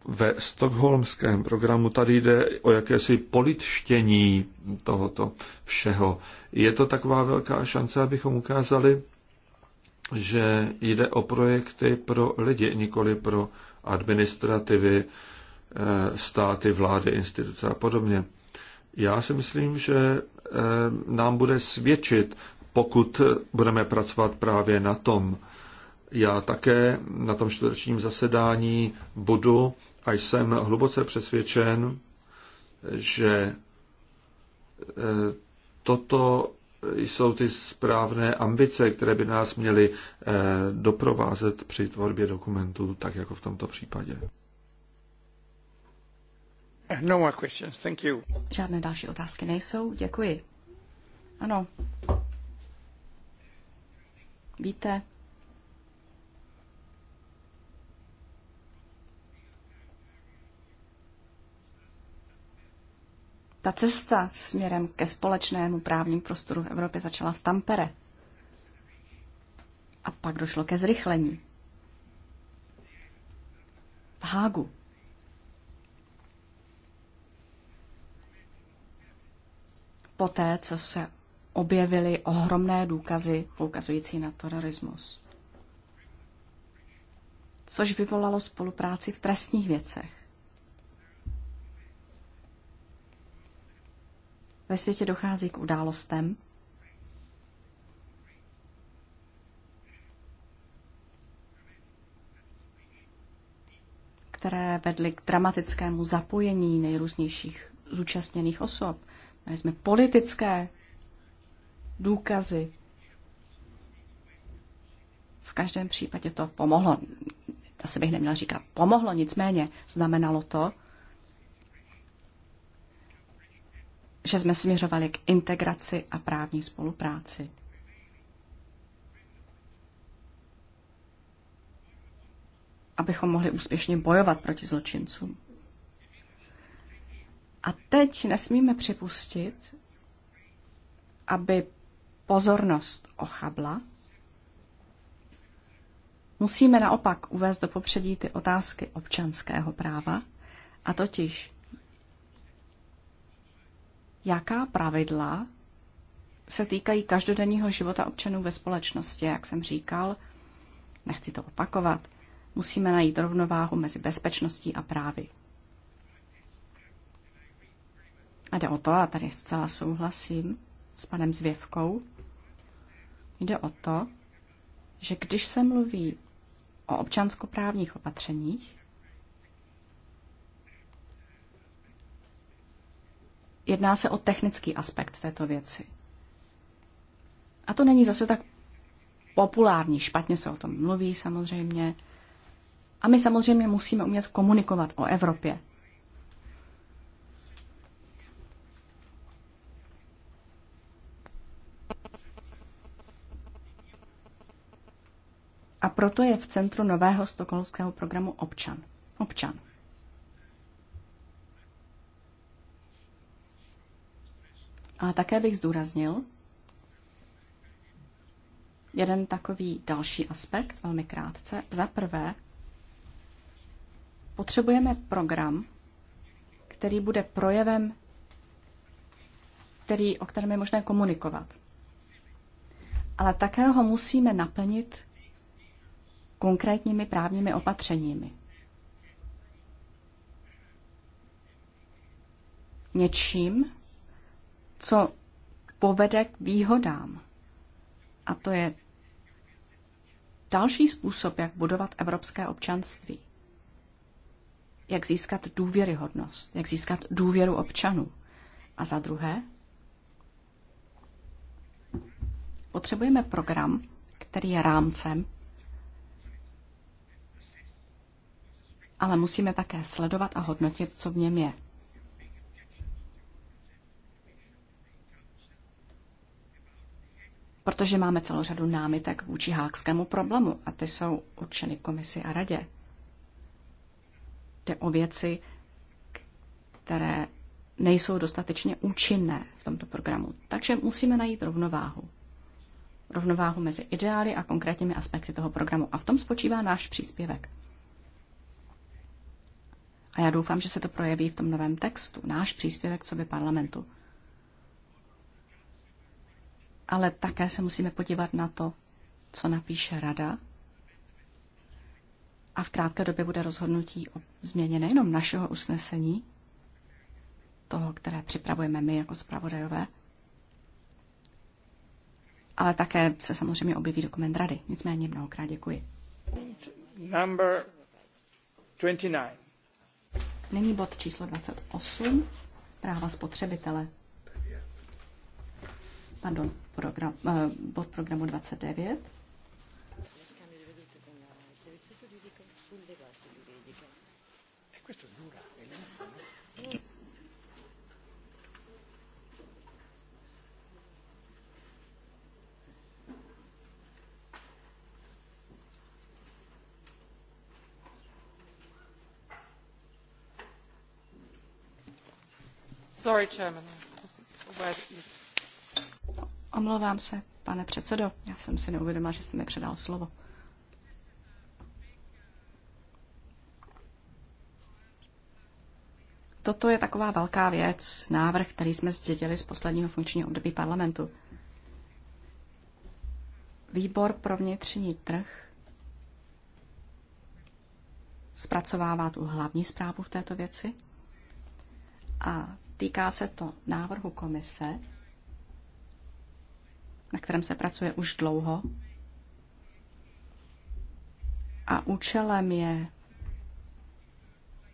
ve stokholmském programu tady jde o jakési politštění tohoto všeho. Je to taková velká šance, abychom ukázali, že jde o projekty pro lidi, nikoli pro administrativy, Eh, státy, vlády, instituce a podobně. Já si myslím, že eh, nám bude svědčit, pokud budeme pracovat právě na tom. Já také na tom čtvrtečním zasedání budu a jsem hluboce přesvědčen, že eh, toto jsou ty správné ambice, které by nás měly doprovázet při tvorbě dokumentů, tak jako v tomto případě. No more questions, thank you. Žádné další otázky nejsou, děkuji. Ano. Víte, ta cesta směrem ke společnému právnímu prostoru v Evropě začala v Tampere. A pak došlo ke zrychlení. V Hágu. poté, co se objevily ohromné důkazy poukazující na terorismus. Což vyvolalo spolupráci v trestních věcech. Ve světě dochází k událostem, které vedly k dramatickému zapojení nejrůznějších zúčastněných osob. Měli jsme politické důkazy. V každém případě to pomohlo. Asi bych neměla říkat pomohlo, nicméně znamenalo to, že jsme směřovali k integraci a právní spolupráci. Abychom mohli úspěšně bojovat proti zločincům. A teď nesmíme připustit, aby pozornost ochabla. Musíme naopak uvést do popředí ty otázky občanského práva, a totiž jaká pravidla se týkají každodenního života občanů ve společnosti. Jak jsem říkal, nechci to opakovat, musíme najít rovnováhu mezi bezpečností a právy. a jde o to, a tady zcela souhlasím s panem Zvěvkou, jde o to, že když se mluví o občanskoprávních opatřeních, jedná se o technický aspekt této věci. A to není zase tak populární, špatně se o tom mluví samozřejmě. A my samozřejmě musíme umět komunikovat o Evropě. A proto je v centru nového stokholmského programu občan. Občan. A také bych zdůraznil jeden takový další aspekt, velmi krátce. Za prvé, potřebujeme program, který bude projevem, který, o kterém je možné komunikovat. Ale také ho musíme naplnit konkrétními právními opatřeními. Něčím, co povede k výhodám. A to je další způsob, jak budovat evropské občanství. Jak získat důvěryhodnost, jak získat důvěru občanů. A za druhé, potřebujeme program, který je rámcem ale musíme také sledovat a hodnotit, co v něm je. Protože máme celou řadu námitek vůči hákskému problému a ty jsou určeny komisi a radě. Jde o věci, které nejsou dostatečně účinné v tomto programu. Takže musíme najít rovnováhu. Rovnováhu mezi ideály a konkrétními aspekty toho programu. A v tom spočívá náš příspěvek. A já doufám, že se to projeví v tom novém textu, náš příspěvek co by parlamentu. Ale také se musíme podívat na to, co napíše rada. A v krátké době bude rozhodnutí o změně nejenom našeho usnesení, toho, které připravujeme my jako zpravodajové, ale také se samozřejmě objeví dokument rady. Nicméně mnohokrát děkuji. Number 29. Nyní bod číslo 28, práva spotřebitele. Pardon, program, eh, bod programu 29. Sorry, Chairman. Omlouvám se, pane předsedo. Já jsem si neuvědomila, že jste mi předal slovo. Toto je taková velká věc, návrh, který jsme zdědili z posledního funkčního období parlamentu. Výbor pro vnitřní trh zpracovává tu hlavní zprávu v této věci a Týká se to návrhu komise, na kterém se pracuje už dlouho. A účelem je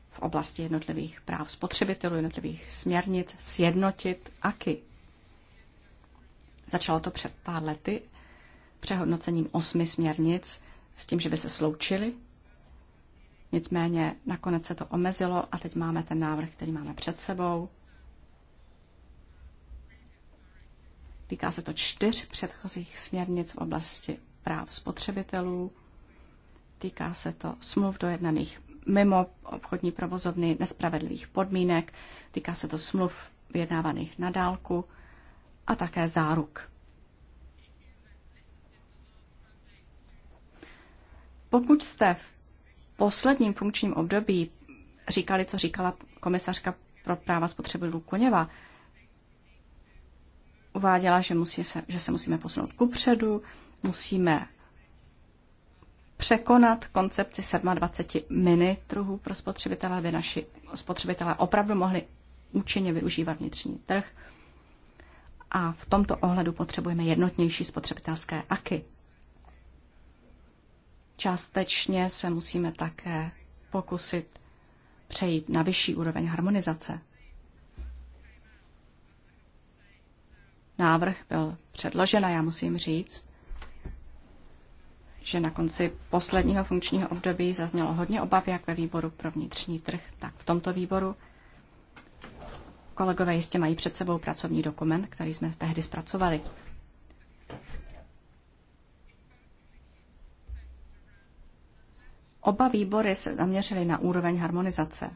v oblasti jednotlivých práv spotřebitelů, jednotlivých směrnic sjednotit AKY. Začalo to před pár lety přehodnocením osmi směrnic s tím, že by se sloučily. Nicméně nakonec se to omezilo a teď máme ten návrh, který máme před sebou. Týká se to čtyř předchozích směrnic v oblasti práv spotřebitelů. Týká se to smluv dojednaných mimo obchodní provozovny nespravedlivých podmínek. Týká se to smluv vyjednávaných na dálku a také záruk. Pokud jste v posledním funkčním období říkali, co říkala komisařka pro práva spotřebitelů Koněva, uváděla, že, musí se, že se musíme posunout kupředu, musíme překonat koncepci 27 mini trhů pro spotřebitele, aby naši spotřebitelé opravdu mohli účinně využívat vnitřní trh. A v tomto ohledu potřebujeme jednotnější spotřebitelské aky. Částečně se musíme také pokusit přejít na vyšší úroveň harmonizace návrh byl předložen a já musím říct, že na konci posledního funkčního období zaznělo hodně obav, jak ve výboru pro vnitřní trh, tak v tomto výboru. Kolegové jistě mají před sebou pracovní dokument, který jsme tehdy zpracovali. Oba výbory se zaměřily na úroveň harmonizace,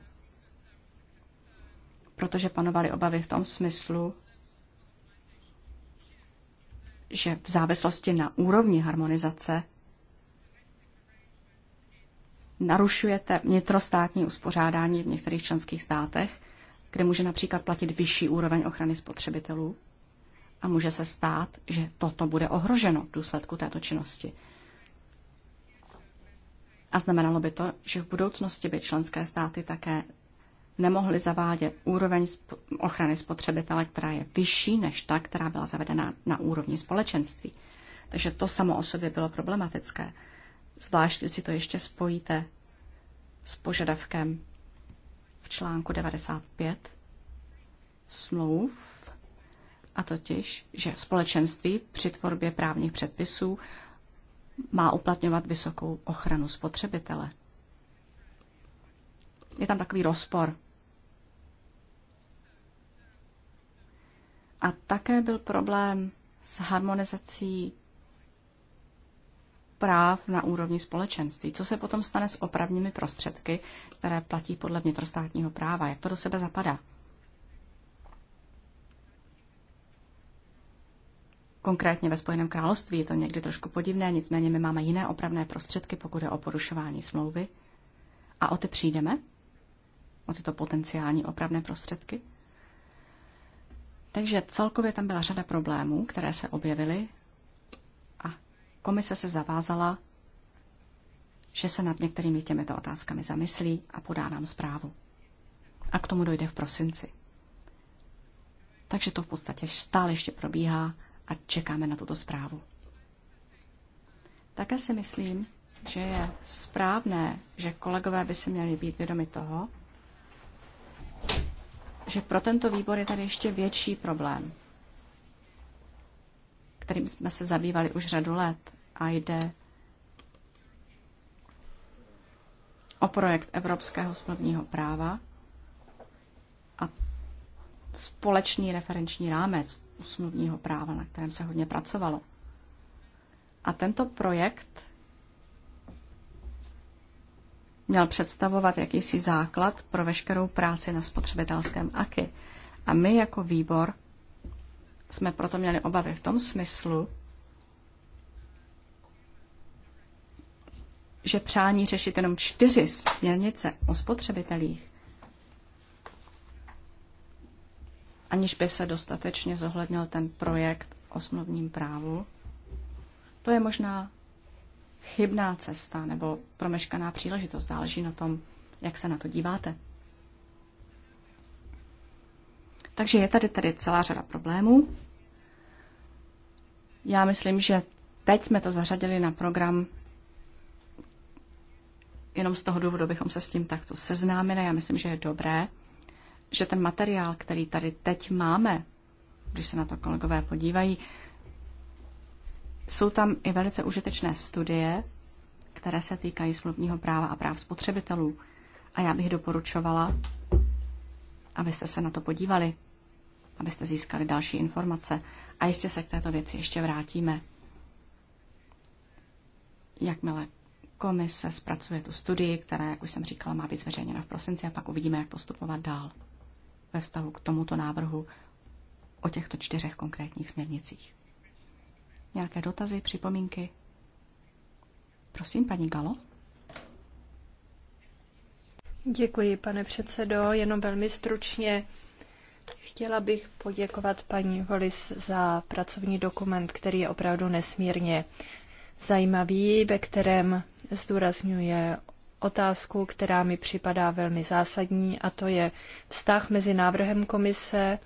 protože panovaly obavy v tom smyslu, že v závislosti na úrovni harmonizace narušujete vnitrostátní uspořádání v některých členských státech, kde může například platit vyšší úroveň ochrany spotřebitelů a může se stát, že toto bude ohroženo v důsledku této činnosti. A znamenalo by to, že v budoucnosti by členské státy také nemohli zavádět úroveň ochrany spotřebitele, která je vyšší než ta, která byla zavedena na úrovni společenství. Takže to samo o sobě bylo problematické. Zvlášť, když si to ještě spojíte s požadavkem v článku 95 smlouv, a totiž, že společenství při tvorbě právních předpisů má uplatňovat vysokou ochranu spotřebitele. Je tam takový rozpor. A také byl problém s harmonizací práv na úrovni společenství. Co se potom stane s opravními prostředky, které platí podle vnitrostátního práva? Jak to do sebe zapadá? Konkrétně ve Spojeném království je to někdy trošku podivné, nicméně my máme jiné opravné prostředky, pokud je o porušování smlouvy. A o ty přijdeme? O tyto potenciální opravné prostředky? Takže celkově tam byla řada problémů, které se objevily a komise se zavázala, že se nad některými těmito otázkami zamyslí a podá nám zprávu. A k tomu dojde v prosinci. Takže to v podstatě stále ještě probíhá a čekáme na tuto zprávu. Také si myslím, že je správné, že kolegové by si měli být vědomi toho, že pro tento výbor je tady ještě větší problém, kterým jsme se zabývali už řadu let a jde o projekt Evropského smluvního práva a společný referenční rámec smluvního práva, na kterém se hodně pracovalo. A tento projekt měl představovat jakýsi základ pro veškerou práci na spotřebitelském aky. A my jako výbor jsme proto měli obavy v tom smyslu, že přání řešit jenom čtyři směrnice o spotřebitelích, aniž by se dostatečně zohlednil ten projekt o smluvním právu, to je možná chybná cesta nebo promeškaná příležitost. Záleží na tom, jak se na to díváte. Takže je tady tady celá řada problémů. Já myslím, že teď jsme to zařadili na program jenom z toho důvodu, bychom se s tím takto seznámili. Já myslím, že je dobré, že ten materiál, který tady teď máme, když se na to kolegové podívají, jsou tam i velice užitečné studie, které se týkají smluvního práva a práv spotřebitelů. A já bych doporučovala, abyste se na to podívali, abyste získali další informace. A jistě se k této věci ještě vrátíme. Jakmile komise zpracuje tu studii, která, jak už jsem říkala, má být zveřejněna v prosinci a pak uvidíme, jak postupovat dál ve vztahu k tomuto návrhu o těchto čtyřech konkrétních směrnicích. Nějaké dotazy, připomínky? Prosím, paní Galo. Děkuji, pane předsedo. Jenom velmi stručně chtěla bych poděkovat paní Holis za pracovní dokument, který je opravdu nesmírně zajímavý, ve kterém zdůrazňuje otázku, která mi připadá velmi zásadní, a to je vztah mezi návrhem komise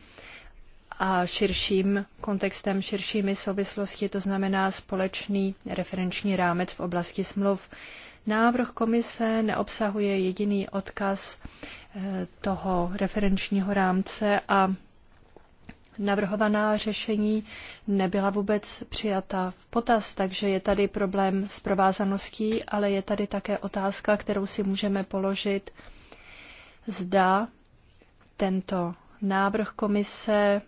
a širším kontextem, širšími souvislosti, to znamená společný referenční rámec v oblasti smluv. Návrh komise neobsahuje jediný odkaz eh, toho referenčního rámce a navrhovaná řešení nebyla vůbec přijata v potaz, takže je tady problém s provázaností, ale je tady také otázka, kterou si můžeme položit, zda tento návrh komise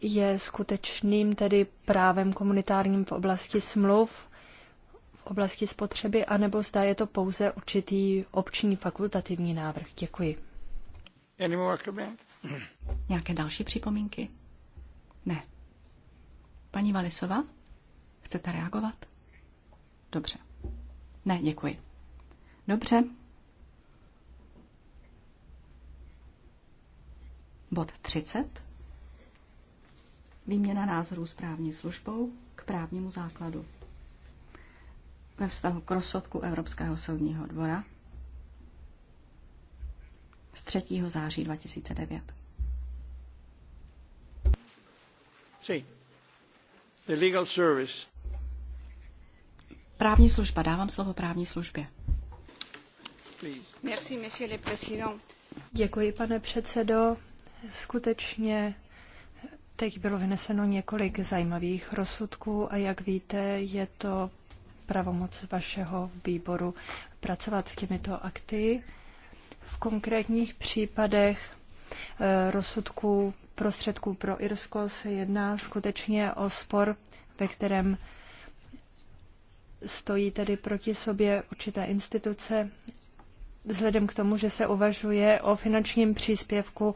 je skutečným tedy právem komunitárním v oblasti smluv, v oblasti spotřeby, anebo zda je to pouze určitý obční fakultativní návrh. Děkuji. Nějaké další připomínky? Ne. Paní Valisova, chcete reagovat? Dobře. Ne, děkuji. Dobře. Bod 30. Výměna názorů s právní službou k právnímu základu ve vztahu k rozsudku Evropského soudního dvora z 3. září 2009. The legal service. Právní služba. Dávám slovo právní službě. Merci, Děkuji, pane předsedo. Skutečně Teď bylo vyneseno několik zajímavých rozsudků a jak víte, je to pravomoc vašeho výboru pracovat s těmito akty. V konkrétních případech eh, rozsudků prostředků pro Irsko se jedná skutečně o spor, ve kterém stojí tedy proti sobě určité instituce vzhledem k tomu, že se uvažuje o finančním příspěvku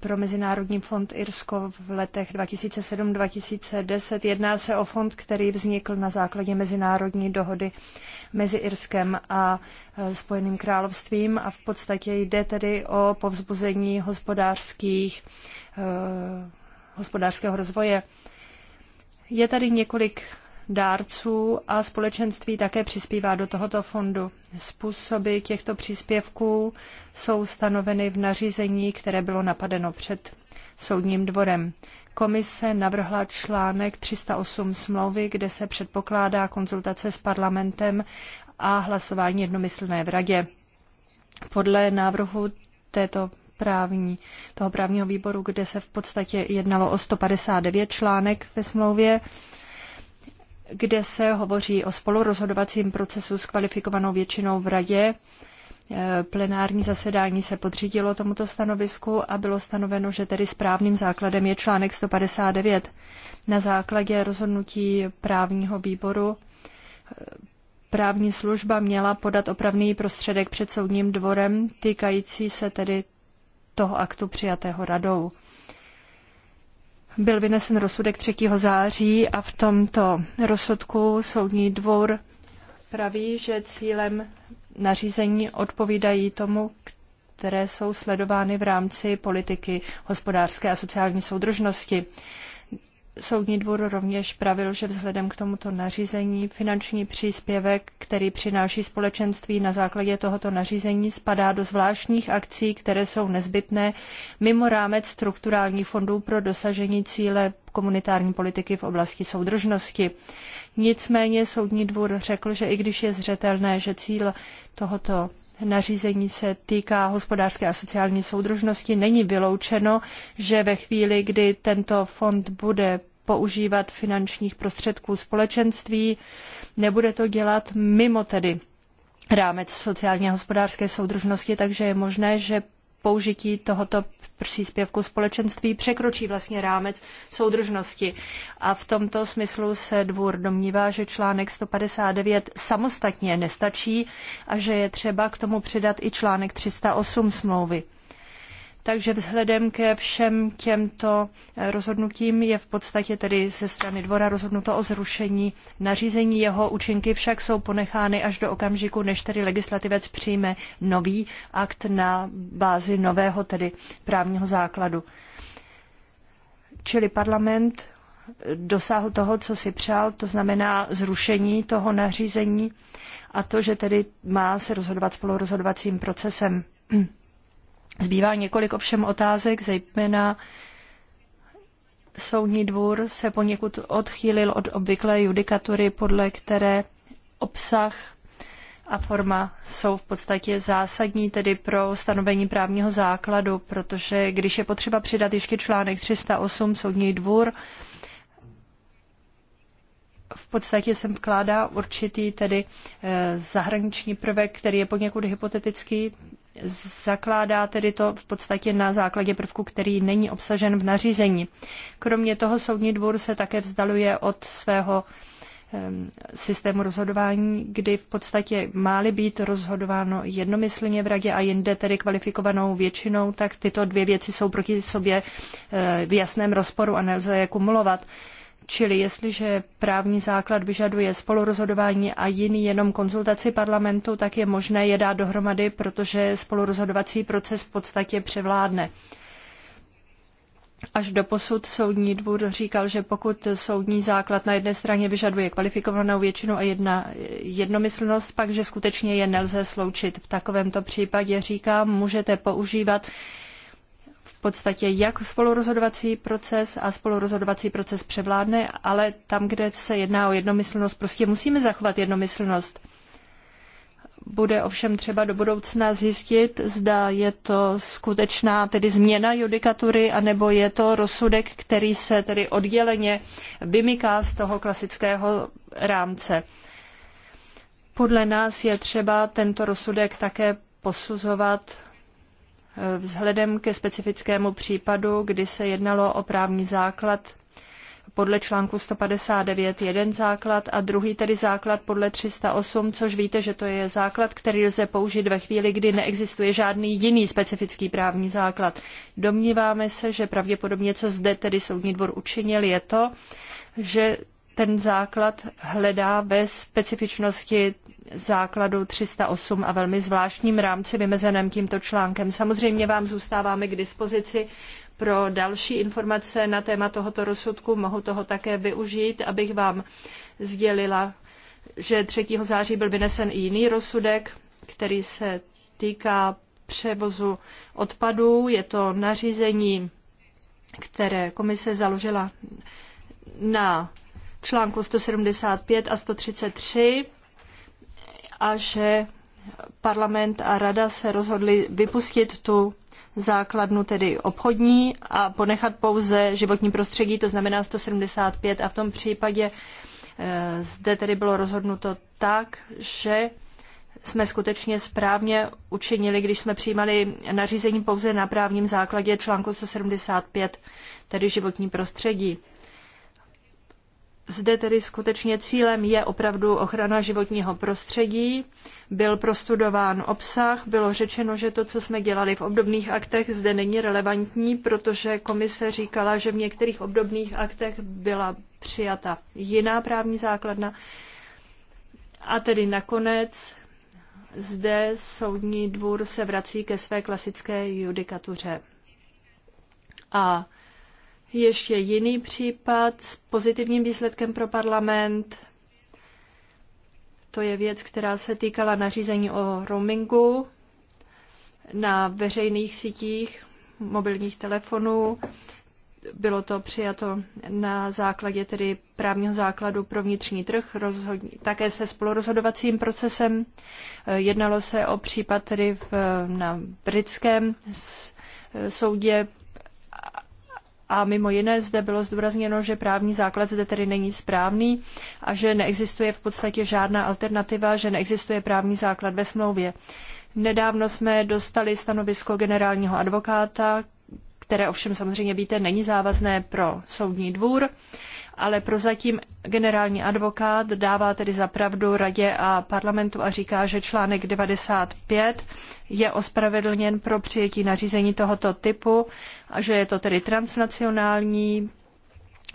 pro Mezinárodní fond Irsko v letech 2007-2010. Jedná se o fond, který vznikl na základě mezinárodní dohody mezi Irskem a e, Spojeným královstvím a v podstatě jde tedy o povzbuzení hospodářských, e, hospodářského rozvoje. Je tady několik dárců a společenství také přispívá do tohoto fondu. Způsoby těchto příspěvků jsou stanoveny v nařízení, které bylo napadeno před soudním dvorem. Komise navrhla článek 308 smlouvy, kde se předpokládá konzultace s parlamentem a hlasování jednomyslné v radě. Podle návrhu této právní, toho právního výboru, kde se v podstatě jednalo o 159 článek ve smlouvě, kde se hovoří o spolurozhodovacím procesu s kvalifikovanou většinou v radě. E, plenární zasedání se podřídilo tomuto stanovisku a bylo stanoveno, že tedy správným základem je článek 159. Na základě rozhodnutí právního výboru e, právní služba měla podat opravný prostředek před soudním dvorem týkající se tedy toho aktu přijatého radou byl vynesen rozsudek 3. září a v tomto rozsudku soudní dvůr praví, že cílem nařízení odpovídají tomu, které jsou sledovány v rámci politiky hospodářské a sociální soudržnosti. Soudní dvůr rovněž pravil, že vzhledem k tomuto nařízení finanční příspěvek, který přináší společenství na základě tohoto nařízení, spadá do zvláštních akcí, které jsou nezbytné mimo rámec strukturálních fondů pro dosažení cíle komunitární politiky v oblasti soudržnosti. Nicméně Soudní dvůr řekl, že i když je zřetelné, že cíl tohoto nařízení se týká hospodářské a sociální soudržnosti, není vyloučeno, že ve chvíli, kdy tento fond bude používat finančních prostředků společenství, nebude to dělat mimo tedy rámec sociálně hospodářské soudržnosti, takže je možné, že použití tohoto příspěvku společenství překročí vlastně rámec soudržnosti. A v tomto smyslu se dvůr domnívá, že článek 159 samostatně nestačí a že je třeba k tomu přidat i článek 308 smlouvy. Takže vzhledem ke všem těmto eh, rozhodnutím je v podstatě tedy ze strany dvora rozhodnuto o zrušení nařízení. Jeho účinky však jsou ponechány až do okamžiku, než tedy legislativec přijme nový akt na bázi nového tedy právního základu. Čili parlament dosáhl toho, co si přál, to znamená zrušení toho nařízení a to, že tedy má se rozhodovat spolurozhodovacím procesem. Zbývá několik ovšem otázek, zejména soudní dvůr se poněkud odchýlil od obvyklé judikatury, podle které obsah a forma jsou v podstatě zásadní tedy pro stanovení právního základu, protože když je potřeba přidat ještě článek 308 soudní dvůr, v podstatě sem vkládá určitý tedy eh, zahraniční prvek, který je poněkud hypotetický, zakládá tedy to v podstatě na základě prvku, který není obsažen v nařízení. Kromě toho soudní dvůr se také vzdaluje od svého systému rozhodování, kdy v podstatě máli být rozhodováno jednomyslně v radě a jinde tedy kvalifikovanou většinou, tak tyto dvě věci jsou proti sobě eh, v jasném rozporu a nelze je kumulovat. Čili jestliže právní základ vyžaduje spolurozhodování a jiný jenom konzultaci parlamentu, tak je možné je dát dohromady, protože spolurozhodovací proces v podstatě převládne. Až do posud soudní dvůr říkal, že pokud soudní základ na jedné straně vyžaduje kvalifikovanou většinu a jedna, jednomyslnost, pak že skutečně je nelze sloučit. V takovémto případě říkám, můžete používat podstatě jak spolurozhodovací proces a spolurozhodovací proces převládne, ale tam, kde se jedná o jednomyslnost, prostě musíme zachovat jednomyslnost. Bude ovšem třeba do budoucna zjistit, zda je to skutečná tedy změna judikatury, anebo je to rozsudek, který se tedy odděleně vymyká z toho klasického rámce. Podle nás je třeba tento rozsudek také posuzovat Vzhledem ke specifickému případu, kdy se jednalo o právní základ podle článku 159 jeden základ a druhý tedy základ podle 308, což víte, že to je základ, který lze použít ve chvíli, kdy neexistuje žádný jiný specifický právní základ. Domníváme se, že pravděpodobně, co zde tedy soudní dvor učinil, je to, že ten základ hledá ve specifičnosti základu 308 a velmi zvláštním rámci vymezeném tímto článkem. Samozřejmě vám zůstáváme k dispozici pro další informace na téma tohoto rozsudku. Mohu toho také využít, abych vám sdělila, že 3. září byl vynesen i jiný rozsudek, který se týká převozu odpadů. Je to nařízení, které komise založila na článku 175 a 133 a že parlament a rada se rozhodli vypustit tu základnu, tedy obchodní, a ponechat pouze životní prostředí, to znamená 175. A v tom případě eh, zde tedy bylo rozhodnuto tak, že jsme skutečně správně učinili, když jsme přijímali nařízení pouze na právním základě článku 175, tedy životní prostředí. Zde tedy skutečně cílem je opravdu ochrana životního prostředí. Byl prostudován obsah, bylo řečeno, že to, co jsme dělali v obdobných aktech, zde není relevantní, protože komise říkala, že v některých obdobných aktech byla přijata jiná právní základna. A tedy nakonec zde soudní dvůr se vrací ke své klasické judikatuře. A ještě jiný případ s pozitivním výsledkem pro parlament. To je věc, která se týkala nařízení o roamingu na veřejných sítích mobilních telefonů. Bylo to přijato na základě tedy právního základu pro vnitřní trh, rozhodně, také se spolurozhodovacím procesem. Jednalo se o případ tedy v, na britském soudě a mimo jiné zde bylo zdůrazněno, že právní základ zde tedy není správný a že neexistuje v podstatě žádná alternativa, že neexistuje právní základ ve smlouvě. Nedávno jsme dostali stanovisko generálního advokáta, které ovšem samozřejmě víte, není závazné pro soudní dvůr ale prozatím generální advokát dává tedy pravdu radě a parlamentu a říká, že článek 95 je ospravedlněn pro přijetí nařízení tohoto typu a že je to tedy transnacionální,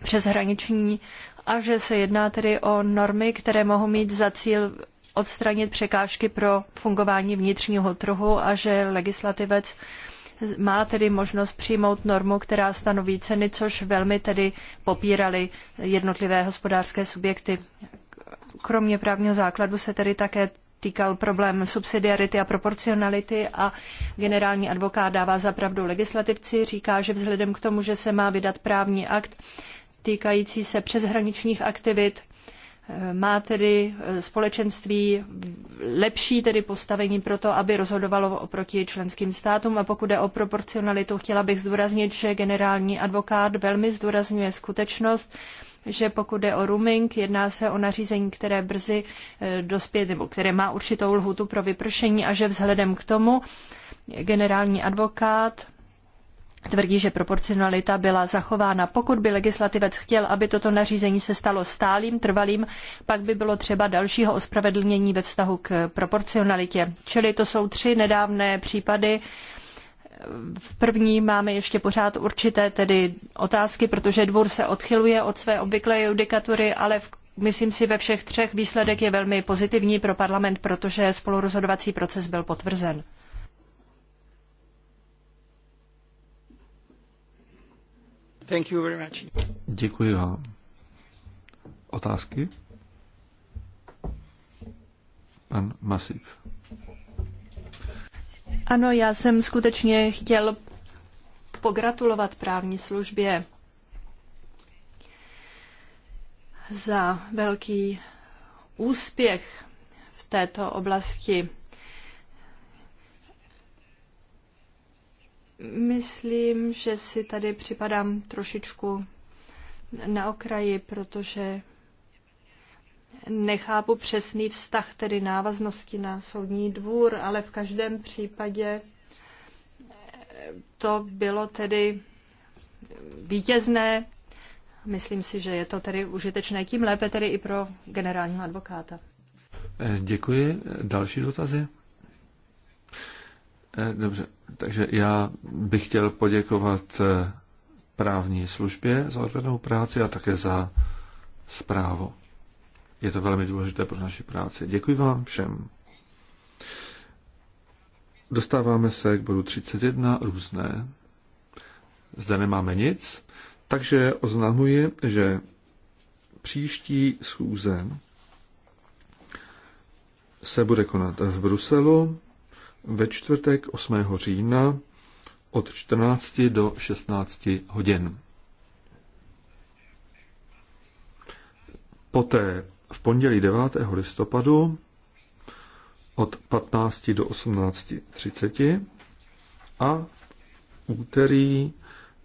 přeshraniční a že se jedná tedy o normy, které mohou mít za cíl odstranit překážky pro fungování vnitřního trhu a že legislativec má tedy možnost přijmout normu, která stanoví ceny, což velmi tedy popírali jednotlivé hospodářské subjekty. Kromě právního základu se tedy také týkal problém subsidiarity a proporcionality a generální advokát dává zapravdu legislativci, říká, že vzhledem k tomu, že se má vydat právní akt týkající se přeshraničních aktivit, má tedy eh, společenství lepší tedy postavení pro to, aby rozhodovalo oproti členským státům. A pokud jde o proporcionalitu, chtěla bych zdůraznit, že generální advokát velmi zdůrazňuje skutečnost, že pokud jde o rooming, jedná se o nařízení, které brzy eh, dospět, nebo které má určitou lhutu pro vypršení a že vzhledem k tomu generální advokát tvrdí, že proporcionalita byla zachována. Pokud by legislativec chtěl, aby toto nařízení se stalo stálým, trvalým, pak by bylo třeba dalšího ospravedlnění ve vztahu k proporcionalitě. Čili to jsou tři nedávné případy. V první máme ještě pořád určité tedy otázky, protože dvůr se odchyluje od své obvyklé judikatury, ale v Myslím si, ve všech třech výsledek je velmi pozitivní pro parlament, protože spolurozhodovací proces byl potvrzen. Thank you very much. Děkuji vám. Otázky? Pan masiv. Ano, já jsem skutečně chtěl pogratulovat právní službě za velký úspěch v této oblasti Myslím, že si tady připadám trošičku na okraji, protože nechápu přesný vztah, tedy návaznosti na soudní dvůr, ale v každém případě to bylo tedy vítězné. Myslím si, že je to tedy užitečné, tím lépe tedy i pro generálního advokáta. Děkuji. Další dotazy? Eh, dobře, takže já bych chtěl poděkovat eh, právní službě za odvedenou práci a také za zprávu. Je to velmi důležité pro naši práci. Děkuji vám všem. Dostáváme se k bodu 31, různé. Zde nemáme nic, takže oznamuji, že příští schůze se bude konat v Bruselu ve čtvrtek 8. října od 14 do 16 hodin. Poté v pondělí 9. listopadu od 15 do 18.30 a úterý